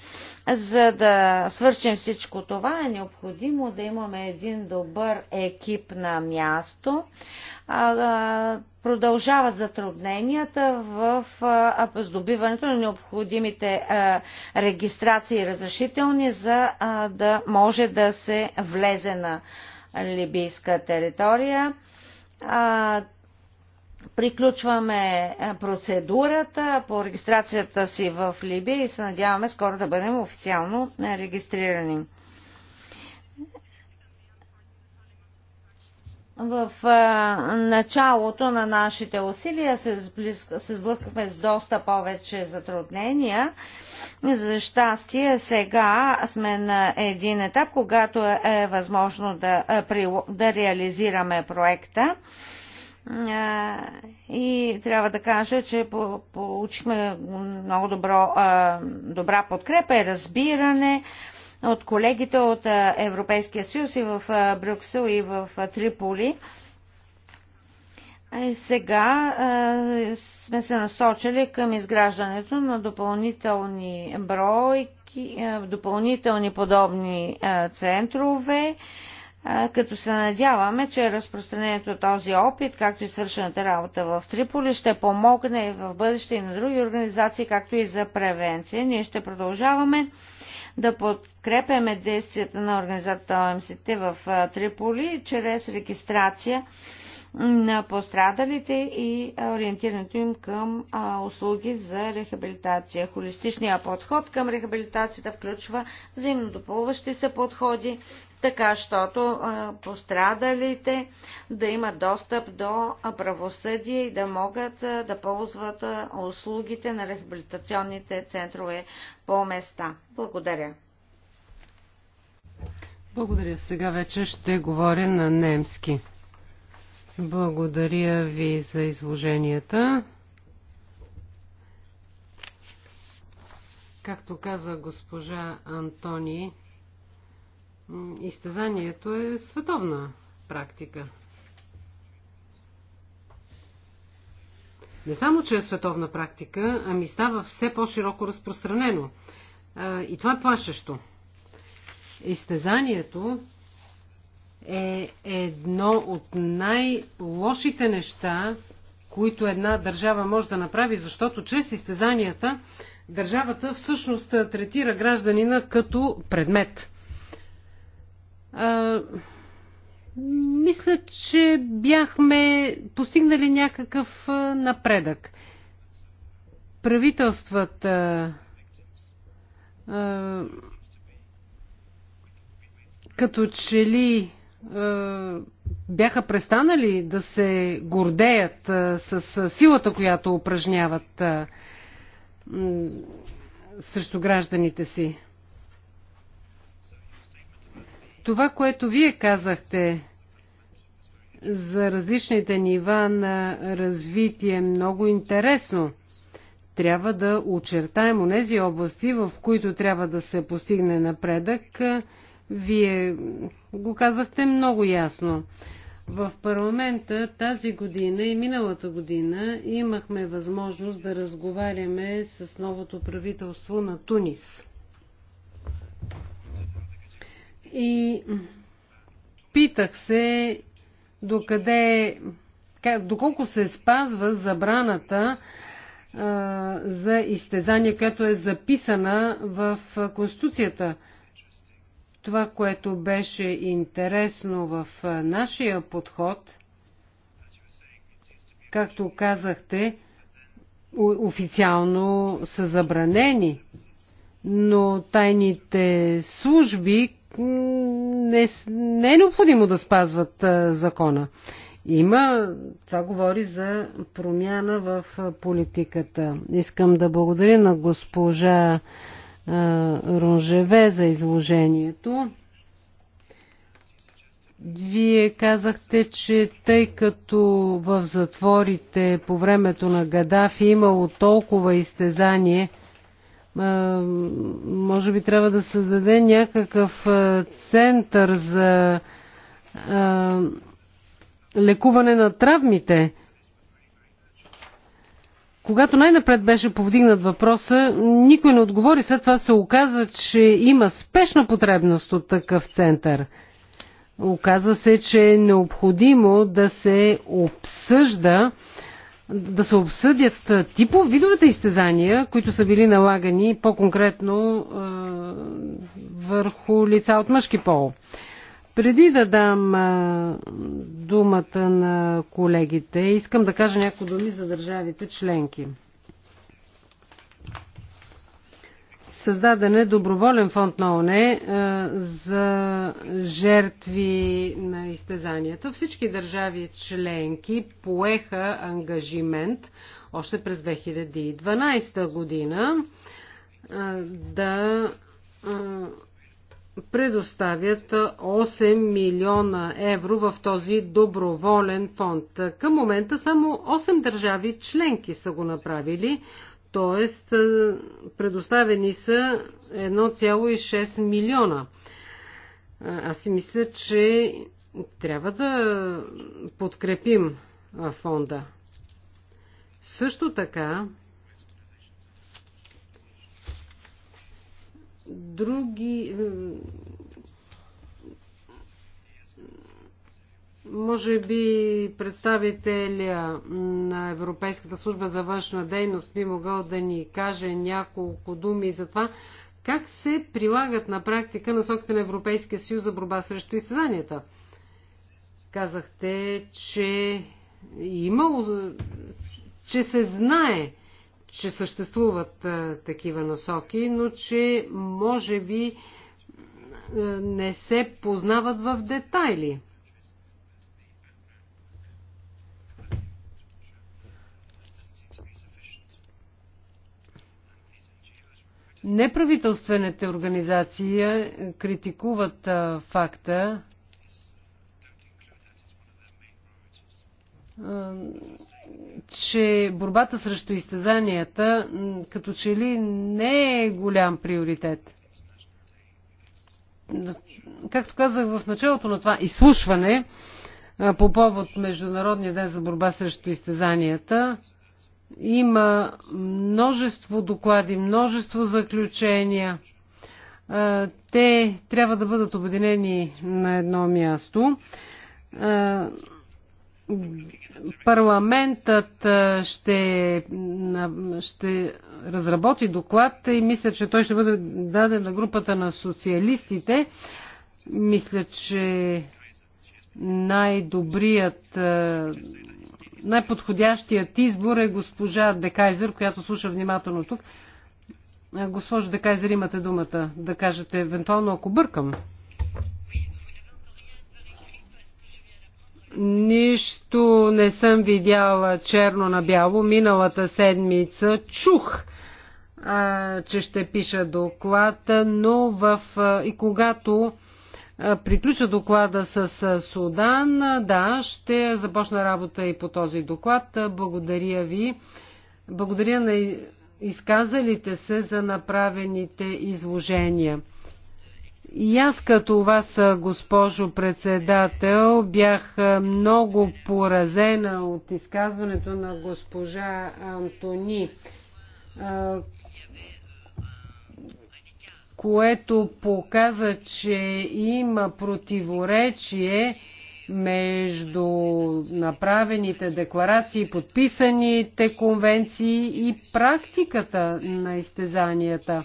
За да свършим всичко това е необходимо да имаме един добър екип на място. Продължават затрудненията в здобиването на необходимите регистрации и разрешителни, за да може да се влезе на либийска територия Приключваме е, процедурата по регистрацията си в Либия и се надяваме скоро да бъдем официално е, регистрирани. В е, началото на нашите усилия се, сблъскахме с доста повече затруднения. За щастие, сега сме на един етап, когато е възможно да, да реализираме проекта и трябва да кажа, че получихме много добро, добра подкрепа и разбиране от колегите от Европейския съюз и в Брюксел и в Триполи. И сега сме се насочили към изграждането на допълнителни бройки, допълнителни подобни центрове като се надяваме, че разпространението на този опит, както и свършената работа в Триполи, ще помогне и в бъдеще и на други организации, както и за превенция. Ние ще продължаваме да подкрепяме действията на организацията ОМСТ в Триполи чрез регистрация на пострадалите и ориентирането им към услуги за рехабилитация. Холистичният подход към рехабилитацията включва взаимно допълващи се подходи така щото пострадалите да имат достъп до правосъдие и да могат да ползват услугите на рехабилитационните центрове по места. Благодаря. Благодаря. Сега вече ще говоря на немски. Благодаря ви за изложенията. Както каза госпожа Антони, изтезанието е световна практика. Не само, че е световна практика, ами става все по-широко разпространено. И това е плашещо. Изтезанието е едно от най-лошите неща, които една държава може да направи, защото чрез изтезанията държавата всъщност третира гражданина като предмет. А, мисля, че бяхме постигнали някакъв напредък. Правителствата а, като че ли бяха престанали да се гордеят с силата, която упражняват срещу гражданите си. Това, което вие казахте за различните нива на развитие, е много интересно. Трябва да очертаем онези области, в които трябва да се постигне напредък. Вие го казахте много ясно. В парламента тази година и миналата година имахме възможност да разговаряме с новото правителство на Тунис. И питах се докъде, доколко се спазва забраната а, за изтезание, която е записана в Конституцията. Това, което беше интересно в нашия подход, както казахте, официално са забранени, но тайните служби не, не е необходимо да спазват закона. Има, това говори за промяна в политиката. Искам да благодаря на госпожа Ронжеве за изложението. Вие казахте, че тъй като в затворите по времето на Гадафи имало толкова изтезание, може би трябва да създаде някакъв център за лекуване на травмите. Когато най-напред беше повдигнат въпроса, никой не отговори. След това се оказа, че има спешна потребност от такъв център. Оказва се, че е необходимо да се обсъжда да се обсъдят типов видовете изтезания, които са били налагани по-конкретно е, върху лица от мъжки пол. Преди да дам е, думата на колегите, искам да кажа някои думи за държавите членки. Създаден е доброволен фонд на ОНЕ за жертви на изтезанията. Всички държави членки поеха ангажимент още през 2012 година е, да е, предоставят 8 милиона евро в този доброволен фонд. Към момента само 8 държави членки са го направили. Т.е. предоставени са 1,6 милиона. Е, аз си мисля, че трябва да подкрепим е, фонда. Също така, други е, Може би представителя на Европейската служба за външна дейност би могъл да ни каже няколко думи за това, как се прилагат на практика насоките на Европейския съюз за борба срещу изтезанията. Казахте, че имало, че се знае, че съществуват а, такива насоки, но че може би а, не се познават в детайли. Неправителствените организации критикуват факта, че борбата срещу изтезанията като че ли не е голям приоритет. Както казах в началото на това изслушване по повод Международния ден за борба срещу изтезанията, има множество доклади, множество заключения. Те трябва да бъдат обединени на едно място. Парламентът ще, ще разработи доклад и мисля, че той ще бъде даден на групата на социалистите. Мисля, че най-добрият най-подходящият избор е госпожа Декайзер, която слуша внимателно тук. Госпожо Декайзер, имате думата да кажете, евентуално ако бъркам. Нищо не съм видяла черно на бяло. Миналата седмица чух, а, че ще пиша доклад, но в... А, и когато приключа доклада с Судан, да, ще започна работа и по този доклад. Благодаря ви. Благодаря на изказалите се за направените изложения. И аз като вас, госпожо председател, бях много поразена от изказването на госпожа Антони, което показа, че има противоречие между направените декларации, подписаните конвенции и практиката на изтезанията,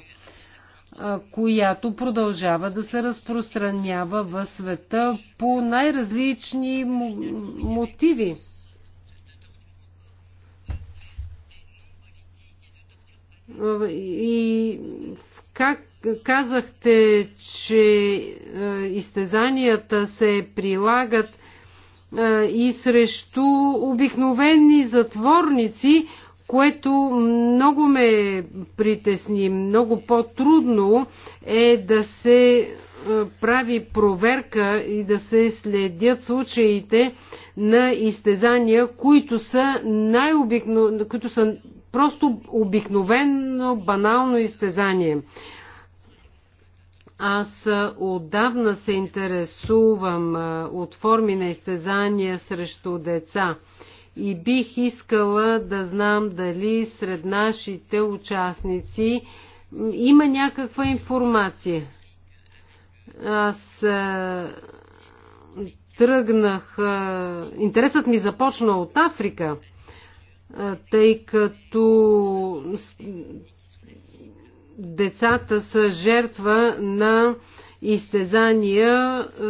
която продължава да се разпространява в света по най-различни мотиви. И как казахте, че е, изтезанията се прилагат е, и срещу обикновени затворници, което много ме притесни. Много по-трудно е да се е, прави проверка и да се следят случаите на изтезания, които са, най-обикно... които са просто обикновено банално изтезание. Аз отдавна се интересувам от форми на изтезания срещу деца и бих искала да знам дали сред нашите участници има някаква информация. Аз тръгнах. Интересът ми започна от Африка, тъй като децата са жертва на изтезания е,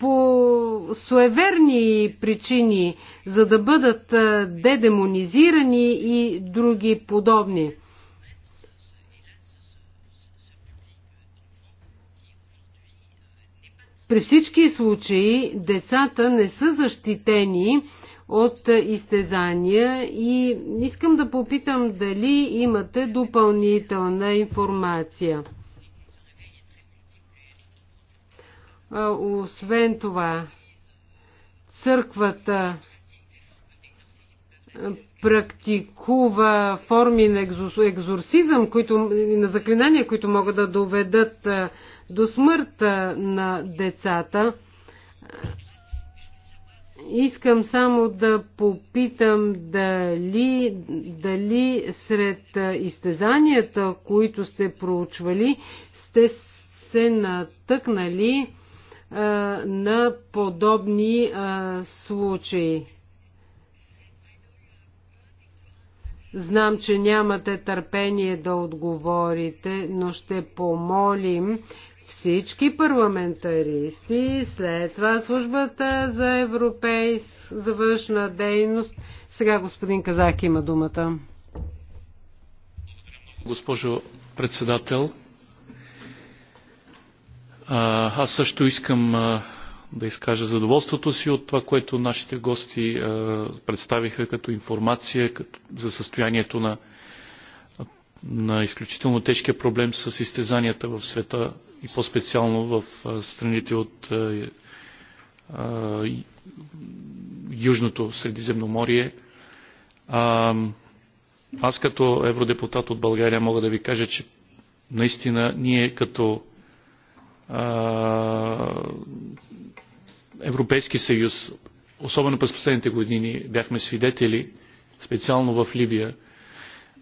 по суеверни причини, за да бъдат е, дедемонизирани и други подобни. При всички случаи децата не са защитени от изтезания и искам да попитам дали имате допълнителна информация. Освен това, църквата практикува форми на екзорсизъм, които, на заклинания, които могат да доведат до смърт на децата. Искам само да попитам дали, дали сред изтезанията, които сте проучвали, сте се натъкнали а, на подобни а, случаи. Знам, че нямате търпение да отговорите, но ще помолим всички парламентаристи, след това службата за европейс, за външна дейност. Сега господин Казак има думата. Госпожо председател, аз също искам да изкажа задоволството си от това, което нашите гости представиха като информация за състоянието на на изключително тежкия проблем с изтезанията в света и по-специално в страните от Южното Средиземноморие. Аз като евродепутат от България мога да ви кажа, че наистина ние като Европейски съюз, особено през последните години, бяхме свидетели, специално в Либия,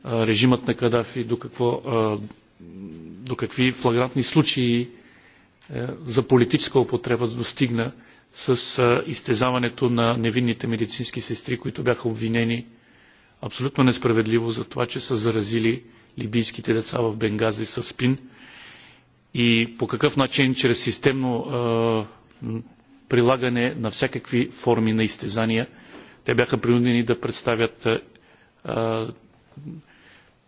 режимът на Кадафи, до, какво, до какви флагрантни случаи е, за политическа употреба достигна с изтезаването на невинните медицински сестри, които бяха обвинени абсолютно несправедливо за това, че са заразили либийските деца в Бенгази с спин и по какъв начин чрез системно прилагане на всякакви форми на изтезания те бяха принудени да представят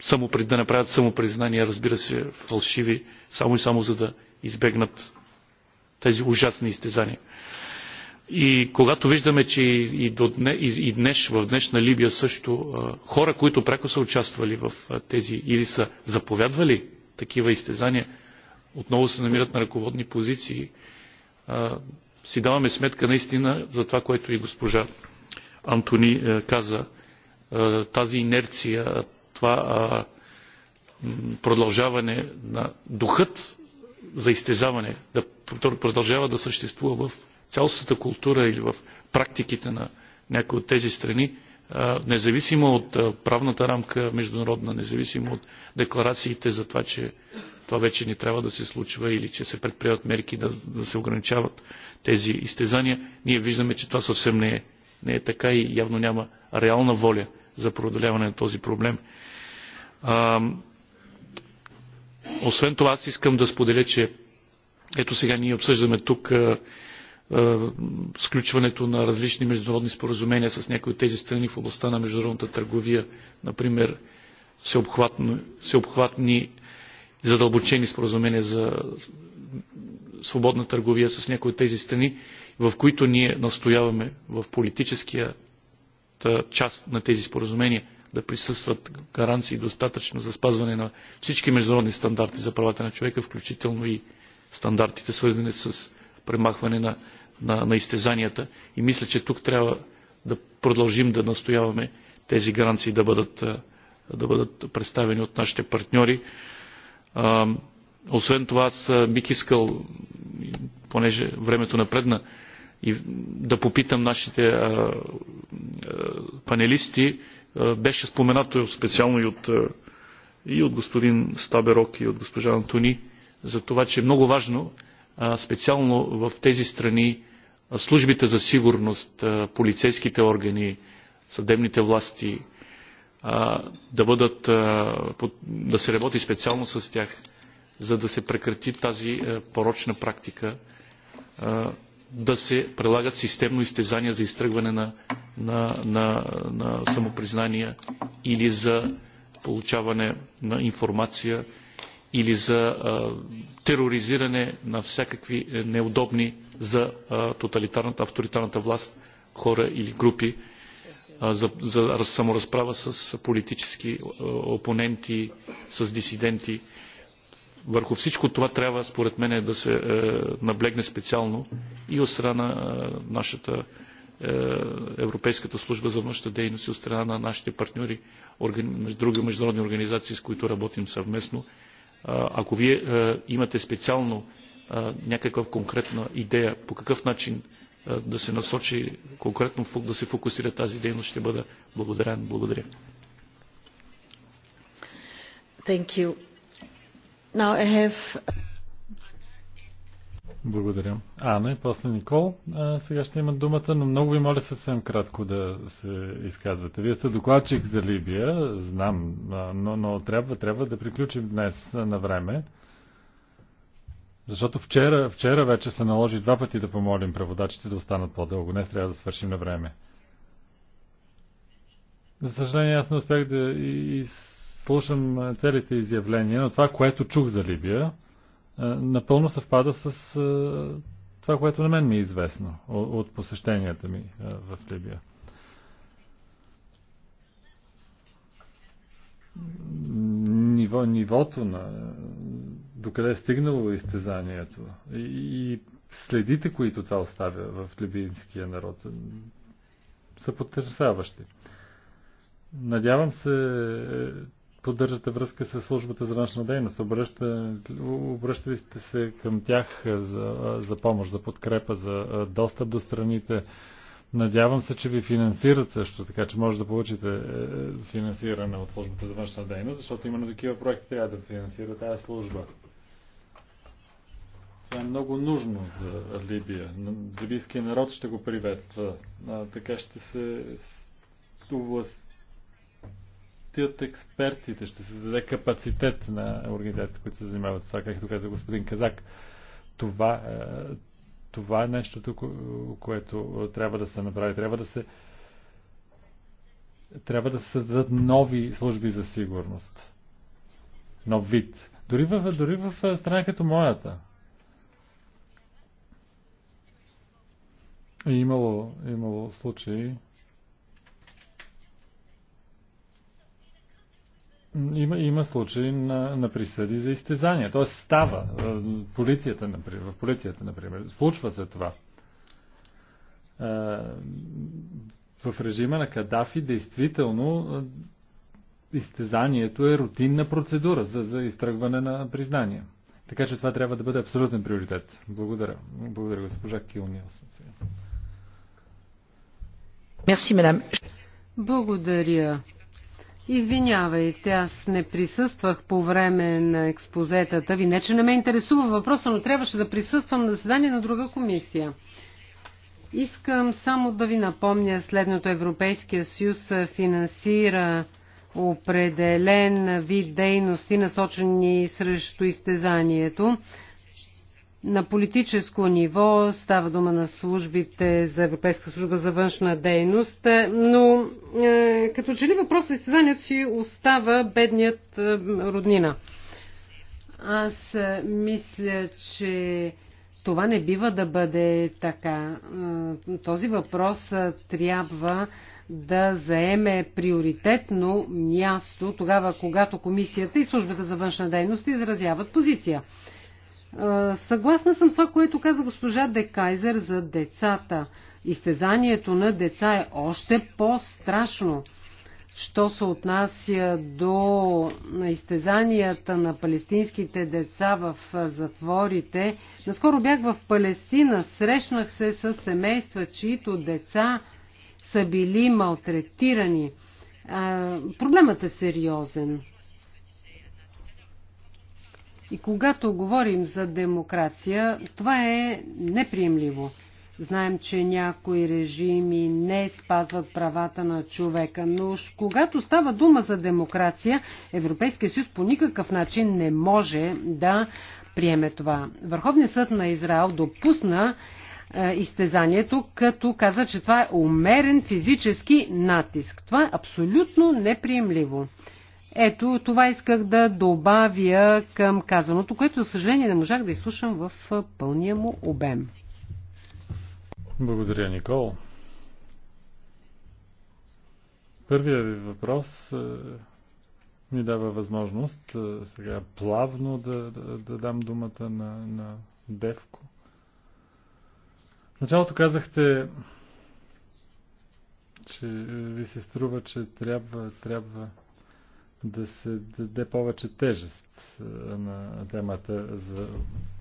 самопри, да направят самопризнания, разбира се, фалшиви, само и само за да избегнат тези ужасни изтезания. И когато виждаме, че и, до дне, и, и днеш, в днешна Либия също хора, които пряко са участвали в тези или са заповядвали такива изтезания, отново се намират на ръководни позиции, си даваме сметка наистина за това, което и госпожа Антони е, каза. Е, тази инерция, това продължаване на духът за изтезаване да продължава да съществува в цялостната култура или в практиките на някои от тези страни, независимо от правната рамка международна, независимо от декларациите за това, че това вече не трябва да се случва или че се предприемат мерки да, да се ограничават тези изтезания, ние виждаме, че това съвсем не е, не е така и явно няма реална воля за преодоляване на този проблем. Освен това, аз искам да споделя, че ето сега ние обсъждаме тук сключването на различни международни споразумения с някои от тези страни в областта на международната търговия, например всеобхватни, всеобхватни задълбочени споразумения за свободна търговия с някои от тези страни, в които ние настояваме в политическия част на тези споразумения да присъстват гаранции достатъчно за спазване на всички международни стандарти за правата на човека, включително и стандартите, свързани с премахване на, на, на изтезанията. И мисля, че тук трябва да продължим да настояваме тези гаранции да бъдат, да бъдат представени от нашите партньори. Освен това, аз бих искал, понеже времето напредна, и да попитам нашите а, а, панелисти. А, беше споменато специално и от, а, и от господин Стаберок и от госпожа Антони за това, че е много важно а, специално в тези страни а, службите за сигурност, а, полицейските органи, съдебните власти а, да бъдат а, под, да се работи специално с тях, за да се прекрати тази а, порочна практика да се прилагат системно изтезания за изтръгване на, на, на, на самопризнания или за получаване на информация или за а, тероризиране на всякакви е, неудобни за а, тоталитарната, авторитарната власт хора или групи, а, за, за саморазправа с политически а, опоненти, с дисиденти върху всичко това трябва, според мен, да се е, наблегне специално и от страна на е, нашата е, Европейската служба за външна дейност и от страна на нашите партньори, други международни организации, с които работим съвместно. Ако вие имате специално някаква конкретна идея по какъв начин да се насочи конкретно да се фокусира тази дейност, ще бъда благодарен. Благодаря. Thank you. Благодаря. Ана и после Никол. А, сега ще имат думата, но много ви моля съвсем кратко да се изказвате. Вие сте докладчик за Либия, знам, но, но трябва, трябва да приключим днес на време. Защото вчера, вчера вече се наложи два пъти да помолим преводачите да останат по-дълго. Днес трябва да свършим на време. За съжаление, аз не успях да из слушам целите изявления, но това, което чух за Либия, напълно съвпада с това, което на мен ми е известно от посещенията ми в Либия. Ниво, нивото на докъде е стигнало изтезанието и следите, които това оставя в либийския народ, са потрясаващи. Надявам се поддържате връзка с службата за външна дейност? обръщали сте се към тях за, за помощ, за подкрепа, за достъп до страните? Надявам се, че ви финансират също, така че може да получите е, финансиране от службата за външна дейност, защото именно такива проекти трябва да финансира тази служба. Това е много нужно за Либия. Либийския народ ще го приветства. така ще се власт работят експертите, ще се даде капацитет на организацията, които се занимават с това, както каза господин Казак. Това, е, това е нещото, което трябва да се направи. Трябва да се, трябва да се създадат нови служби за сигурност. Нов вид. Дори в, дори в страна като моята. Е имало, имало случаи, има, има случаи на, на присъди за изтезания. Тоест става е, полицията, например, в полицията, например. Случва се това. Е, в режима на Кадафи действително е, изтезанието е рутинна процедура за, за изтръгване на признания. Така че това трябва да бъде абсолютен приоритет. Благодаря. Благодаря, госпожа Кил Благодаря, Извинявайте, аз не присъствах по време на експозетата ви. Не, че не ме интересува въпроса, но трябваше да присъствам на заседание на друга комисия. Искам само да ви напомня следното. Европейския съюз финансира определен вид дейности, насочени срещу изтезанието. На политическо ниво става дума на службите за Европейска служба за външна дейност, но е, като че ли въпрос за изтезанието си остава бедният е, роднина. Аз е, мисля, че това не бива да бъде така. Е, този въпрос е, трябва да заеме приоритетно място тогава, когато комисията и службата за външна дейност изразяват позиция. Съгласна съм с това, което каза госпожа Декайзер за децата. Изтезанието на деца е още по-страшно. Що се отнася до изтезанията на палестинските деца в затворите, наскоро бях в Палестина, срещнах се с семейства, чието деца са били малтретирани. Проблемът е сериозен. И когато говорим за демокрация, това е неприемливо. Знаем, че някои режими не спазват правата на човека, но когато става дума за демокрация, Европейския съюз по никакъв начин не може да приеме това. Върховният съд на Израел допусна е, изтезанието, като каза, че това е умерен физически натиск. Това е абсолютно неприемливо. Ето, това исках да добавя към казаното, което, за съжаление, не можах да изслушам в пълния му обем. Благодаря, Никол. Първия ви въпрос ми дава възможност сега плавно да, да, да дам думата на, на Девко. В началото казахте, че ви се струва, че трябва, трябва да се даде повече тежест на темата за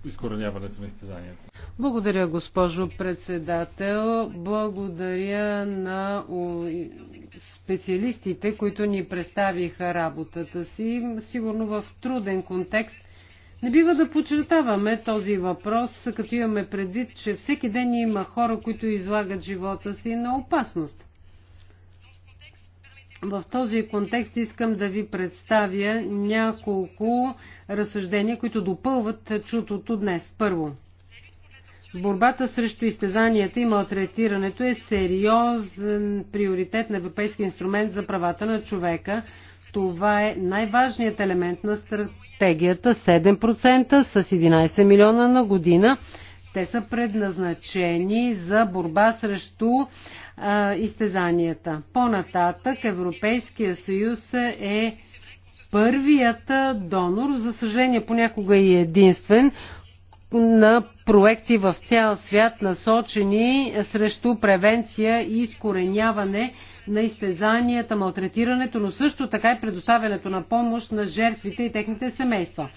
изкореняването на изтезанията. Благодаря, госпожо председател. Благодаря на специалистите, които ни представиха работата си, сигурно в труден контекст. Не бива да подчертаваме този въпрос, като имаме предвид, че всеки ден има хора, които излагат живота си на опасност. В този контекст искам да ви представя няколко разсъждения, които допълват чутото днес. Първо, борбата срещу изтезанията и малтретирането е сериозен приоритет на Европейския инструмент за правата на човека. Това е най-важният елемент на стратегията 7% с 11 милиона на година. Те са предназначени за борба срещу изтезанията. По-нататък Европейския съюз е първият донор, за съжаление понякога и единствен, на проекти в цял свят, насочени срещу превенция и изкореняване на изтезанията, малтретирането, но също така и предоставянето на помощ на жертвите и техните семейства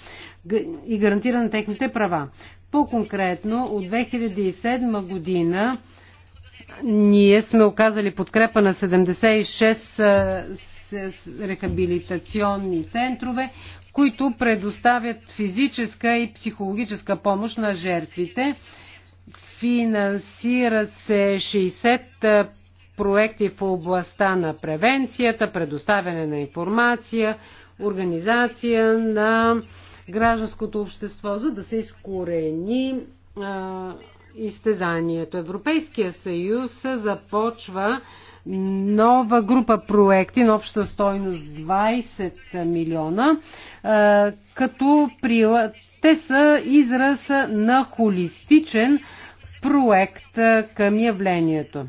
и гарантиране на техните права. По-конкретно, от 2007 година ние сме оказали подкрепа на 76 рехабилитационни центрове, които предоставят физическа и психологическа помощ на жертвите. Финансират се 60 проекти в областта на превенцията, предоставяне на информация, организация на гражданското общество, за да се изкорени изтезанието. Европейския съюз започва нова група проекти на обща стойност 20 милиона, е, като при... те са израз на холистичен проект е, към явлението.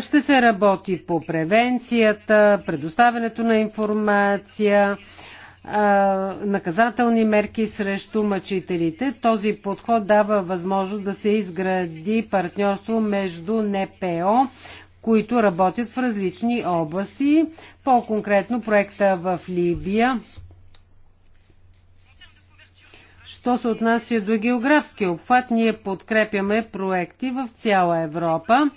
Ще се работи по превенцията, предоставянето на информация, наказателни мерки срещу мъчителите. Този подход дава възможност да се изгради партньорство между НПО, които работят в различни области, по-конкретно проекта в Либия. Що се отнася до географския обхват, ние подкрепяме проекти в цяла Европа.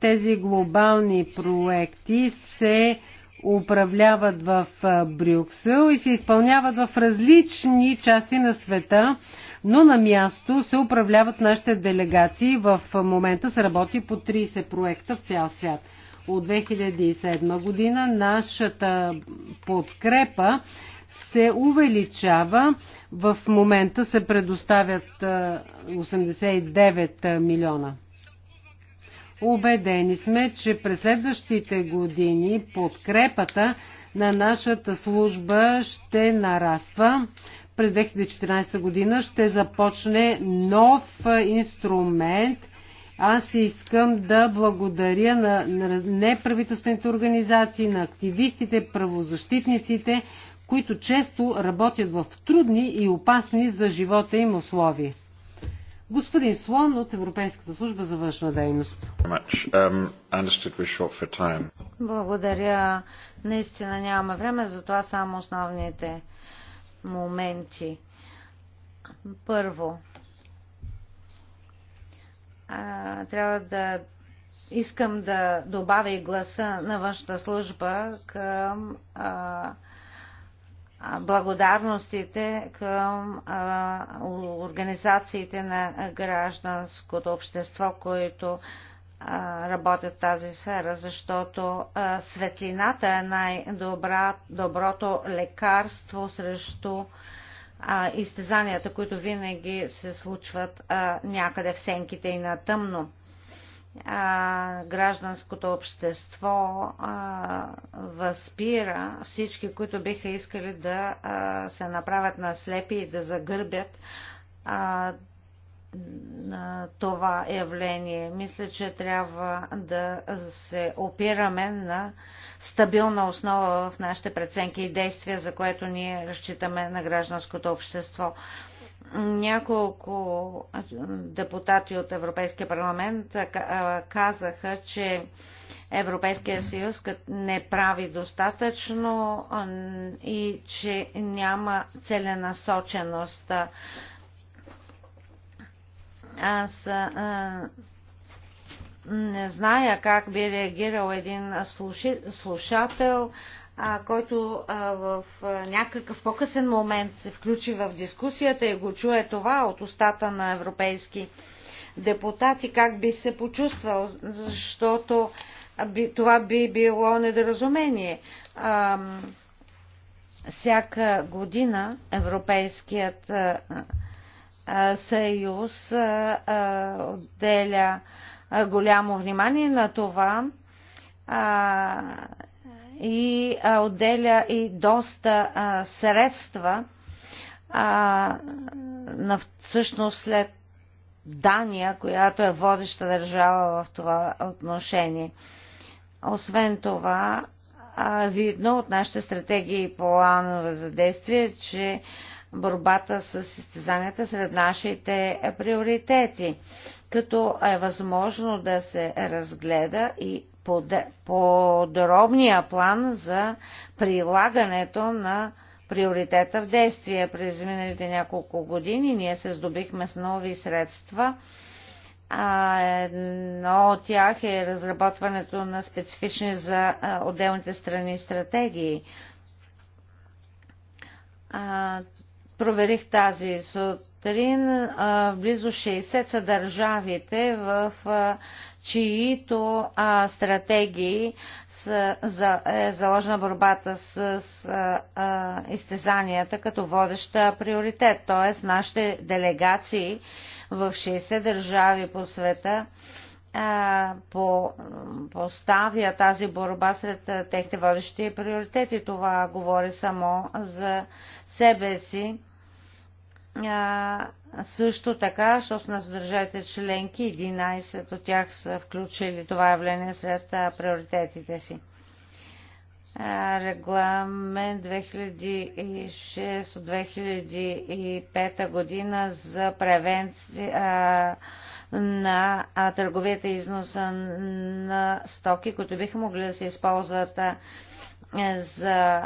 Тези глобални проекти се управляват в Брюксел и се изпълняват в различни части на света, но на място се управляват нашите делегации. В момента се работи по 30 проекта в цял свят. От 2007 година нашата подкрепа се увеличава. В момента се предоставят 89 милиона. Убедени сме, че през следващите години подкрепата на нашата служба ще нараства. През 2014 година ще започне нов инструмент. Аз искам да благодаря на неправителствените организации, на активистите, правозащитниците, които често работят в трудни и опасни за живота им условия. Господин Слон от Европейската служба за външна дейност. Um, Благодаря. Наистина нямаме време, затова само основните моменти. Първо, а, трябва да искам да добавя и гласа на външната служба към а, благодарностите към организациите на гражданското общество, които работят в тази сфера, защото светлината е най-доброто лекарство срещу изтезанията, които винаги се случват някъде в сенките и на тъмно а, гражданското общество а, възпира всички, които биха искали да а, се направят наслепи и да загърбят а, на това явление. Мисля, че трябва да се опираме на стабилна основа в нашите преценки и действия, за което ние разчитаме на гражданското общество. Няколко депутати от Европейския парламент казаха, че Европейския съюз не прави достатъчно и че няма целенасоченост. Аз не зная как би реагирал един слушател, а, който а, в а, някакъв по-късен момент се включи в дискусията и го чуе това от устата на европейски депутати, как би се почувствал, защото би, това би било недоразумение. А, всяка година Европейският а, а, съюз а, а, отделя а, голямо внимание на това, а, и а, отделя и доста а, средства. А, на, всъщност след Дания, която е водеща държава в това отношение. Освен това, а, видно от нашите стратегии и планове за действие, е, че борбата с състезанията е сред нашите приоритети, като е възможно да се разгледа и подробния план за прилагането на приоритета в действие. През миналите няколко години ние се здобихме с нови средства. едно от тях е разработването на специфични за отделните страни стратегии. проверих тази сутрин. близо 60 са държавите в чието а, стратегии са, за, е заложена борбата с, с а, изтезанията като водеща приоритет. Т.е. нашите делегации в 60 държави по света а, по, поставя тази борба сред техните водещи приоритети. Това говори само за себе си а, също така, защото нас държавите членки, 11 от тях са включили това явление сред приоритетите си. регламент 2006 от 2005 година за превенция на търговията и износа на стоки, които биха могли да се използват за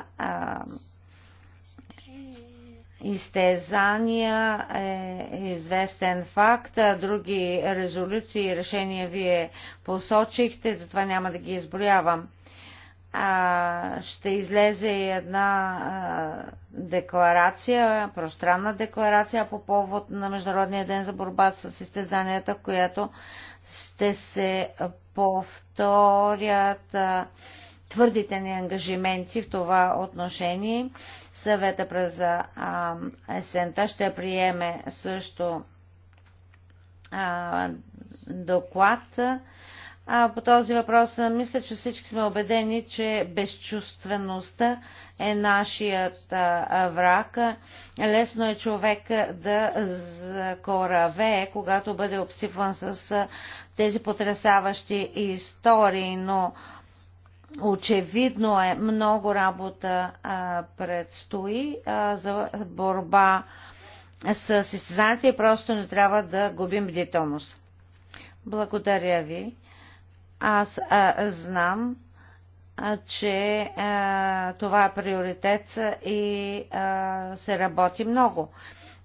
изтезания е известен факт. Други резолюции и решения вие посочихте, затова няма да ги изброявам. А, ще излезе и една а, декларация, пространна декларация по повод на Международния ден за борба с изтезанията, в която ще се повторят а, твърдите ни ангажименти в това отношение Съвета през а, есента ще приеме също а, доклад. А, по този въпрос мисля, че всички сме убедени, че безчувствеността е нашият а, враг. Лесно е човек да закораве, когато бъде обсипван с а, тези потрясаващи истории, но Очевидно е, много работа а, предстои а, за борба с изтезанията и просто не трябва да губим бдителност. Благодаря ви. Аз а, знам, а, че а, това е приоритет и а, се работи много.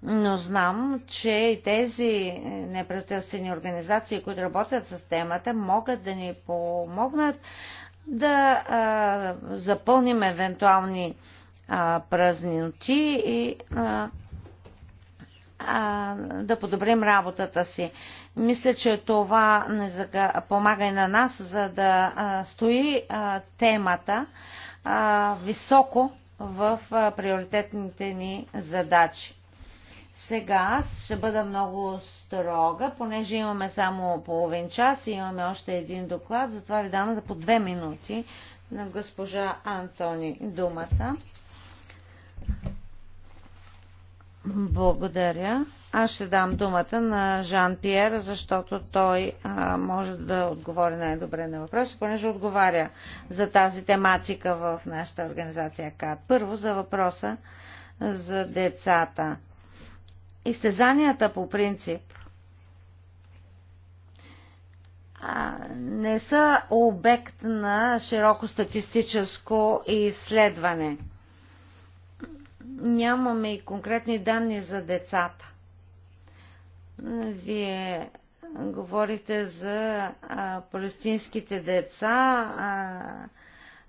Но знам, че и тези неправителствени организации, които работят с темата, могат да ни помогнат да а, запълним евентуални а, празниноти и а, а, да подобрим работата си. Мисля, че това не зага... помага и на нас, за да а, стои а, темата а, високо в а, приоритетните ни задачи. Сега аз ще бъда много строга, понеже имаме само половин час и имаме още един доклад, затова ви дам за по две минути на госпожа Антони думата. Благодаря. Аз ще дам думата на Жан Пьер, защото той а, може да отговори най-добре на въпроса, понеже отговаря за тази тематика в нашата организация КАД. Първо за въпроса за децата изтезанията по принцип не са обект на широко статистическо изследване. Нямаме и конкретни данни за децата. Вие говорите за а, палестинските деца, а,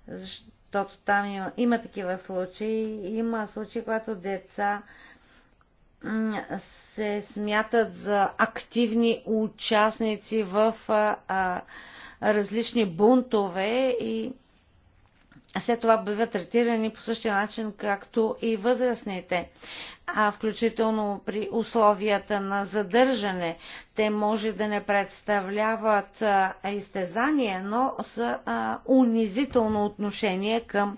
защото там има, има такива случаи. Има случаи, когато деца а, се смятат за активни участници в различни бунтове и след това биват третирани по същия начин, както и възрастните, а включително при условията на задържане. Те може да не представляват а, изтезание, но са а, унизително отношение към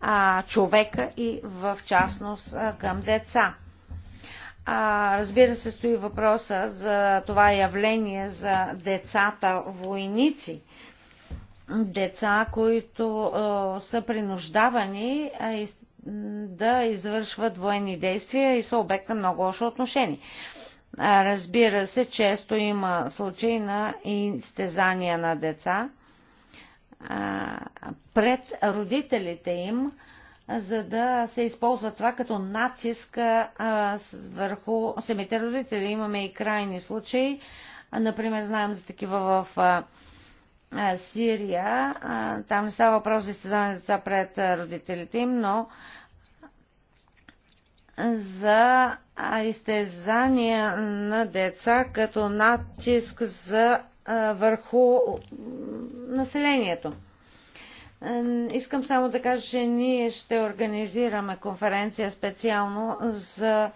а, човека и в частност а, към деца. А, разбира се, стои въпроса за това явление за децата войници. Деца, които а, са принуждавани а, и, да извършват военни действия и са обект на много лошо отношение. А, разбира се, често има случаи на изтезания на деца а, пред родителите им, а, за да се използва това като натиск а, върху самите родители. Имаме и крайни случаи. Например, знаем за такива в а, а, Сирия. А, там не става въпрос за изтезаване деца пред родителите им, но за изтезания на деца като натиск за, а, върху населението. Искам само да кажа, че ние ще организираме конференция специално за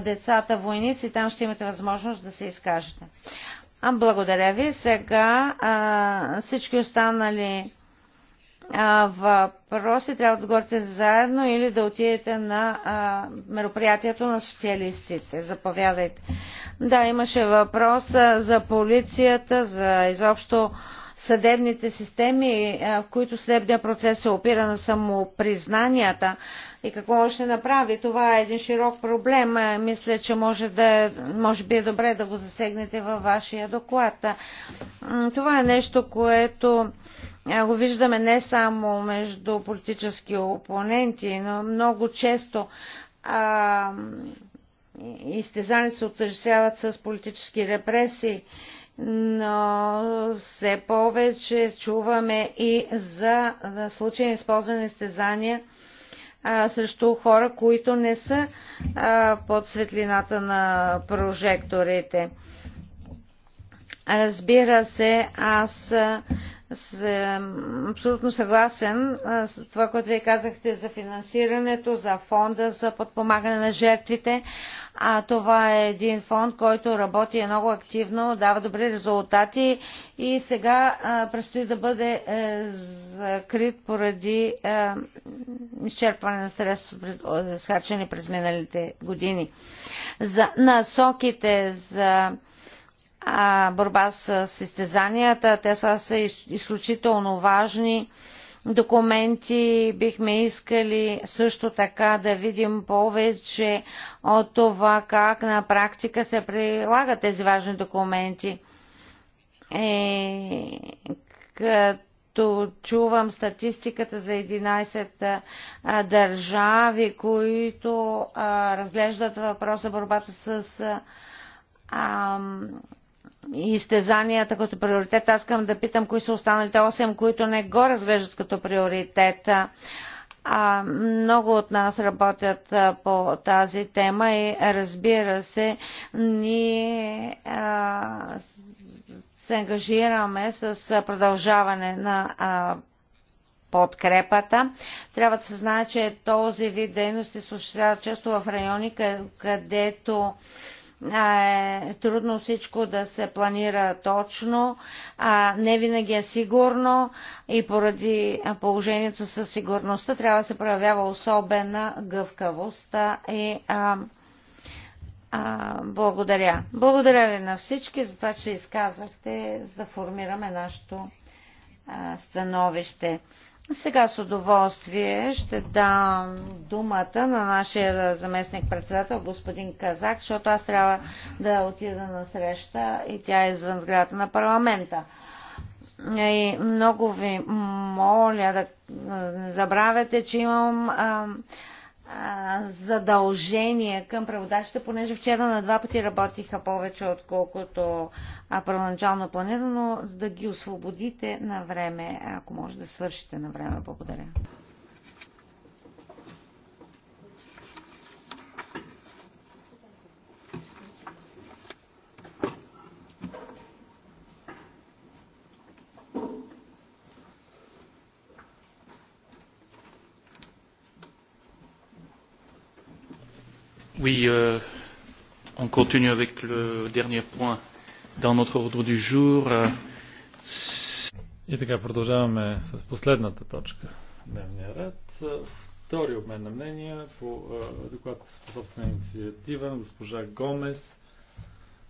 децата войници. Там ще имате възможност да се изкажете. А, благодаря ви. Сега а, всички останали а, въпроси трябва да отговорите заедно или да отидете на а, мероприятието на социалистите. Заповядайте. Да, имаше въпрос за полицията, за изобщо съдебните системи, в които съдебния процес се опира на самопризнанията и какво ще направи. Това е един широк проблем. Мисля, че може, да, може би е добре да го засегнете във вашия доклад. Това е нещо, което го виждаме не само между политически опоненти, но много често а, изтезани се отъждествяват с политически репресии. А, но все повече чуваме и за случаи на използване на стезания срещу хора, които не са под светлината на прожекторите. Разбира се, аз абсолютно съгласен с това, което вие казахте за финансирането, за фонда за подпомагане на жертвите. А това е един фонд, който работи много активно, дава добри резултати и сега а, предстои да бъде е, закрит поради е, изчерпване на средства, е, схарчени през миналите години. За насоките за борба с състезанията. Те са, изключително важни документи. Бихме искали също така да видим повече от това как на практика се прилагат тези важни документи. Е, като чувам статистиката за 11 държави, които а, разглеждат въпроса борбата с а, изтезанията като приоритет. Аз искам да питам кои са останалите 8, които не го разглеждат като приоритет. А, много от нас работят а, по тази тема и разбира се, ние а, се ангажираме с продължаване на а, подкрепата. Трябва да се знае, че този вид дейности се осъществява често в райони, където е трудно всичко да се планира точно, а не винаги е сигурно и поради положението със сигурността трябва да се проявява особена гъвкавост и а, а, благодаря. Благодаря ви на всички за това, че изказахте, за да формираме нашето а, становище. Сега с удоволствие ще дам думата на нашия заместник-председател господин Казак, защото аз трябва да отида на среща и тя е извън сградата на парламента. И много ви моля да не забравяте, че имам а, задължения към преводачите, понеже вчера на два пъти работиха повече, отколкото първоначално планирано, да ги освободите на време, ако може да свършите на време. Благодаря. Euh, on continue avec le dernier point dans notre ordre du jour. И така продължаваме с последната точка дневния ред. Втори обмен на мнения по доклад с собствена инициатива на госпожа Гомес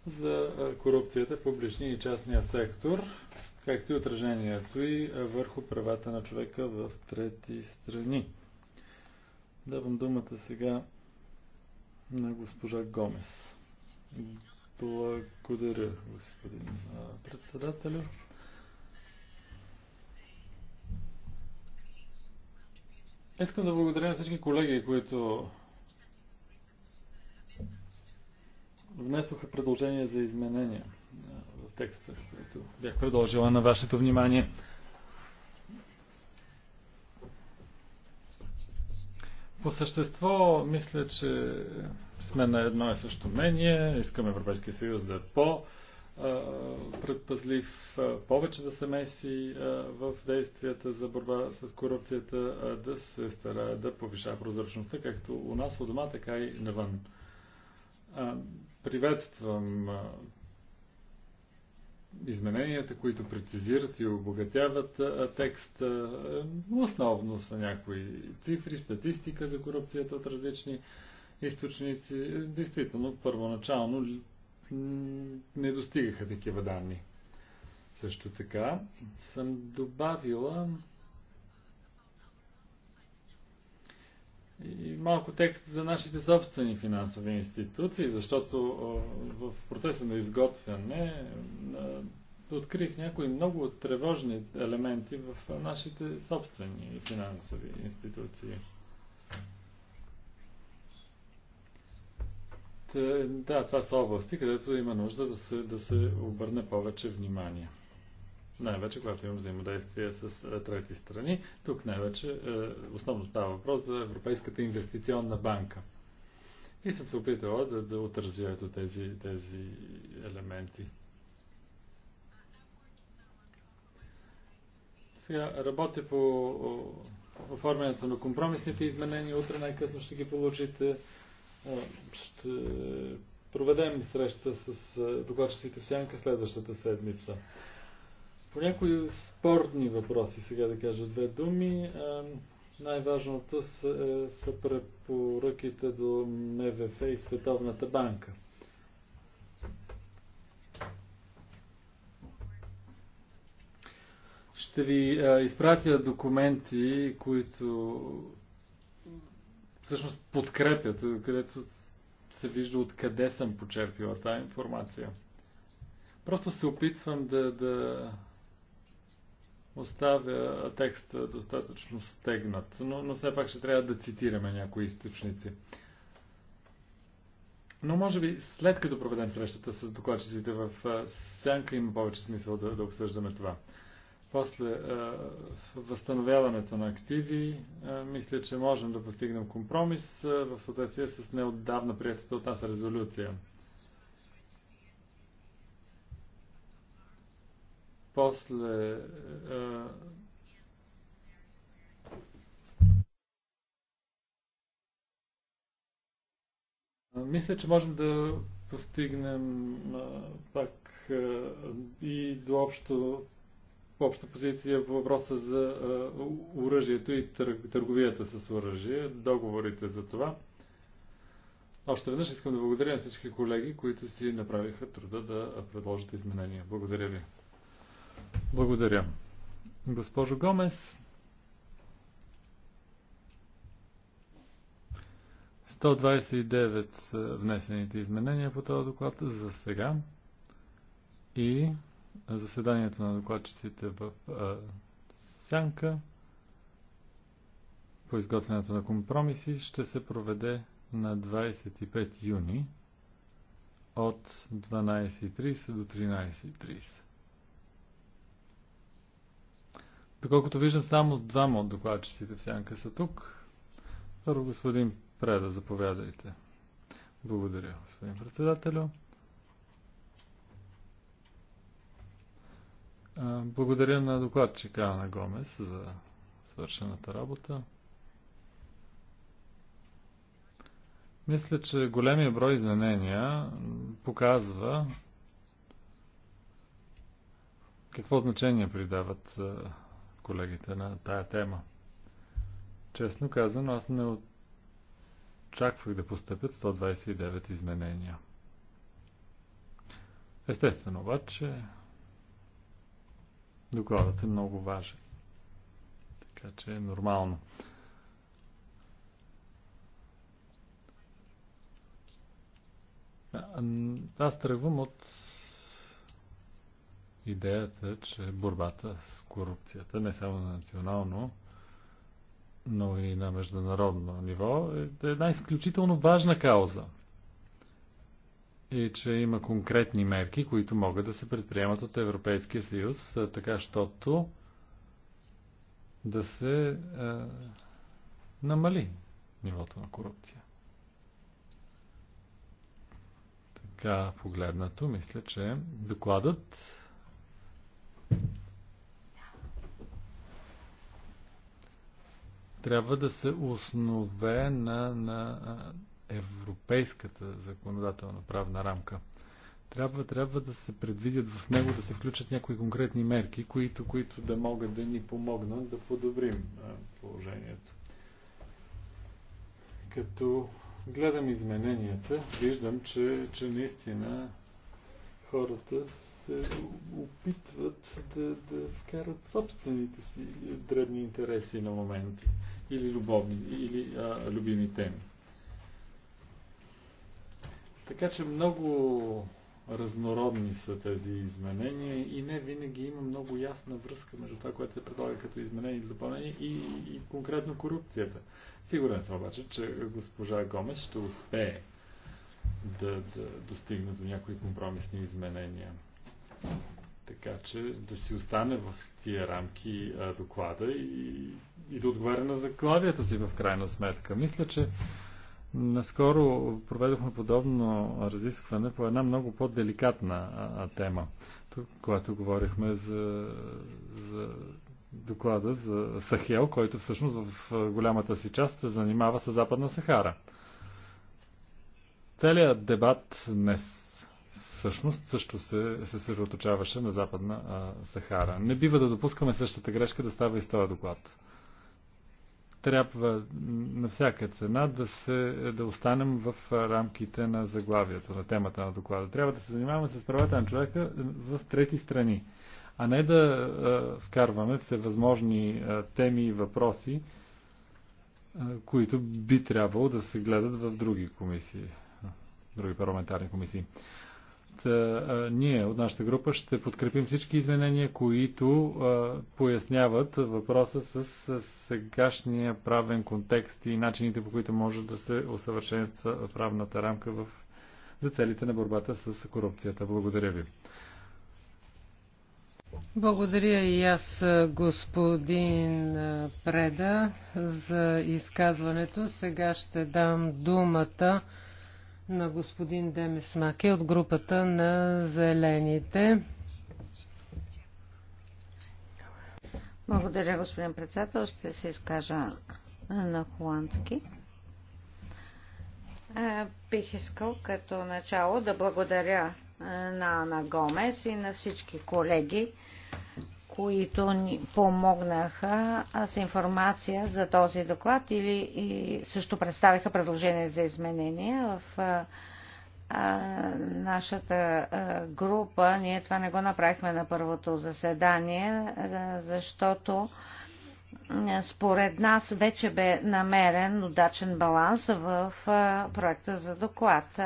за корупцията в публичния и частния сектор, както и отражението и върху правата на човека в трети страни. Давам думата сега на госпожа Гомес. Благодаря, господин председателю. Искам да благодаря на всички колеги, които внесоха предложения за изменения в текста, които бях предложила на вашето внимание. По същество, мисля, че сме на едно и също мнение. Искаме Европейския съюз да е по- предпазлив, повече да се меси в действията за борба с корупцията, да се стара да повишава прозрачността, както у нас у дома, така и навън. Приветствам измененията, които прецизират и обогатяват текста. Основно са някои цифри, статистика за корупцията от различни източници. Действително, първоначално не достигаха такива данни. Също така съм добавила и малко текст за нашите собствени финансови институции, защото в процеса на изготвяне открих някои много тревожни елементи в нашите собствени финансови институции. Да, това са области, където има нужда да се, да се обърне повече внимание най-вече когато имам взаимодействие с трети страни. Тук най-вече основно става въпрос за Европейската инвестиционна банка. И съм се опитала да, да отразя ето тези, тези елементи. Сега работя по оформянето на компромисните изменения. Утре най-късно ще ги получите. Ще проведем среща с докладчиците в Сянка следващата седмица. По някои спорни въпроси, сега да кажа две думи, най-важното са, е, са препоръките до МВФ и Световната банка. Ще ви а, изпратя документи, които всъщност подкрепят, където се вижда откъде съм почерпила тази информация. Просто се опитвам да, да оставя текста достатъчно стегнат, но, но все пак ще трябва да цитираме някои източници. Но може би след като проведем срещата с докладчиците в сянка има повече смисъл да, да обсъждаме това. После е, възстановяването на активи, е, мисля, че можем да постигнем компромис е, в съответствие с неотдавна приятата от нас резолюция. После а, Мисля, че можем да постигнем а, пак а, и до общо, обща позиция по въпроса за оръжието и търг, търговията с оръжие, договорите за това. Още веднъж искам да благодаря на всички колеги, които си направиха труда да предложат изменения. Благодаря ви. Благодаря. Госпожо Гомес, 129 са внесените изменения по този доклад за сега и заседанието на докладчиците в а, Сянка по изготвянето на компромиси ще се проведе на 25 юни от 12.30 до 13.30. Доколкото виждам, само двама от докладчиците в сянка са тук. Първо господин Преда, заповядайте. Благодаря, господин председателю. Благодаря на докладчика Ана Гомес за свършената работа. Мисля, че големия брой изменения показва какво значение придават колегите на тая тема. Честно казано, аз не очаквах да постъпят 129 изменения. Естествено, обаче, докладът е много важен. Така че е нормално. Аз тръгвам от идеята, че борбата с корупцията не само на национално, но и на международно ниво е, е една изключително важна кауза. И че има конкретни мерки, които могат да се предприемат от Европейския съюз, е, така щото да се е, намали нивото на корупция. Така погледнато, мисля, че докладът трябва да се основе на, на европейската законодателна правна рамка. Трябва, трябва да се предвидят в него да се включат някои конкретни мерки, които, които да могат да ни помогнат да подобрим положението. Като гледам измененията, виждам, че, че наистина хората се опитват да, да вкарат собствените си дребни интереси на моменти или, любовни, или а, любими теми. Така че много разнородни са тези изменения и не винаги има много ясна връзка между това, което се предлага като изменение и допълнение и, и конкретно корупцията. Сигурен съм обаче, че госпожа Гомес ще успее да, да достигне до някои компромисни изменения. Така че да си остане в тия рамки а, доклада и, и да отговаря на заглавието си в крайна сметка. Мисля, че наскоро проведохме подобно разискване по една много по-деликатна тема, тук, когато говорихме за, за доклада за Сахел, който всъщност в голямата си част се занимава с Западна Сахара. Целият дебат днес всъщност също се, се съсредоточаваше на Западна а, Сахара. Не бива да допускаме същата грешка да става и с този доклад. Трябва на всяка цена да, се, да останем в рамките на заглавието, на темата на доклада. Трябва да се занимаваме с правата на човека в трети страни, а не да а, вкарваме всевъзможни а, теми и въпроси, а, които би трябвало да се гледат в други комисии други парламентарни комисии ние от нашата група ще подкрепим всички изменения, които поясняват въпроса с сегашния правен контекст и начините по които може да се усъвършенства в равната рамка в, за целите на борбата с корупцията. Благодаря ви. Благодаря и аз, господин Преда, за изказването. Сега ще дам думата на господин Демис Маки от групата на Зелените. Благодаря, господин председател. Ще се изкажа на холандски. Бих искал като начало да благодаря на Ана Гомес и на всички колеги, които ни помогнаха с информация за този доклад или и също представиха предложение за изменения в а, нашата а, група. Ние това не го направихме на първото заседание, а, защото според нас вече бе намерен удачен баланс в проекта за доклад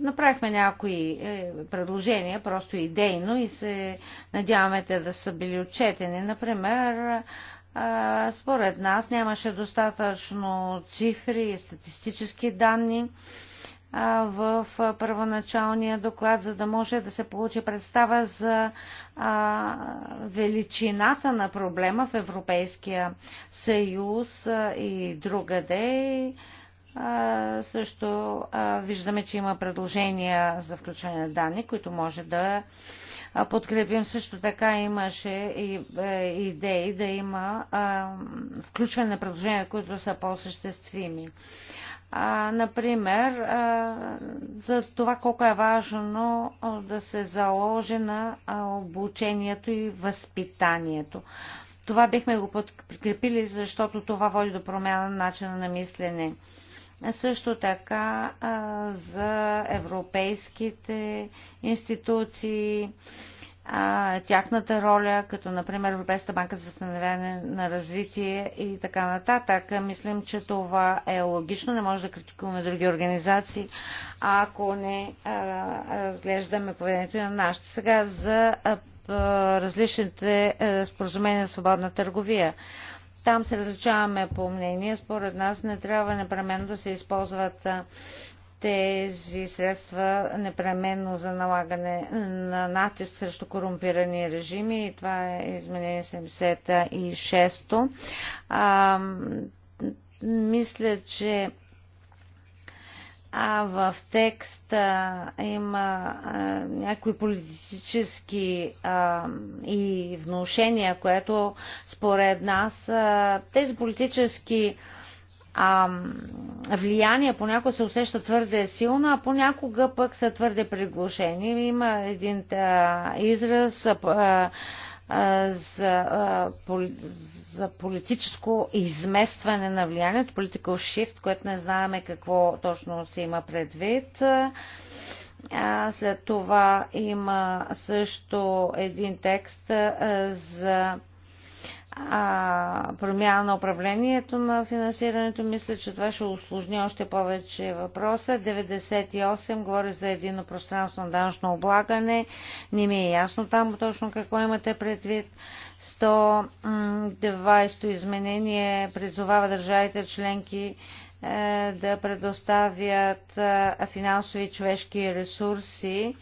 направихме някои е, предложения, просто идейно и се надяваме те да са били отчетени. Например, според нас нямаше достатъчно цифри и статистически данни в първоначалния доклад, за да може да се получи представа за величината на проблема в Европейския съюз и другаде също виждаме, че има предложения за включване на данни, които може да подкрепим. Също така имаше е, идеи да има включване на предложения, които са по-съществими. Например, за това колко е важно да се заложи на обучението и възпитанието. Това бихме го подкрепили, защото това води до промяна на начина на мислене също така а, за европейските институции, а, тяхната роля, като например Европейската банка за възстановяване на развитие и така нататък. Мислим, че това е логично. Не може да критикуваме други организации, ако не а, разглеждаме поведението на нашите. Сега за различните споразумения за свободна търговия. Там се различаваме по мнение. Според нас не трябва непременно да се използват тези средства непременно за налагане на натиск срещу корумпирани режими и това е изменение 76-то. мисля, че а в текста има а, някои политически а, и внушения, което според нас а, тези политически а, влияния понякога се усещат твърде силно, а понякога пък са твърде приглушени. Има един а, израз. А, а, за, за политическо изместване на влиянието, political shift, което не знаеме какво точно се има предвид. След това има също един текст за а, промяна на управлението на финансирането, мисля, че това ще усложни още повече въпроса. 98 говори за едино пространство на данъчно облагане. Не ми е ясно там точно какво имате предвид. 120 изменение призовава държавите членки е, да предоставят е, финансови и човешки ресурси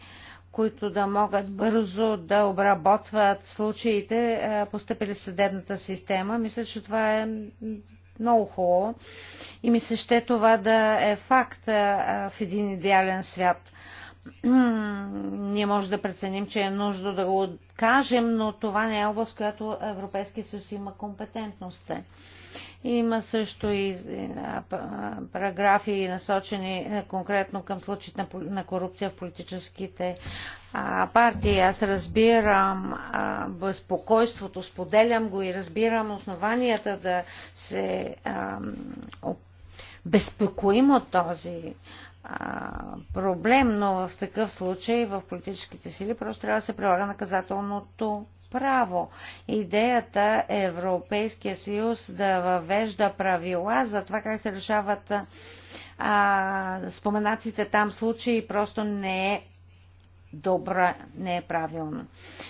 които да могат бързо да обработват случаите, е, поступили в съдебната система. Мисля, че това е много хубаво и мисля, ще това да е факт е, в един идеален свят. Ние може да преценим, че е нужно да го кажем, но това не е област, която Европейския съюз има компетентност. Има също и параграфи насочени е, конкретно към случаите на корупция в политическите партии. Аз разбирам безпокойството, споделям го и разбирам основанията да се безпокоим от този проблем, но в такъв случай в политическите сили просто трябва да се прилага наказателното право. Идеята е Европейския съюз да въвежда правила за това как се решават а, споменатите там случаи просто не е добра, не е правилно.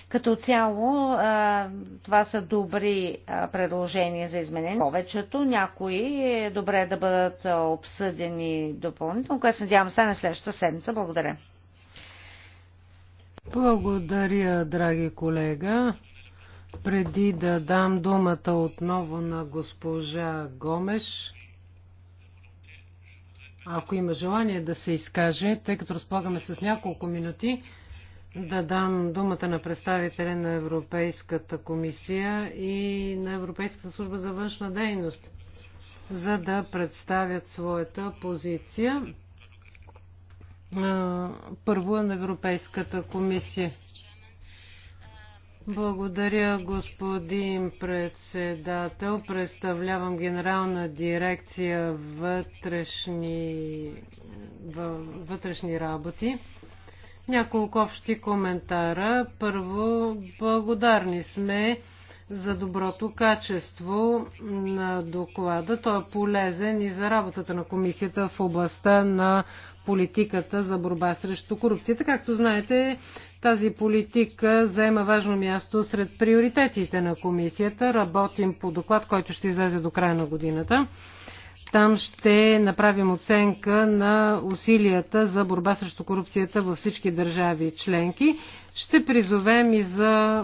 Като цяло, а, това са добри а, предложения за изменение. Повечето, някои е добре да бъдат обсъдени допълнително, което се надявам се на следващата седмица. Благодаря. Благодаря, драги колега. Преди да дам думата отново на госпожа Гомеш, ако има желание да се изкаже, тъй като разполагаме с няколко минути, да дам думата на представителя на Европейската комисия и на Европейската служба за външна дейност, за да представят своята позиция първо е на Европейската комисия. Благодаря, господин председател. Представлявам генерална дирекция вътрешни, вътрешни работи. Няколко общи коментара. Първо, благодарни сме за доброто качество на доклада. Той е полезен и за работата на комисията в областта на политиката за борба срещу корупцията. Както знаете, тази политика заема важно място сред приоритетите на комисията. Работим по доклад, който ще излезе до края на годината. Там ще направим оценка на усилията за борба срещу корупцията във всички държави членки. Ще призовем и за е,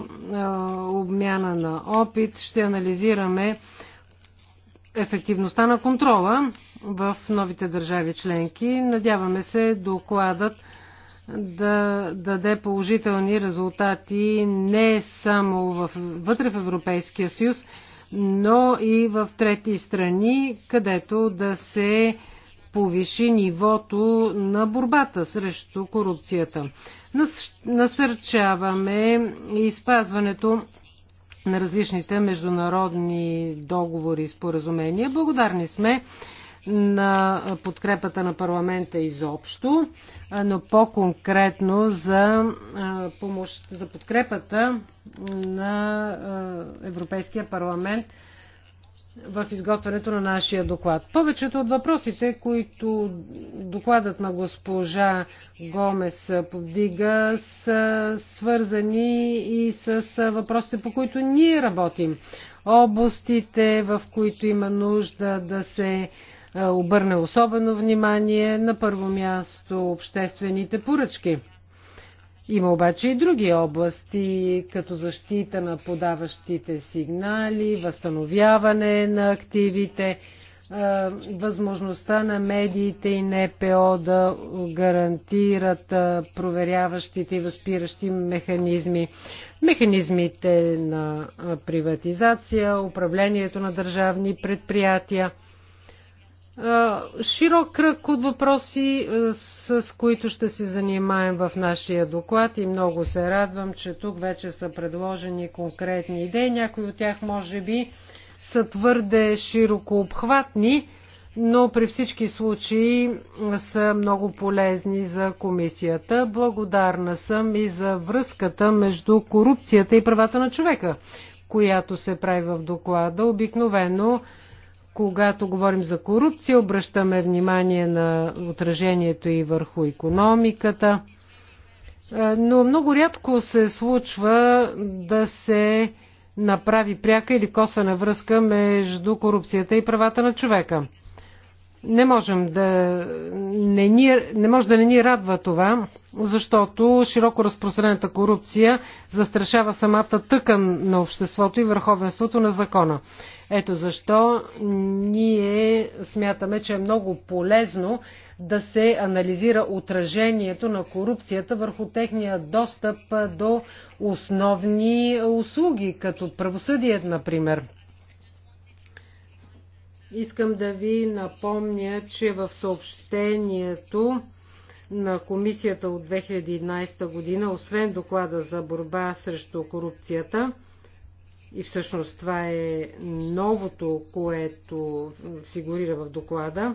обмяна на опит, ще анализираме ефективността на контрола в новите държави членки. Надяваме се докладът да даде положителни резултати не само в, вътре в Европейския съюз, но и в трети страни, където да се повиши нивото на борбата срещу корупцията. Насърчаваме и спазването на различните международни договори и споразумения. Благодарни сме на подкрепата на парламента изобщо, но по-конкретно за, помощ, за подкрепата на Европейския парламент в изготвянето на нашия доклад. Повечето от въпросите, които докладът на госпожа Гомес повдига, са свързани и с въпросите, по които ние работим. Областите, в които има нужда да се е, обърне особено внимание на първо място обществените поръчки. Има обаче и други области, като защита на подаващите сигнали, възстановяване на активите, е, възможността на медиите и НПО да гарантират е, проверяващите и възпиращи механизми, механизмите на приватизация, управлението на държавни предприятия широк кръг от въпроси, с които ще се занимаем в нашия доклад и много се радвам, че тук вече са предложени конкретни идеи. Някои от тях може би са твърде широко обхватни, но при всички случаи са много полезни за комисията. Благодарна съм и за връзката между корупцията и правата на човека, която се прави в доклада. Обикновено когато говорим за корупция, обръщаме внимание на отражението и върху економиката. Е, но много рядко се случва да се направи пряка или косвена връзка между корупцията и правата на човека. Не можем да не, ни, не може да не ни радва това, защото широко разпространената корупция застрашава самата тъкан на обществото и върховенството на закона. Ето защо ние смятаме, че е много полезно да се анализира отражението на корупцията върху техния достъп до основни услуги, като правосъдие, например. Искам да ви напомня, че в съобщението на комисията от 2011 година, освен доклада за борба срещу корупцията, и всъщност това е новото, което фигурира в доклада.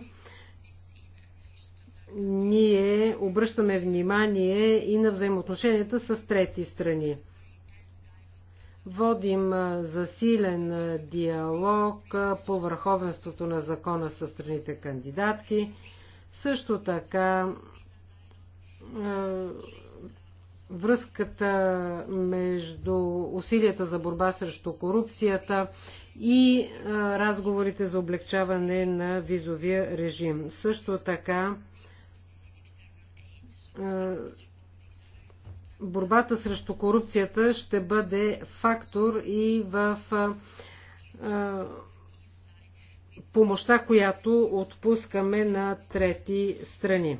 Ние обръщаме внимание и на взаимоотношенията с трети страни. Водим засилен диалог по върховенството на закона с страните кандидатки. Също така връзката между усилията за борба срещу корупцията и разговорите за облегчаване на визовия режим. Също така борбата срещу корупцията ще бъде фактор и в помощта, която отпускаме на трети страни.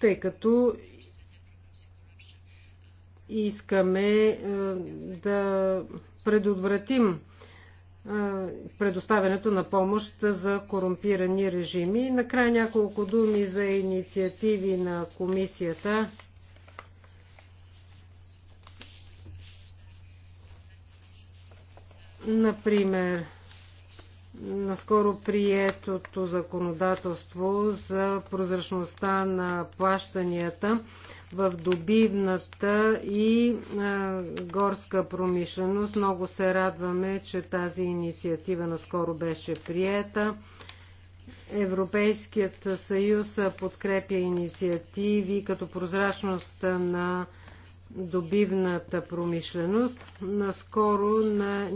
Тъй като искаме е, да предотвратим е, предоставянето на помощ за корумпирани режими. Накрая няколко думи за инициативи на комисията. Например, наскоро приетото законодателство за прозрачността на плащанията в добивната и а, горска промишленост. Много се радваме, че тази инициатива наскоро беше приета. Европейският съюз подкрепя инициативи като прозрачността на добивната промишленост. Наскоро на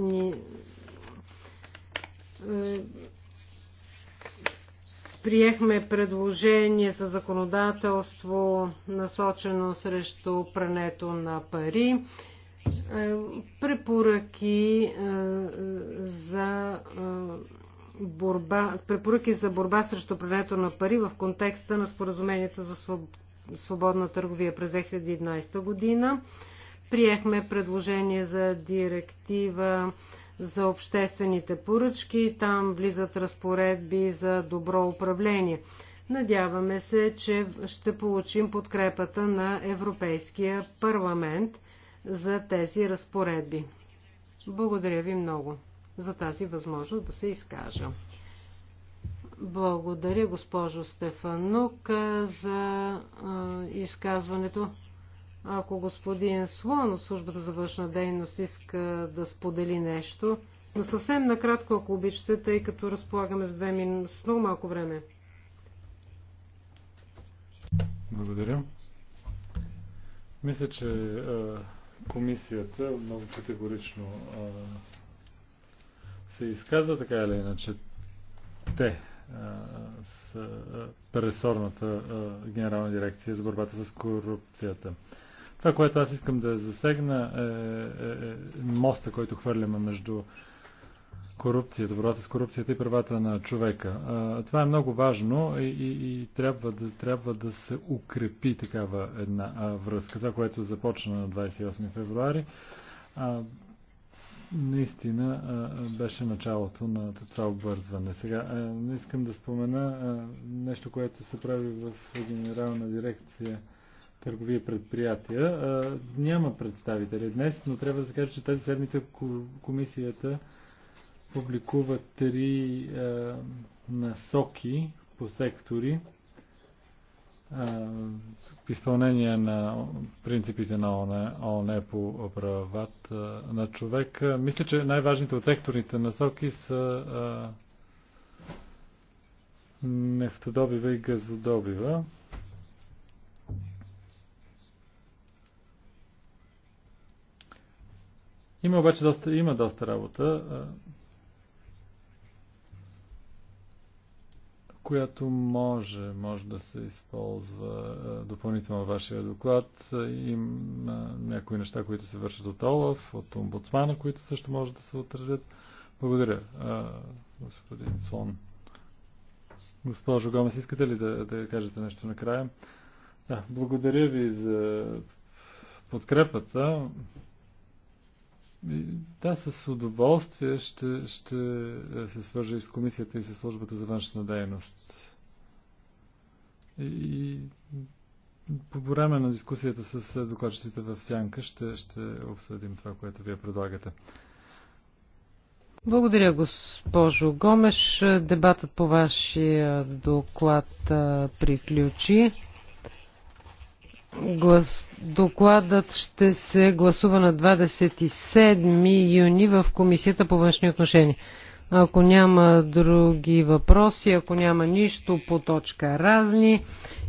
Приехме предложение за законодателство, насочено срещу прането на пари, е, препоръки е, за е, борба, препоръки за борба срещу прането на пари в контекста на споразумението за свободна търговия през 2011 година. Приехме предложение за директива за обществените поръчки. Там влизат разпоредби за добро управление. Надяваме се, че ще получим подкрепата на Европейския парламент за тези разпоредби. Благодаря ви много за тази възможност да се изкажа. Благодаря, госпожо Стефанук, за изказването. Ако господин Слон от службата за външна дейност иска да сподели нещо, но съвсем накратко, ако обичате, тъй като разполагаме с, две мин... с много малко време. Благодаря. Мисля, че а, комисията много категорично а, се изказва така или иначе. Те а, с а, а, генерална дирекция за борбата с корупцията. Това, което аз искам да засегна е, е, е моста, който хвърляме между корупция, борбата с корупцията и правата на човека. Е, това е много важно и, и, и трябва, да, трябва да се укрепи такава една а, връзка. Това, което започна на 28 февруари, а, наистина а, беше началото на това обвързване. Сега, а, искам да спомена а, нещо, което се прави в Генерална дирекция търговия предприятия. Няма представители днес, но трябва да се каже, че тази седмица комисията публикува три насоки по сектори в изпълнение на принципите на ООН, ООН по правата на човека. Мисля, че най-важните от секторните насоки са нефтодобива и газодобива. Има обаче доста, има доста работа, която може, може да се използва допълнително вашия доклад. Има някои неща, които се вършат от Олаф, от омбудсмана, които също може да се отразят. Благодаря, господин Слон. Госпожо Гомес, искате ли да, да кажете нещо накрая? Да, благодаря ви за подкрепата. Да, с удоволствие ще, ще е, се свържа и с комисията и с службата за външна дейност. И по време на дискусията с е, докладчиците в Сянка ще, ще обсъдим това, което вие предлагате. Благодаря, госпожо Гомеш. Дебатът по вашия доклад е, приключи. Глас... Докладът ще се гласува на 27 юни в Комисията по външни отношения. Ако няма други въпроси, ако няма нищо по точка разни,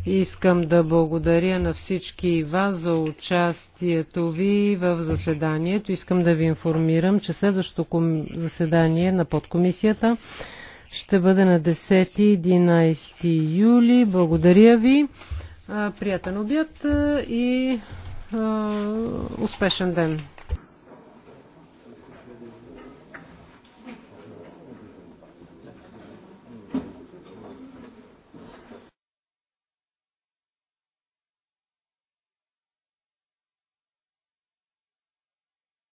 искам да благодаря на всички вас за участието ви в заседанието. Искам да ви информирам, че следващото заседание на подкомисията ще бъде на 10-11 юли. Благодаря ви. Е, приятен обяд е, и е, успешен ден!